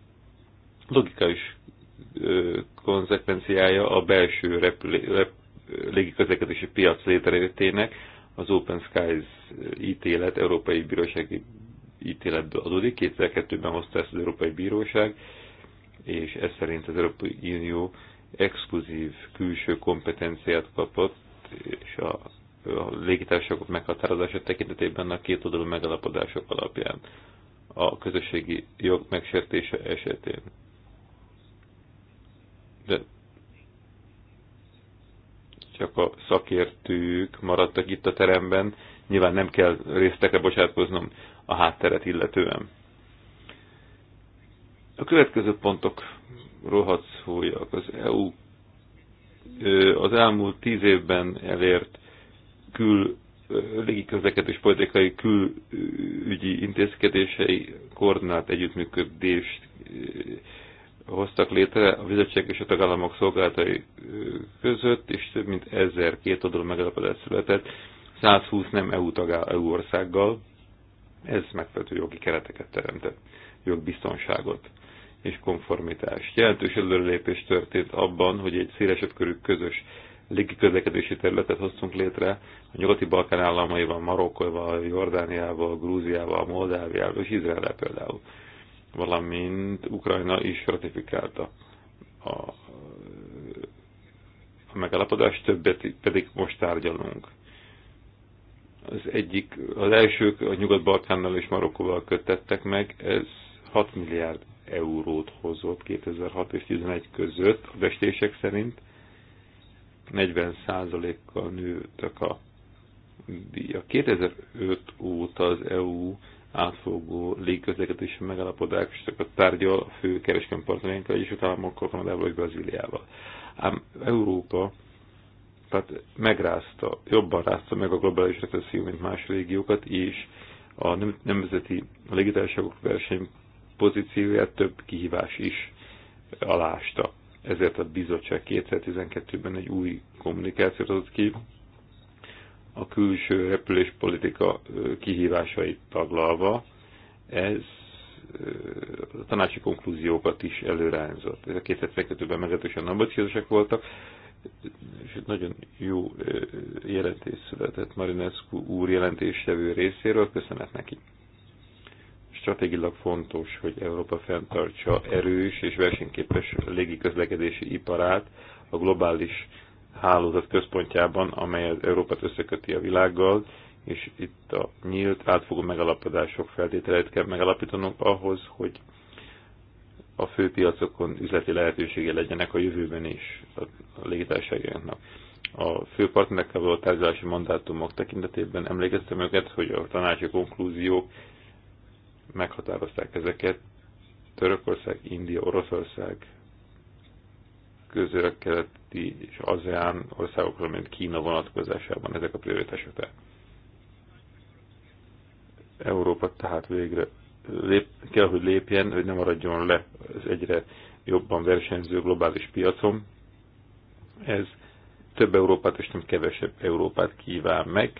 logikai konzekvenciája a belső repülés, rep, légiközlekedési piac létrejöttének az Open Skies ítélet, Európai Bírósági ítéletből adódik. 2002-ben hozta ezt az Európai Bíróság, és ez szerint az Európai Unió exkluzív külső kompetenciát kapott, és a, a légitársaságok meghatározása tekintetében a két oldalú megalapodások alapján a közösségi jog megsértése esetén. De csak a szakértők maradtak itt a teremben, nyilván nem kell résztekre bocsátkoznom a hátteret illetően. A következő pontok rohadt szóljak. Az EU az elmúlt tíz évben elért kül légiközlekedés politikai külügyi intézkedései koordinált együttműködést hoztak létre a bizottság és a tagállamok szolgálatai között, és több mint ezer két oldalú megállapodás született, 120 nem EU, tagá, EU országgal. Ez megfelelő jogi kereteket teremtett, jogbiztonságot és konformitást. Jelentős előrelépés történt abban, hogy egy szélesebb körű közös légiközlekedési területet hoztunk létre a nyugati Balkán államaival, Marokkóval, Jordániával, Grúziával, Moldáviával és Izrael például valamint Ukrajna is ratifikálta a, a megállapodást, többet pedig most tárgyalunk. Az egyik, az elsők a Nyugat-Balkánnal és Marokkóval kötettek meg, ez 6 milliárd eurót hozott 2006 és 2011 között, a vestések szerint 40%-kal nőttek a díja. 2005 óta az EU átfogó légközlekedési megállapodásokat tárgyal a fő kereskedelmi és utána Államokkal, Kanadával vagy Brazíliával. Ám Európa tehát megrázta, jobban rázta meg a globális recesszió, mint más régiókat, és a nemzeti légitársaságok verseny pozícióját több kihívás is alásta. Ezért a bizottság 2012-ben egy új kommunikációt adott ki, a külső repüléspolitika kihívásait taglalva, ez a tanácsi konklúziókat is előrányzott. Ezek 2012-ben meglehetősen ambiciózusak voltak, és itt nagyon jó jelentés született Marinescu úr jelentéstevő részéről, köszönet neki. Stratégilag fontos, hogy Európa fenntartsa erős és versenyképes légiközlekedési iparát a globális hálózat központjában, amely az Európát összeköti a világgal, és itt a nyílt átfogó megalapodások feltételeit kell megalapítanunk ahhoz, hogy a főpiacokon üzleti lehetősége legyenek a jövőben is a légitársaságoknak. A fő partnerekkel való tárgyalási mandátumok tekintetében emlékeztem őket, hogy a tanácsi konklúziók meghatározták ezeket. Törökország, India, Oroszország, közöl-keleti és ASEAN országokról mint Kína vonatkozásában ezek a prioritások. Európa tehát végre lép, kell, hogy lépjen, hogy ne maradjon le az egyre jobban versenyző globális piacon. Ez több Európát és nem kevesebb Európát kíván meg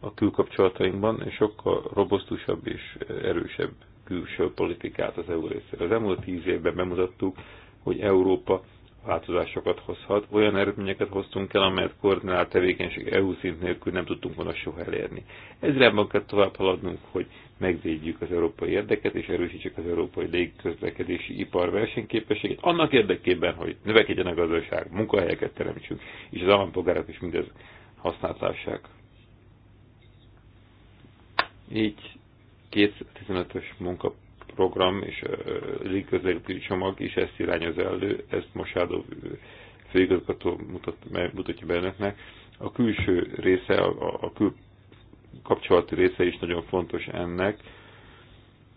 a külkapcsolatainkban, és sokkal robosztusabb és erősebb külső politikát az EU részéről. Az elmúlt tíz évben bemutattuk, hogy Európa változásokat hozhat. Olyan eredményeket hoztunk el, amelyet koordinált tevékenység EU szint nélkül nem tudtunk volna soha elérni. Ezrában kell tovább haladnunk, hogy megvédjük az európai érdeket, és erősítsük az európai légközlekedési ipar versenyképességét, annak érdekében, hogy növekedjen a gazdaság, munkahelyeket teremtsünk, és az állampolgárok is mindez használt Így 2015-ös munka program és légközlekedési csomag is ezt irányoz elő, ezt Mosádó főigazgató mutat, mutatja be önöknek. A külső része, a, a kül kapcsolati része is nagyon fontos ennek.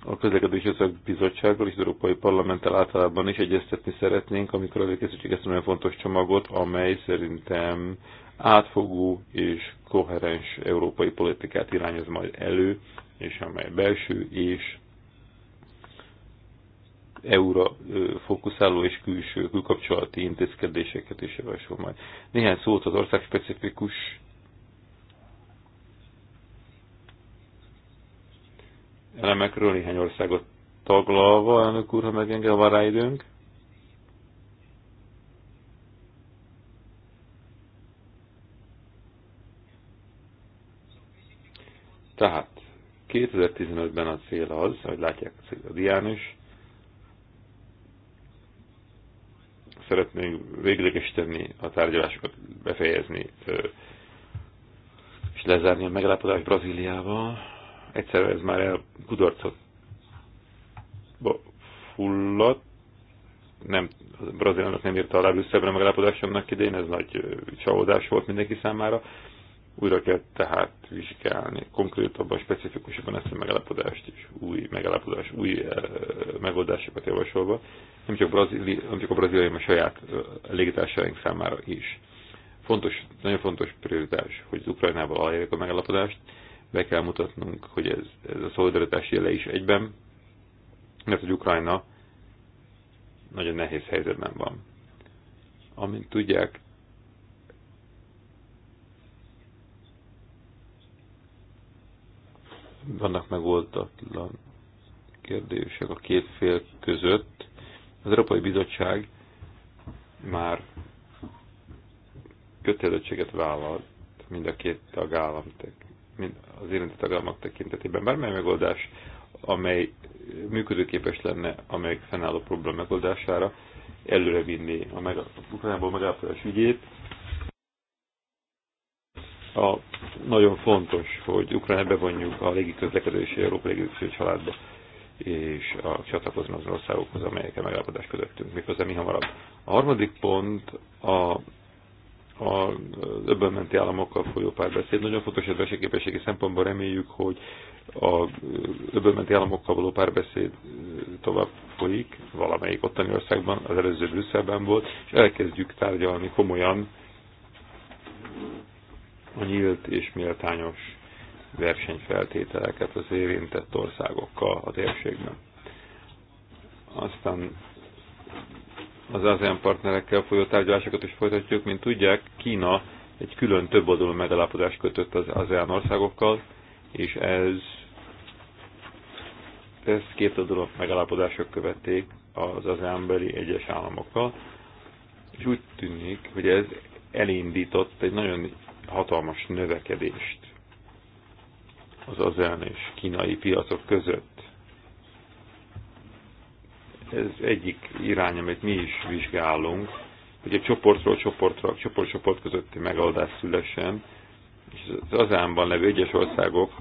A közlekedési bizottsággal és az Európai Parlamenttel általában is egyeztetni szeretnénk, amikor előkészítjük ezt nagyon fontos csomagot, amely szerintem átfogó és koherens európai politikát irányoz majd elő, és amely belső és EU-ra fókuszáló és külső külkapcsolati intézkedéseket is javasol majd. Néhány szót az ország specifikus elemekről, néhány országot taglalva, elnök úr, ha megenged, ha van rá időnk. Tehát 2015-ben a cél az, ahogy látják a dián is, szeretnénk véglegesíteni a tárgyalásokat, befejezni és lezárni a megállapodást Brazíliával. Egyszer ez már el kudarcot fulladt, nem, Brazíliának nem írta alá Brüsszelben a megállapodás annak idén, ez nagy csalódás volt mindenki számára. Újra kell tehát vizsgálni konkrétabban, specifikusabban ezt a megállapodást is, új megállapodás, új eh, megoldásokat javasolva, nem csak, brazili, nem csak a brazil, hanem a saját eh, légitársaink számára is. Fontos, nagyon fontos prioritás, hogy az Ukrajnával aláírják a megállapodást, be kell mutatnunk, hogy ez, ez a szolidaritás jele is egyben, mert hogy Ukrajna nagyon nehéz helyzetben van. Amint tudják, vannak megoldatlan kérdések a két fél között. Az Európai Bizottság már kötelezettséget vállalt mind a két tagállam, mind az érintett tagállamok tekintetében. Bármely megoldás, amely működőképes lenne, amely fennálló probléma megoldására, előre vinni a meg, Ukrajnából megállapodás ügyét, a, nagyon fontos, hogy Ukrajna bevonjuk a közlekedési Európa légi családba és a csatlakozni az országokhoz, amelyekkel megállapodást kötöttünk, méghozzá mi hamarabb. A harmadik pont a a öbölmenti államokkal folyó párbeszéd. Nagyon fontos hogy versenyképességi szempontból reméljük, hogy a öbölmenti államokkal való párbeszéd tovább folyik, valamelyik ottani országban, az előző Brüsszelben volt, és elkezdjük tárgyalni komolyan a nyílt és méltányos versenyfeltételeket az érintett országokkal a térségben. Aztán az ASEAN partnerekkel folyó tárgyalásokat is folytatjuk, mint tudják, Kína egy külön több oldalú megalapodást kötött az ASEAN országokkal, és ez, ez két oldalú megalapodások követték az ASEAN beli egyes államokkal, és úgy tűnik, hogy ez elindított egy nagyon hatalmas növekedést az ASEAN és kínai piacok között. Ez egyik irány, amit mi is vizsgálunk, hogy egy csoportról csoportra, csoport-csoport közötti megoldás szülessen, és az azánban levő egyes országok,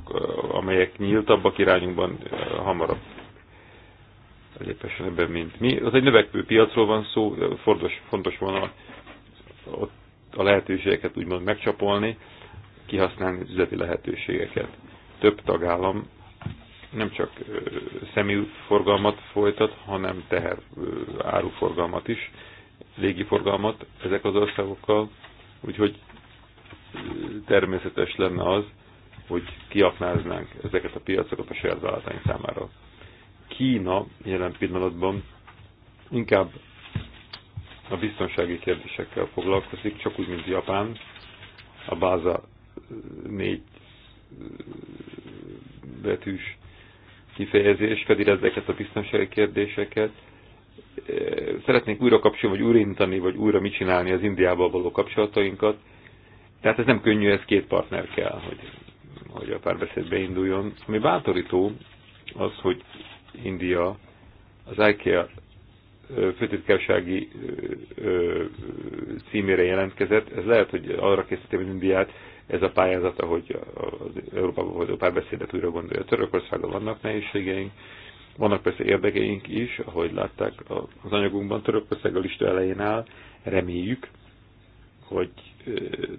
amelyek nyíltabbak irányunkban hamarabb lépesen ebben, mint mi. Az egy növekvő piacról van szó, fontos, fontos volna ott a lehetőségeket úgymond megcsapolni, kihasználni az üzleti lehetőségeket. Több tagállam nem csak személyforgalmat folytat, hanem teher áruforgalmat is, légiforgalmat ezek az országokkal, úgyhogy természetes lenne az, hogy kiaknáznánk ezeket a piacokat a saját számára. Kína jelen pillanatban inkább a biztonsági kérdésekkel foglalkozik, csak úgy, mint Japán, a Báza négy betűs kifejezés fedi ezeket a biztonsági kérdéseket. Szeretnénk újra kapcsolni, vagy úrintani vagy újra mit csinálni az Indiával való kapcsolatainkat. Tehát ez nem könnyű, ez két partner kell, hogy, hogy a párbeszéd induljon. Ami bátorító, az, hogy India az IKEA főtitkársági címére jelentkezett. Ez lehet, hogy arra készítem az Indiát, ez a pályázata, hogy az Európában való párbeszédet újra gondolja. Törökországgal vannak nehézségeink, vannak persze érdekeink is, ahogy látták az anyagunkban, Törökország a lista elején áll, reméljük, hogy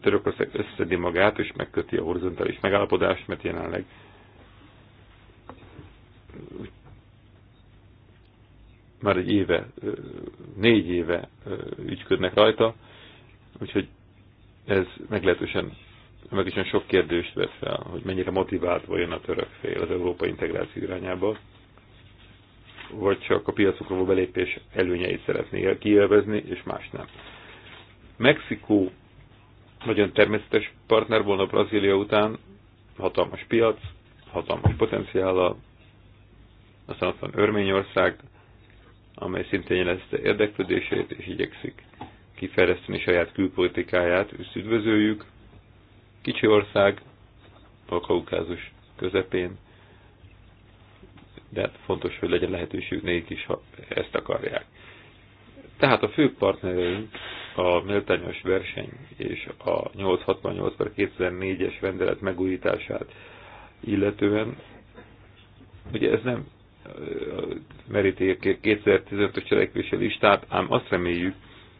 Törökország összedi magát és megköti a horizontális megállapodást, mert jelenleg már egy éve, négy éve ügyködnek rajta, úgyhogy ez meglehetősen, meglehetősen sok kérdést vet fel, hogy mennyire motivált vajon a török fél az európai integráció irányába, vagy csak a piacokról való belépés előnyeit szeretné kielvezni, és más nem. Mexikó nagyon természetes partner volna Brazília után, hatalmas piac, hatalmas potenciállal, aztán ott van Örményország, amely szintén jelezte érdeklődését és igyekszik kifejleszteni saját külpolitikáját, és üdvözöljük. Kicsi ország, a kaukázus közepén, de hát fontos, hogy legyen lehetőség nekik is, ha ezt akarják. Tehát a fő partnerünk a méltányos verseny és a 868-2004-es rendelet megújítását illetően, ugye ez nem meríti 2015-ös cselekvési listát, ám azt reméljük,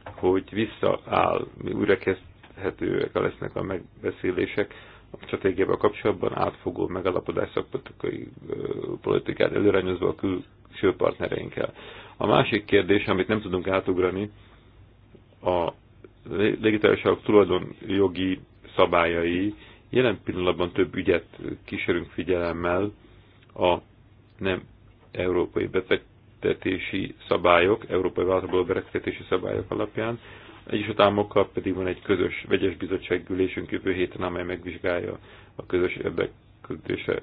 hogy visszaáll, mi újrakezdhetőek lesznek a megbeszélések a stratégiával kapcsolatban átfogó megalapodás szakpolitikai politikát előrányozva a külső partnereinkkel. A másik kérdés, amit nem tudunk átugrani, a légitársaság tulajdonjogi szabályai jelen pillanatban több ügyet kísérünk figyelemmel a nem európai befektetési szabályok, európai vállalatból befektetési szabályok alapján. Egyesült Államokkal pedig van egy közös vegyes bizottság ülésünk jövő héten, amely megvizsgálja a közös érdeklődésre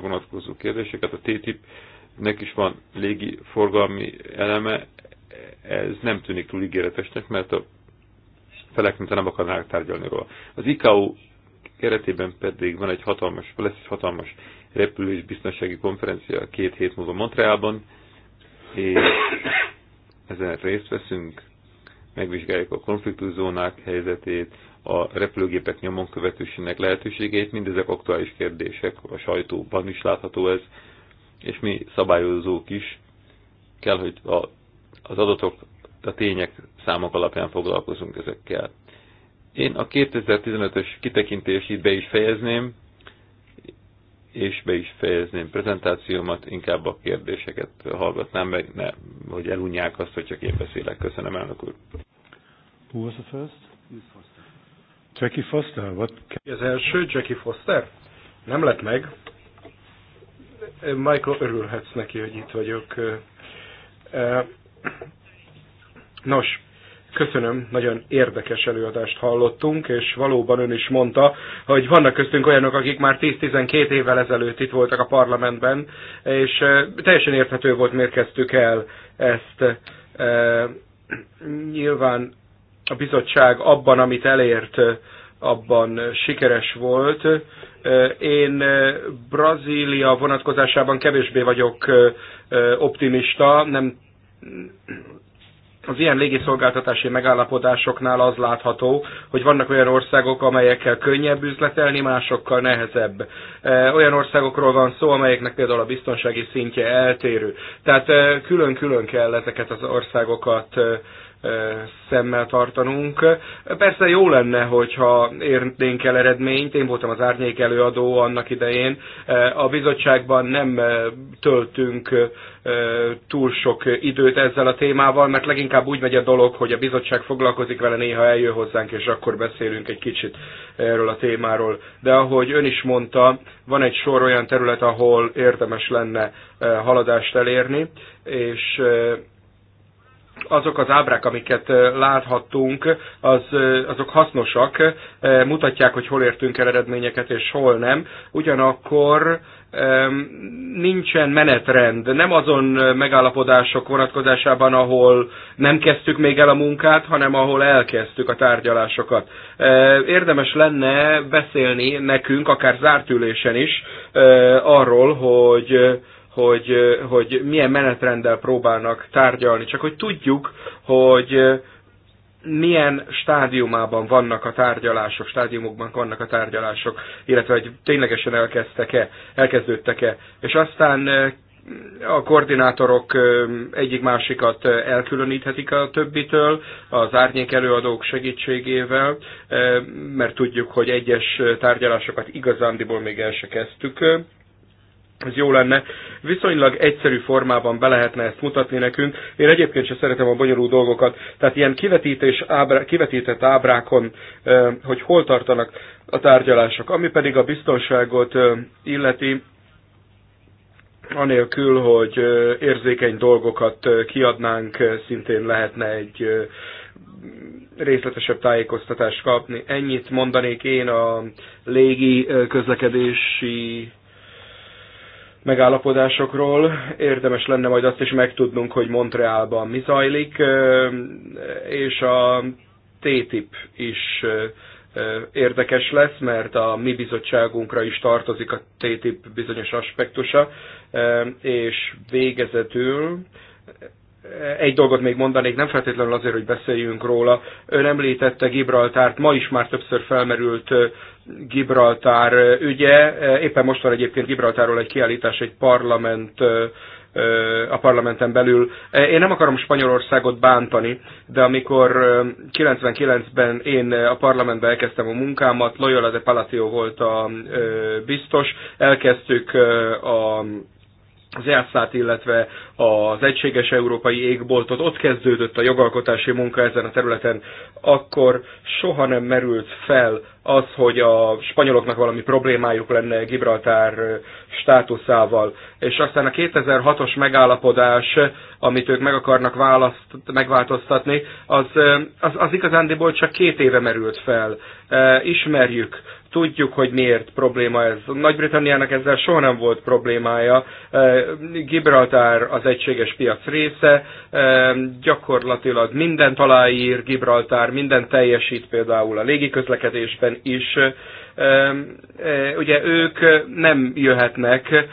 vonatkozó kérdéseket. A TTIP-nek is van légi forgalmi eleme, ez nem tűnik túl ígéretesnek, mert a felek mintha nem akarnák tárgyalni róla. Az ICAO keretében pedig van egy hatalmas, lesz egy hatalmas és biztonsági konferencia két hét múlva Montrealban, és ezen részt veszünk, megvizsgáljuk a konfliktuszónák helyzetét, a repülőgépek nyomon követősének lehetőségét, mindezek aktuális kérdések, a sajtóban is látható ez, és mi szabályozók is kell, hogy a, az adatok, a tények, számok alapján foglalkozunk ezekkel. Én a 2015-ös kitekintést itt be is fejezném, és be is fejezném prezentációmat, inkább a kérdéseket hallgatnám meg, ne, hogy elunják azt, hogy csak én beszélek. Köszönöm, elnök úr. Who was the first? Jackie Foster. What? Az első, Jackie Foster? Nem lett meg. Michael, örülhetsz neki, hogy itt vagyok. Nos, Köszönöm, nagyon érdekes előadást hallottunk, és valóban ön is mondta, hogy vannak köztünk olyanok, akik már 10-12 évvel ezelőtt itt voltak a parlamentben, és teljesen érthető volt, miért kezdtük el ezt. Nyilván a bizottság abban, amit elért, abban sikeres volt. Én Brazília vonatkozásában kevésbé vagyok optimista, nem az ilyen légiszolgáltatási megállapodásoknál az látható, hogy vannak olyan országok, amelyekkel könnyebb üzletelni, másokkal nehezebb. E, olyan országokról van szó, amelyeknek például a biztonsági szintje eltérő. Tehát e, külön-külön kell ezeket az országokat e, szemmel tartanunk. Persze jó lenne, hogyha érnénk el eredményt, én voltam az árnyék előadó annak idején. A bizottságban nem töltünk túl sok időt ezzel a témával, mert leginkább úgy megy a dolog, hogy a bizottság foglalkozik vele, néha eljön hozzánk, és akkor beszélünk egy kicsit erről a témáról. De ahogy ön is mondta, van egy sor olyan terület, ahol érdemes lenne haladást elérni, és azok az ábrák, amiket láthattunk, az, azok hasznosak, mutatják, hogy hol értünk el eredményeket és hol nem. Ugyanakkor nincsen menetrend, nem azon megállapodások vonatkozásában, ahol nem kezdtük még el a munkát, hanem ahol elkezdtük a tárgyalásokat. Érdemes lenne beszélni nekünk, akár zárt ülésen is, arról, hogy hogy, hogy milyen menetrenddel próbálnak tárgyalni, csak hogy tudjuk, hogy milyen stádiumában vannak a tárgyalások, stádiumokban vannak a tárgyalások, illetve hogy ténylegesen elkezdtek-e, elkezdődtek-e. És aztán a koordinátorok egyik-másikat elkülöníthetik a többitől, az árnyék előadók segítségével, mert tudjuk, hogy egyes tárgyalásokat igazándiból még el se kezdtük ez jó lenne. Viszonylag egyszerű formában be lehetne ezt mutatni nekünk. Én egyébként sem szeretem a bonyolult dolgokat. Tehát ilyen kivetítés ábra, kivetített ábrákon, hogy hol tartanak a tárgyalások. Ami pedig a biztonságot illeti, anélkül, hogy érzékeny dolgokat kiadnánk, szintén lehetne egy részletesebb tájékoztatást kapni. Ennyit mondanék én a légi közlekedési megállapodásokról. Érdemes lenne majd azt is megtudnunk, hogy Montrealban mi zajlik, és a TTIP is érdekes lesz, mert a mi bizottságunkra is tartozik a TTIP bizonyos aspektusa, és végezetül egy dolgot még mondanék, nem feltétlenül azért, hogy beszéljünk róla. Ön említette Gibraltárt, ma is már többször felmerült Gibraltár ügye. Éppen most van egyébként Gibraltáról egy kiállítás egy parlament a parlamenten belül. Én nem akarom Spanyolországot bántani, de amikor 99-ben én a parlamentbe elkezdtem a munkámat, Loyola de Palacio volt a biztos, elkezdtük a az EASZ-t, illetve az Egységes Európai Égboltot, ott kezdődött a jogalkotási munka ezen a területen, akkor soha nem merült fel az, hogy a spanyoloknak valami problémájuk lenne Gibraltár státuszával. És aztán a 2006-os megállapodás, amit ők meg akarnak választ, megváltoztatni, az, az, az igazándiból csak két éve merült fel. Ismerjük Tudjuk, hogy miért probléma ez. Nagy-Britanniának ezzel soha nem volt problémája. E, Gibraltar az egységes piac része, e, gyakorlatilag mindent aláír Gibraltar minden teljesít például a légiközlekedésben is, ugye ők nem jöhetnek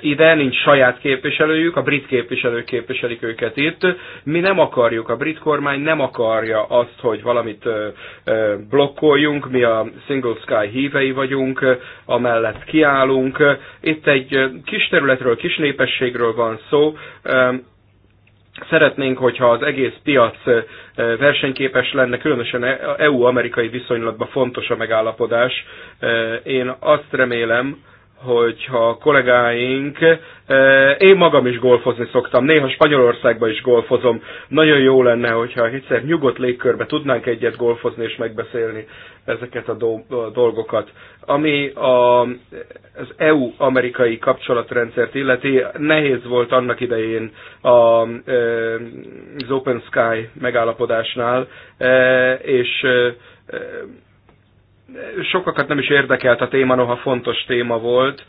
ide, nincs saját képviselőjük, a brit képviselők képviselik őket itt. Mi nem akarjuk, a brit kormány nem akarja azt, hogy valamit blokkoljunk, mi a Single Sky hívei vagyunk, amellett kiállunk. Itt egy kis területről, kis népességről van szó, Szeretnénk, hogyha az egész piac versenyképes lenne, különösen EU-amerikai e viszonylatban fontos a megállapodás. Én azt remélem, hogyha a kollégáink, eh, én magam is golfozni szoktam, néha Spanyolországba is golfozom, nagyon jó lenne, hogyha egyszer nyugodt légkörbe tudnánk egyet golfozni és megbeszélni ezeket a dolgokat. Ami a, az EU-amerikai kapcsolatrendszert illeti, nehéz volt annak idején a, eh, az Open Sky megállapodásnál, eh, és sokakat nem is érdekelt a téma, noha fontos téma volt.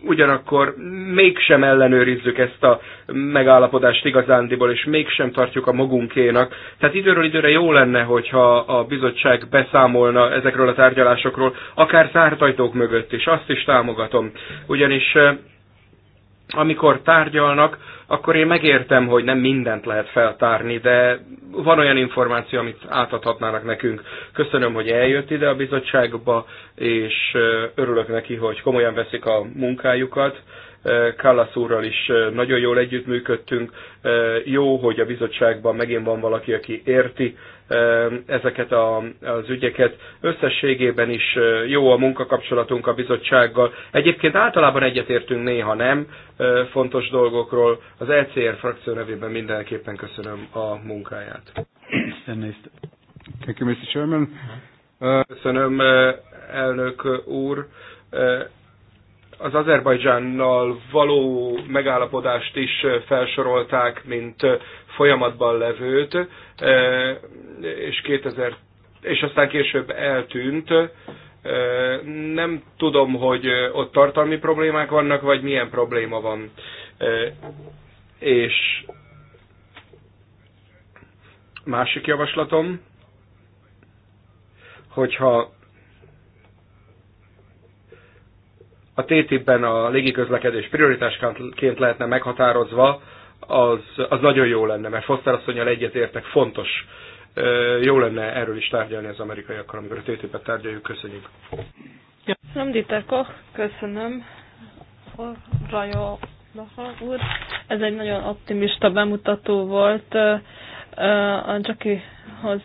Ugyanakkor mégsem ellenőrizzük ezt a megállapodást igazándiból, és mégsem tartjuk a magunkénak. Tehát időről időre jó lenne, hogyha a bizottság beszámolna ezekről a tárgyalásokról, akár zárt ajtók mögött is, azt is támogatom. Ugyanis amikor tárgyalnak, akkor én megértem, hogy nem mindent lehet feltárni, de van olyan információ, amit átadhatnának nekünk. Köszönöm, hogy eljött ide a bizottságba, és örülök neki, hogy komolyan veszik a munkájukat. Kallas úrral is nagyon jól együttműködtünk. Jó, hogy a bizottságban megint van valaki, aki érti ezeket a, az ügyeket. Összességében is jó a munkakapcsolatunk a bizottsággal. Egyébként általában egyetértünk, néha nem fontos dolgokról. Az ECR frakció nevében mindenképpen köszönöm a munkáját. Thank you, Mr. Chairman. Köszönöm, elnök úr az Azerbajdzsánnal való megállapodást is felsorolták, mint folyamatban levőt, e, és 2000 és aztán később eltűnt. E, nem tudom, hogy ott tartalmi problémák vannak, vagy milyen probléma van. E, és másik javaslatom, hogyha a TTIP-ben a légiközlekedés prioritásként lehetne meghatározva az, az nagyon jó lenne, mert Foster asszonyjal egyetértek, fontos. Jó lenne erről is tárgyalni az amerikaiakkal, amikor a ttp et tárgyaljuk. Köszönjük. Köszönöm, Diterko, Köszönöm. Rajó úr. Ez egy nagyon optimista bemutató volt. A Jackie-hoz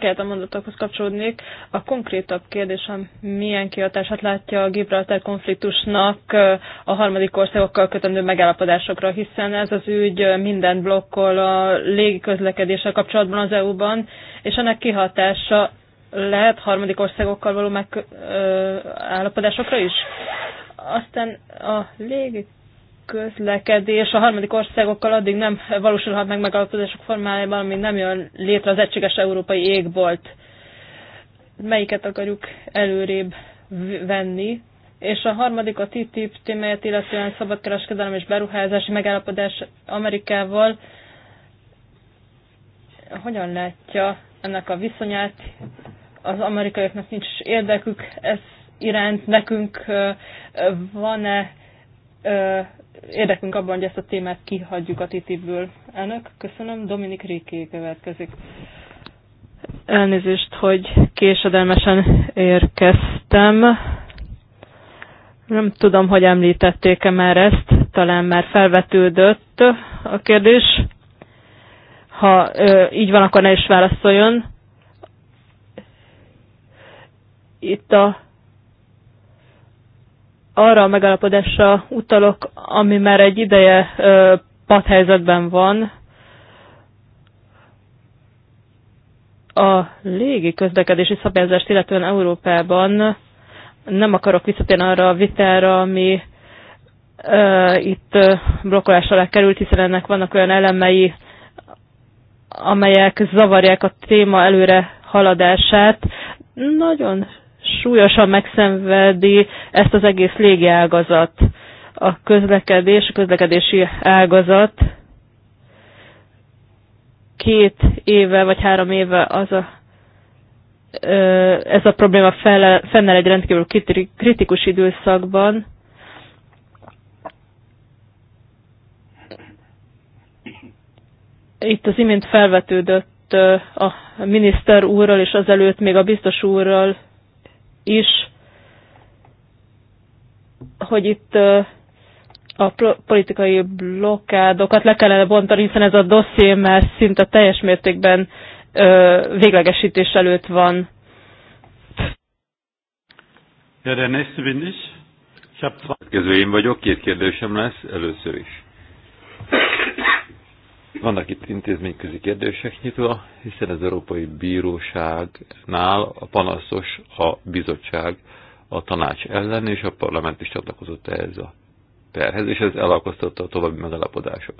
ehhez a mondatokhoz kapcsolódnék. A konkrétabb kérdésem, milyen kihatását látja a Gibraltar konfliktusnak eh, a harmadik országokkal kötendő megállapodásokra, hiszen ez az ügy minden blokkol a közlekedéssel kapcsolatban az EU-ban, és ennek kihatása lehet harmadik országokkal való megállapodásokra eh, is? Aztán a légi közlekedés a harmadik országokkal addig nem valósulhat meg megalapodások formájában, amíg nem jön létre az egységes európai égbolt. Melyiket akarjuk előrébb venni? És a harmadik a TTIP témáját, illetően szabadkereskedelem és beruházási megállapodás Amerikával. Hogyan látja ennek a viszonyát? Az amerikaiaknak nincs érdekük ez iránt, nekünk van-e érdekünk abban, hogy ezt a témát kihagyjuk a TTIP-ből. Elnök, köszönöm. Dominik Riké következik. Elnézést, hogy késedelmesen érkeztem. Nem tudom, hogy említették-e már ezt, talán már felvetődött a kérdés. Ha ö, így van, akkor ne is válaszoljon. Itt a arra a megalapodásra utalok, ami már egy ideje padhelyzetben van. A légi közlekedési szabályozást, illetően Európában nem akarok visszatérni arra a vitára, ami itt blokkolás alá került, hiszen ennek vannak olyan elemei, amelyek zavarják a téma előre haladását. Nagyon súlyosan megszenvedi ezt az egész ágazat, A közlekedés, a közlekedési ágazat két éve vagy három éve az a ez a probléma fennel egy rendkívül kritikus időszakban. Itt az imént felvetődött a miniszter úrral és azelőtt még a biztos úrral is, hogy itt a politikai blokkádokat le kellene bontani, hiszen ez a dosszié már szinte teljes mértékben véglegesítés előtt van. Ja, der nächste bin ich. Ich habe zwei... én vagyok, két kérdésem lesz, először is. Vannak itt intézményközi kérdések nyitva, hiszen az Európai Bíróságnál a panaszos a bizottság a tanács ellen, és a parlament is csatlakozott ehhez a perhez, és ez elakasztotta a további megalapodások.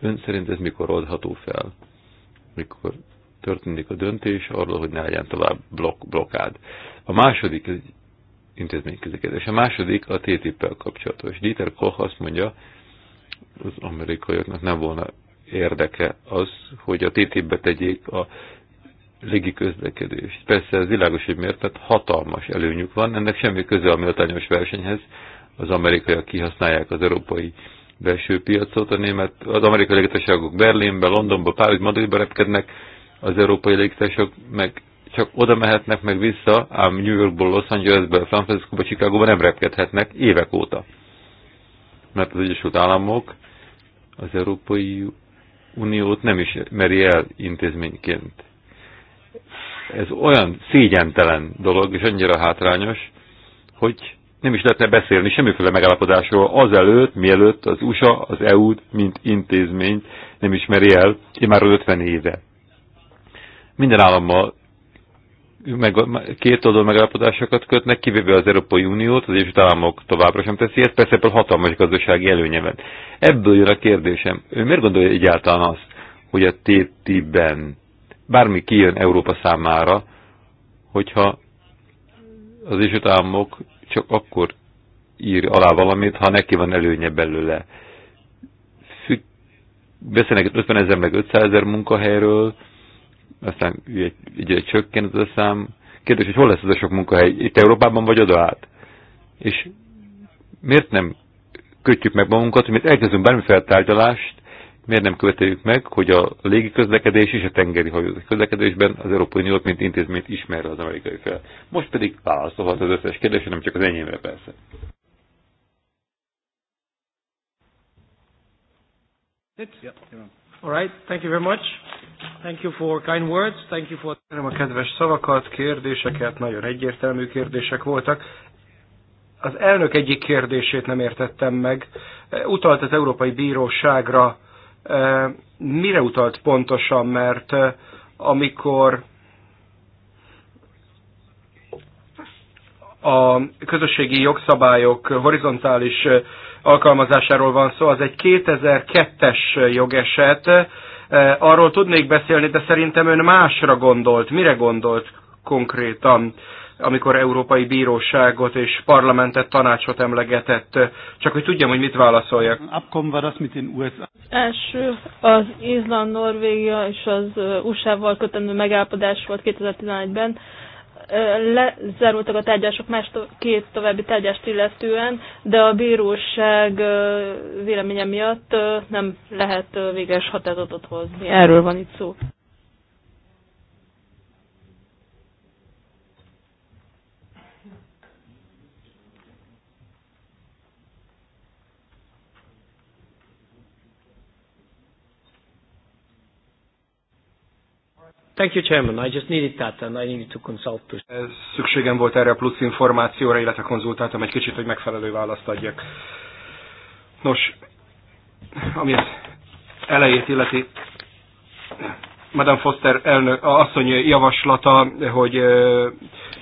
Ön szerint ez mikor oldható fel? Mikor történik a döntés arról, hogy ne legyen tovább blok, blokád. A második intézményközi intézményközi A második a TTIP-pel kapcsolatos. Dieter Koch azt mondja, az amerikaiaknak nem volna érdeke az, hogy a TTIP-be tegyék a légi közlekedést. Persze ez világos, hogy miért, mert hatalmas előnyük van, ennek semmi köze a méltányos versenyhez. Az amerikaiak kihasználják az európai belső piacot, a német, az amerikai légitársaságok Berlinbe, Londonba, Párizs, Madridba repkednek, az európai légitársaságok meg csak oda mehetnek meg vissza, ám New Yorkból, Los Angelesbe, San Franciscoba, Chicagóba nem repkedhetnek évek óta. Mert az Egyesült Államok az Európai Uniót nem is meri el intézményként. Ez olyan szégyentelen dolog, és annyira hátrányos, hogy nem is lehetne beszélni semmiféle megállapodásról azelőtt, mielőtt az USA, az eu mint intézményt nem ismeri el, már 50 éve. Minden állammal meg, két oldal megállapodásokat kötnek, kivéve az Európai Uniót, az Egyesült Államok továbbra sem teszi ezt, persze ebből hatalmas gazdasági előnye van. Ebből jön a kérdésem. Ő miért gondolja egyáltalán azt, hogy a TTIP-ben bármi kijön Európa számára, hogyha az Egyesült Államok csak akkor ír alá valamit, ha neki van előnye belőle. beszélnek 50 ezer meg 500 ezer munkahelyről, aztán ugye, csökken ez a szám. Kérdés, hogy hol lesz ez a sok munkahely? Itt Európában vagy oda át? És miért nem kötjük meg magunkat, hogy miért elkezdünk bármiféle tárgyalást, miért nem követeljük meg, hogy a légi közlekedés és a tengeri hajózás közlekedésben az Európai Uniót, mint intézményt ismerje az amerikai fel. Most pedig válaszolhat az összes kérdésre, nem csak az enyémre persze. All right, thank you very much. Thank you for kind words. Thank you for... Köszönöm a kedves szavakat, kérdéseket, nagyon egyértelmű kérdések voltak. Az elnök egyik kérdését nem értettem meg. E, utalt az Európai Bíróságra. E, mire utalt pontosan, mert e, amikor a közösségi jogszabályok horizontális alkalmazásáról van szó, az egy 2002-es jogeset, Arról tudnék beszélni, de szerintem ön másra gondolt. Mire gondolt konkrétan? amikor Európai Bíróságot és Parlamentet, Tanácsot emlegetett, csak hogy tudjam, hogy mit válaszoljak. Az mit USA. Első az Izland, Norvégia és az USA-val kötendő megállapodás volt 2011-ben lezárultak a tárgyások más két további tárgyást illetően, de a bíróság véleménye miatt nem lehet véges határozatot hozni. Erről van itt szó. Thank you, Chairman. I just needed that and I needed to consult. To... Szükségem volt erre a plusz információra, illetve konzultáltam egy kicsit, hogy megfelelő választ adjak. Nos, ami az elejét illeti, Madame Foster elnök, asszony javaslata, hogy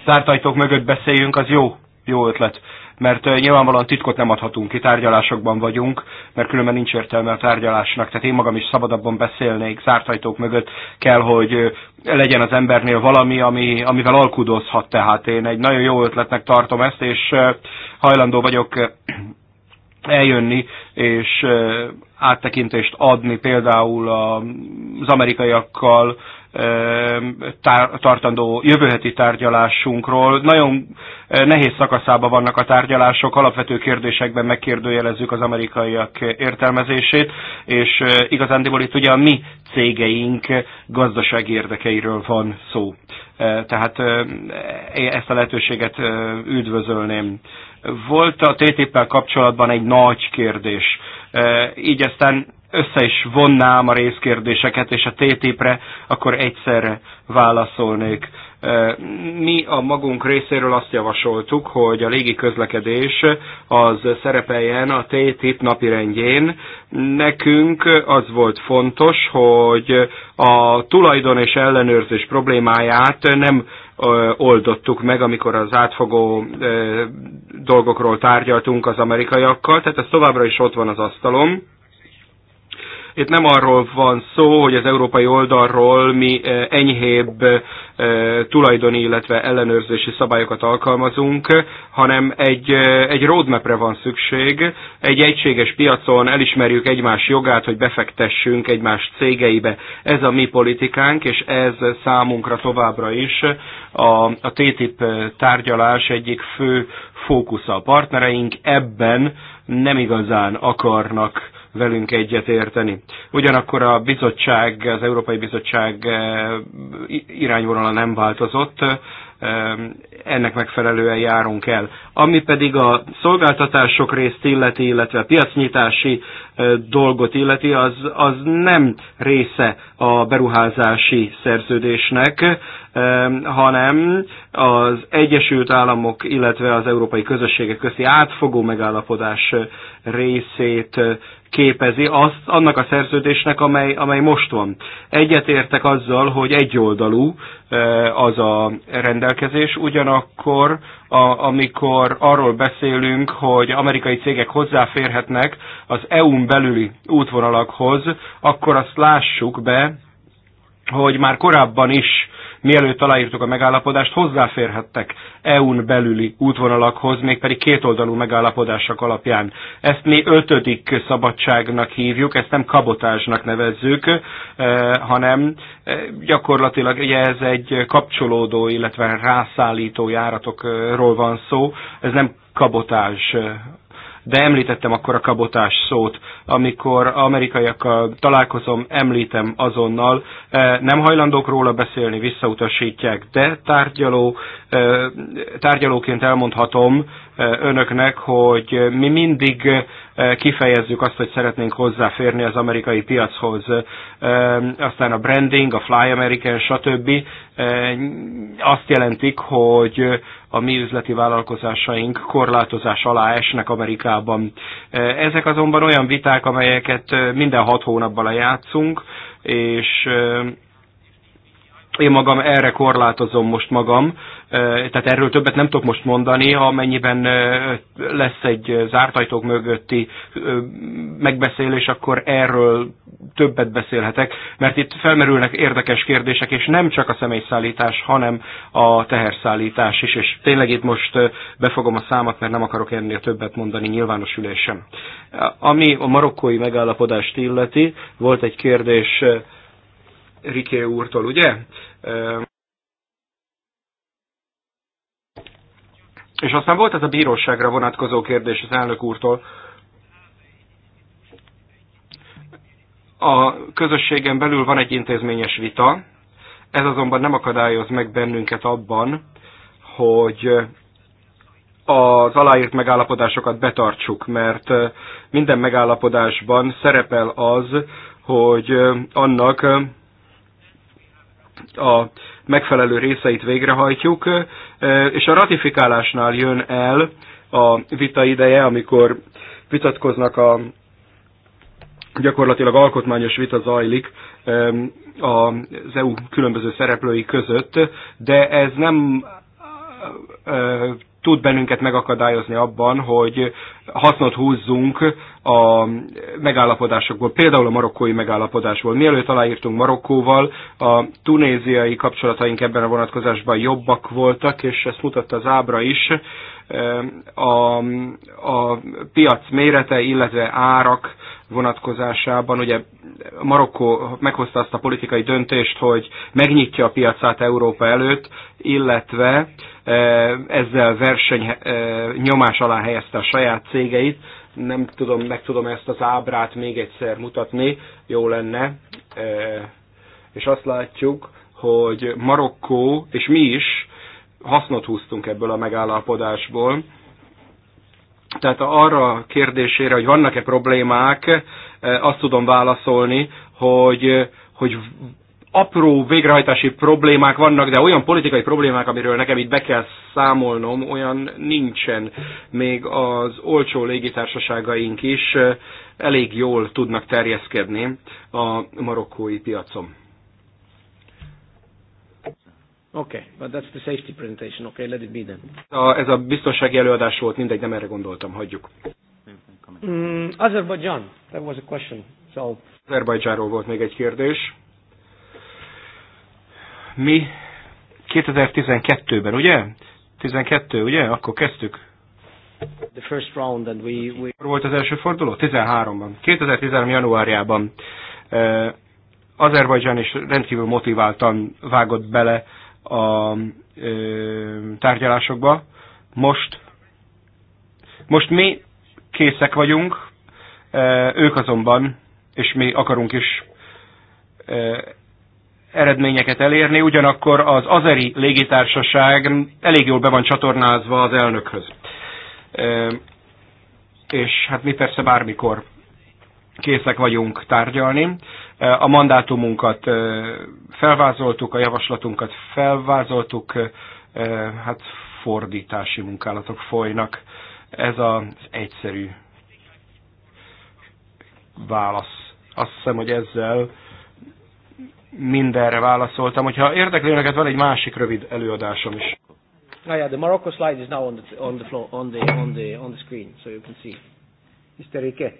zárt ajtók mögött beszéljünk, az jó, jó ötlet mert nyilvánvalóan titkot nem adhatunk ki, tárgyalásokban vagyunk, mert különben nincs értelme a tárgyalásnak, tehát én magam is szabadabban beszélnék, zárt ajtók mögött kell, hogy legyen az embernél valami, ami, amivel alkudozhat, tehát én egy nagyon jó ötletnek tartom ezt, és hajlandó vagyok eljönni és áttekintést adni például az amerikaiakkal tartandó jövő heti tárgyalásunkról. Nagyon nehéz szakaszában vannak a tárgyalások, alapvető kérdésekben megkérdőjelezzük az amerikaiak értelmezését, és igazándiból itt ugye a mi cégeink gazdasági érdekeiről van szó. Tehát e, ezt a lehetőséget üdvözölném. Volt a TTIP-pel kapcsolatban egy nagy kérdés, így aztán össze is vonnám a részkérdéseket, és a TTIP-re akkor egyszerre válaszolnék. Mi a magunk részéről azt javasoltuk, hogy a légiközlekedés az szerepeljen a TTIP napirendjén. Nekünk az volt fontos, hogy a tulajdon és ellenőrzés problémáját nem oldottuk meg, amikor az átfogó dolgokról tárgyaltunk az amerikaiakkal, tehát ez továbbra is ott van az asztalom. Itt nem arról van szó, hogy az európai oldalról mi eh, enyhébb eh, tulajdoni, illetve ellenőrzési szabályokat alkalmazunk, hanem egy, eh, egy roadmapre van szükség. Egy egységes piacon elismerjük egymás jogát, hogy befektessünk egymás cégeibe. Ez a mi politikánk, és ez számunkra továbbra is a, a TTIP tárgyalás egyik fő fókusza. A partnereink ebben nem igazán akarnak velünk egyetérteni. Ugyanakkor a bizottság, az Európai Bizottság eh, irányvonala nem változott, eh, ennek megfelelően járunk el. Ami pedig a szolgáltatások részt illeti, illetve a piacnyitási eh, dolgot illeti, az, az nem része a beruházási szerződésnek, hanem az Egyesült Államok, illetve az Európai Közösségek közti átfogó megállapodás részét képezi azt, annak a szerződésnek, amely, amely most van. Egyetértek azzal, hogy egyoldalú az a rendelkezés, ugyanakkor a, amikor arról beszélünk, hogy amerikai cégek hozzáférhetnek az EU-n belüli útvonalakhoz, akkor azt lássuk be, hogy már korábban is mielőtt aláírtuk a megállapodást, hozzáférhettek EU-n belüli útvonalakhoz, mégpedig kétoldalú megállapodások alapján. Ezt mi ötödik szabadságnak hívjuk, ezt nem kabotásnak nevezzük, eh, hanem eh, gyakorlatilag ugye ez egy kapcsolódó, illetve rászállító járatokról van szó, ez nem kabotás eh, de említettem akkor a kabotás szót. Amikor amerikaiakkal találkozom, említem azonnal, e, nem hajlandók róla beszélni, visszautasítják, de tárgyaló, e, tárgyalóként elmondhatom e, önöknek, hogy mi mindig kifejezzük azt, hogy szeretnénk hozzáférni az amerikai piachoz. Aztán a branding, a Fly American, stb. azt jelentik, hogy a mi üzleti vállalkozásaink korlátozás alá esnek Amerikában. Ezek azonban olyan viták, amelyeket minden hat hónapban lejátszunk, és én magam erre korlátozom most magam, tehát erről többet nem tudok most mondani, amennyiben lesz egy zárt ajtók mögötti megbeszélés, akkor erről többet beszélhetek, mert itt felmerülnek érdekes kérdések, és nem csak a személyszállítás, hanem a teherszállítás is, és tényleg itt most befogom a számat, mert nem akarok ennél többet mondani nyilvános ülésem. Ami a marokkói megállapodást illeti, volt egy kérdés, Riké úrtól, ugye? És aztán volt ez a bíróságra vonatkozó kérdés az elnök úrtól. A közösségen belül van egy intézményes vita, ez azonban nem akadályoz meg bennünket abban, hogy az aláírt megállapodásokat betartsuk, mert minden megállapodásban szerepel az, hogy annak a megfelelő részeit végrehajtjuk, és a ratifikálásnál jön el a vita ideje, amikor vitatkoznak a gyakorlatilag alkotmányos vita zajlik az EU különböző szereplői között, de ez nem tud bennünket megakadályozni abban, hogy hasznot húzzunk a megállapodásokból, például a marokkói megállapodásból. Mielőtt aláírtunk Marokkóval, a tunéziai kapcsolataink ebben a vonatkozásban jobbak voltak, és ezt mutatta az ábra is, eh, a, a piac mérete, illetve árak vonatkozásában. Ugye Marokkó meghozta azt a politikai döntést, hogy megnyitja a piacát Európa előtt, illetve ezzel verseny nyomás alá helyezte a saját cégeit. Nem tudom, meg tudom ezt az ábrát még egyszer mutatni, jó lenne. És azt látjuk, hogy Marokkó, és mi is hasznot húztunk ebből a megállapodásból, tehát arra a kérdésére, hogy vannak-e problémák, azt tudom válaszolni, hogy, hogy apró végrehajtási problémák vannak, de olyan politikai problémák, amiről nekem itt be kell számolnom, olyan nincsen. Még az olcsó légitársaságaink is elég jól tudnak terjeszkedni a marokkói piacon. Okay, but that's the safety presentation. Okay, let it be then. A, ez a biztonsági előadás volt, mindegy, nem erre gondoltam, hagyjuk. Mm, Azerbajdzsán, that was a question. So... Azerbajdzsáról volt még egy kérdés. Mi 2012-ben, ugye? 12, ugye? Akkor kezdtük. The first round and we, we... Volt az első forduló? 13-ban. 2013. januárjában uh, Azerbajdzsán is rendkívül motiváltan vágott bele a uh, tárgyalásokba. Most, most mi készek vagyunk, uh, ők azonban, és mi akarunk is eredményeket elérni, ugyanakkor az azeri légitársaság elég jól be van csatornázva az elnökhöz. És hát mi persze bármikor készek vagyunk tárgyalni. A mandátumunkat felvázoltuk, a javaslatunkat felvázoltuk, hát fordítási munkálatok folynak. Ez az egyszerű válasz. Azt hiszem, hogy ezzel mindenre válaszoltam. Hogyha érdekli önöket, van egy másik rövid előadásom is. Ah, yeah, the Morocco slide is now on the, on the floor, on the, on the, on the screen, so you can see. Mr. Rike.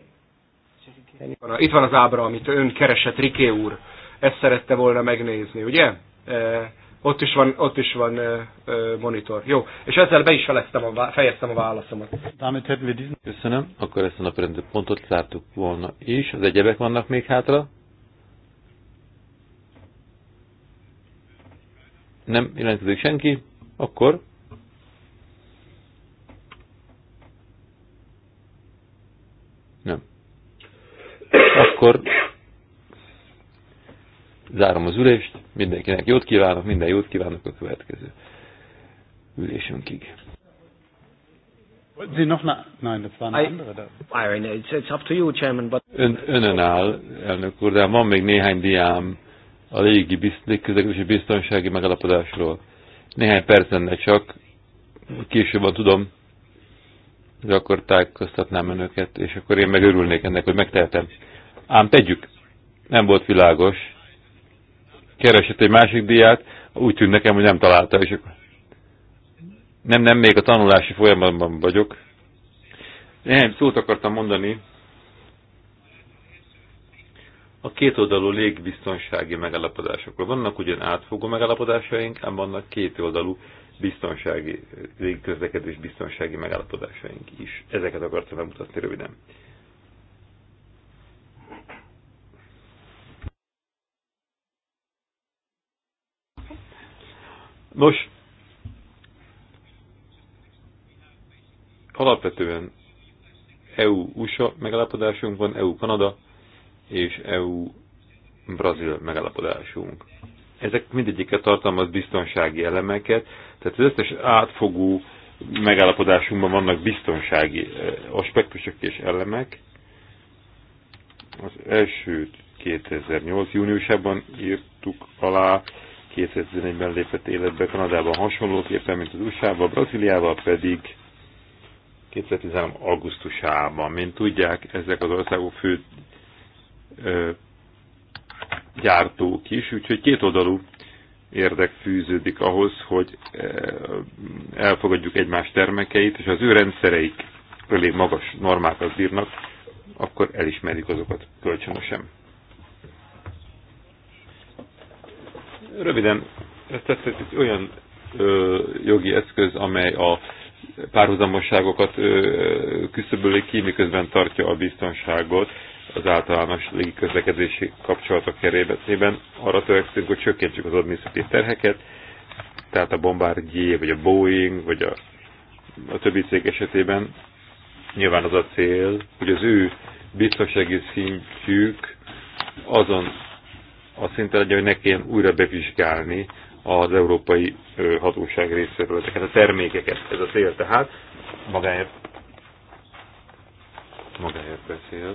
Itt van az ábra, amit ön keresett, Riké úr. Ezt szerette volna megnézni, ugye? E, ott is van, ott is van e, e, monitor. Jó, és ezzel be is feleztem a, fejeztem a válaszomat. Hát Köszönöm, akkor ezt a napi pontot zártuk volna is. Az egyebek vannak még hátra. Nem jelentkezik senki, akkor nem. Akkor zárom az ülést, mindenkinek jót kívánok, minden jót kívánok a következő ülésünkig. Ön, önön áll, elnök úr, de van még néhány diám a légi légközlekedési biztonsági megalapodásról. Néhány perc lenne csak, később van tudom, de akkor tájékoztatnám önöket, és akkor én megörülnék ennek, hogy megtehetem. Ám tegyük, nem volt világos. Keresett egy másik diát, úgy tűnt nekem, hogy nem találta, és akkor... Nem, nem, még a tanulási folyamatban vagyok. Néhány szót akartam mondani a kétoldalú légbiztonsági megállapodásokról. Vannak ugyan átfogó megállapodásaink, ám vannak kétoldalú biztonsági, légközlekedés biztonsági megállapodásaink is. Ezeket akartam bemutatni röviden. Nos, alapvetően EU-USA megállapodásunk van, EU-Kanada, és EU-Brazil megalapodásunk. Ezek mindegyike tartalmaz biztonsági elemeket, tehát az összes átfogó megállapodásunkban vannak biztonsági eh, aspektusok és elemek. Az elsőt 2008. júniusában írtuk alá, 2001 ben lépett életbe Kanadában hasonlóképpen, mint az USA-val, Brazíliával pedig 2013. augusztusában. Mint tudják, ezek az országok fő gyártók is, úgyhogy kétoldalú érdek fűződik ahhoz, hogy elfogadjuk egymás termékeit, és az ő rendszereik elég magas normákat bírnak, akkor elismerjük azokat kölcsönösen. Röviden, ez tetszett egy olyan ö, jogi eszköz, amely a párhuzamosságokat küszöböli ki, miközben tartja a biztonságot az általános légiközlekedési kapcsolatok kerében arra törekszünk, hogy csökkentsük az adminisztratív terheket, tehát a Bombardier, vagy a Boeing, vagy a, a többi cég esetében nyilván az a cél, hogy az ő biztonsági szintjük azon a szinten legyen, hogy ne kelljen újra bevizsgálni az európai hatóság részéről ezeket a termékeket. Ez a cél tehát magáért magáért beszél.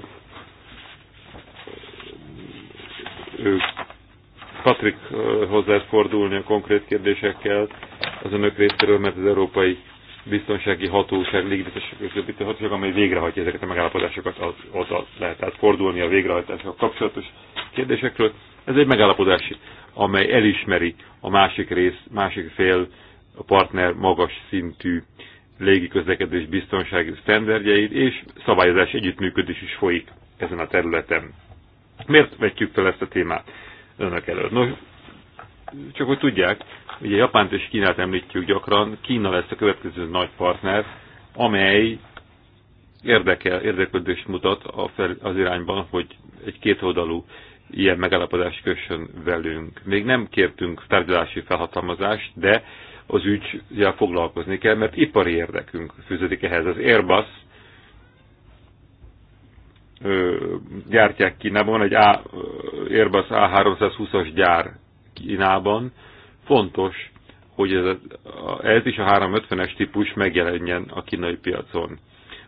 Patrikhoz lehet fordulni a konkrét kérdésekkel az önök részéről, mert az Európai Biztonsági Hatóság, Légbiztonsági Hatóság, amely végrehajtja ezeket a megállapodásokat, az, oda lehet tehát fordulni a végrehajtásokkal kapcsolatos kérdésekről. Ez egy megállapodás, amely elismeri a másik rész, másik fél, a partner magas szintű légiközlekedés biztonsági sztenderdjeit, és szabályozás együttműködés is folyik ezen a területen. Miért vetjük fel ezt a témát önök előtt? No, csak hogy tudják, ugye Japánt és Kínát említjük gyakran, Kína lesz a következő nagy partner, amely érdekel, érdeklődést mutat az irányban, hogy egy kétoldalú ilyen megállapodást kössön velünk. Még nem kértünk tárgyalási felhatalmazást, de az ügyjel foglalkozni kell, mert ipari érdekünk fűződik ehhez. Az Airbus gyártják Kínában, egy A, Airbus A320-as gyár Kínában. Fontos, hogy ez, ez is a 350-es típus megjelenjen a kínai piacon.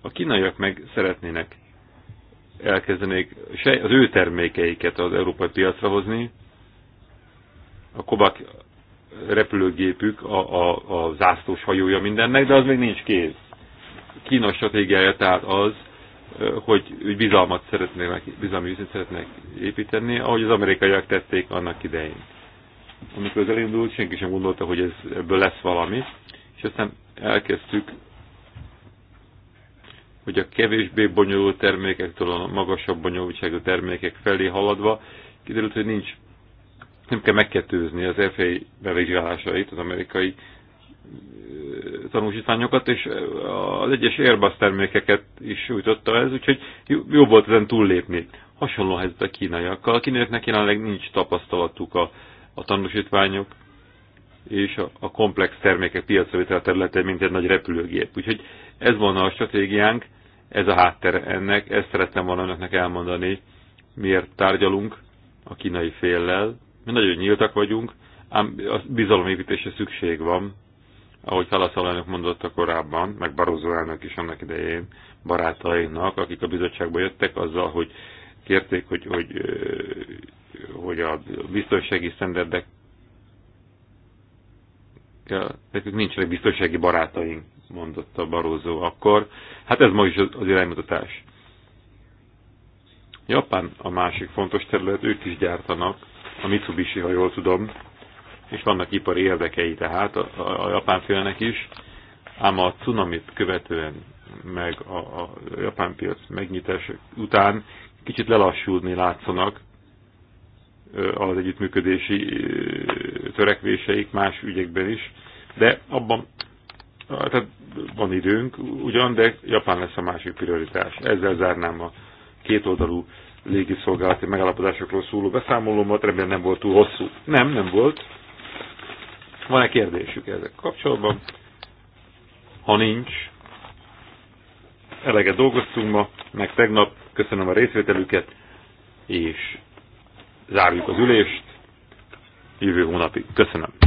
A kínaiak meg szeretnének elkezdenék az ő termékeiket az európai piacra hozni. A Kobak repülőgépük a, a, a zászlós hajója mindennek, de az még nincs kész. Kína stratégiája tehát az, hogy bizalmat szeretnének, bizalmi üzlet szeretnének építeni, ahogy az amerikaiak tették annak idején. Amikor az elindult, senki sem gondolta, hogy ez, ebből lesz valami, és aztán elkezdtük, hogy a kevésbé bonyolult termékektől a magasabb bonyolultságú termékek felé haladva, kiderült, hogy nincs, nem kell megkettőzni az FA bevizsgálásait, az amerikai tanúsítványokat, és az egyes Airbus termékeket is sújtotta ez, úgyhogy jó volt ezen túllépni. Hasonló helyzet a kínaiakkal. A kínaiaknak jelenleg nincs tapasztalatuk a, a tanúsítványok és a, a komplex termékek piacra területe, mint egy nagy repülőgép. Úgyhogy ez volna a stratégiánk, ez a háttér ennek, ezt szerettem volna önöknek elmondani, miért tárgyalunk a kínai féllel. Mi nagyon nyíltak vagyunk, ám a bizalomépítésre szükség van, ahogy Kalaszal elnök mondotta korábban, meg Barozó elnök is annak idején barátainak, akik a bizottságba jöttek azzal, hogy kérték, hogy, hogy, hogy a biztonsági sztenderdek nekünk nincsenek biztonsági barátaink, mondotta Barózó akkor. Hát ez ma is az iránymutatás. Japán a másik fontos terület, ők is gyártanak, a Mitsubishi, ha jól tudom, és vannak ipari érdekei tehát a, a, a japán félnek is, ám a cunamit követően, meg a, a japán piac megnyitás után kicsit lelassulni látszanak az együttműködési törekvéseik más ügyekben is, de abban tehát van időnk, ugyan, de Japán lesz a másik prioritás. Ezzel zárnám a kétoldalú légiszolgálati megállapodásokról szóló beszámolómat, remélem nem volt túl hosszú. Nem, nem volt. Van-e kérdésük ezek kapcsolatban? Ha nincs, eleget dolgoztunk ma, meg tegnap, köszönöm a részvételüket, és zárjuk az ülést jövő hónapig. Köszönöm.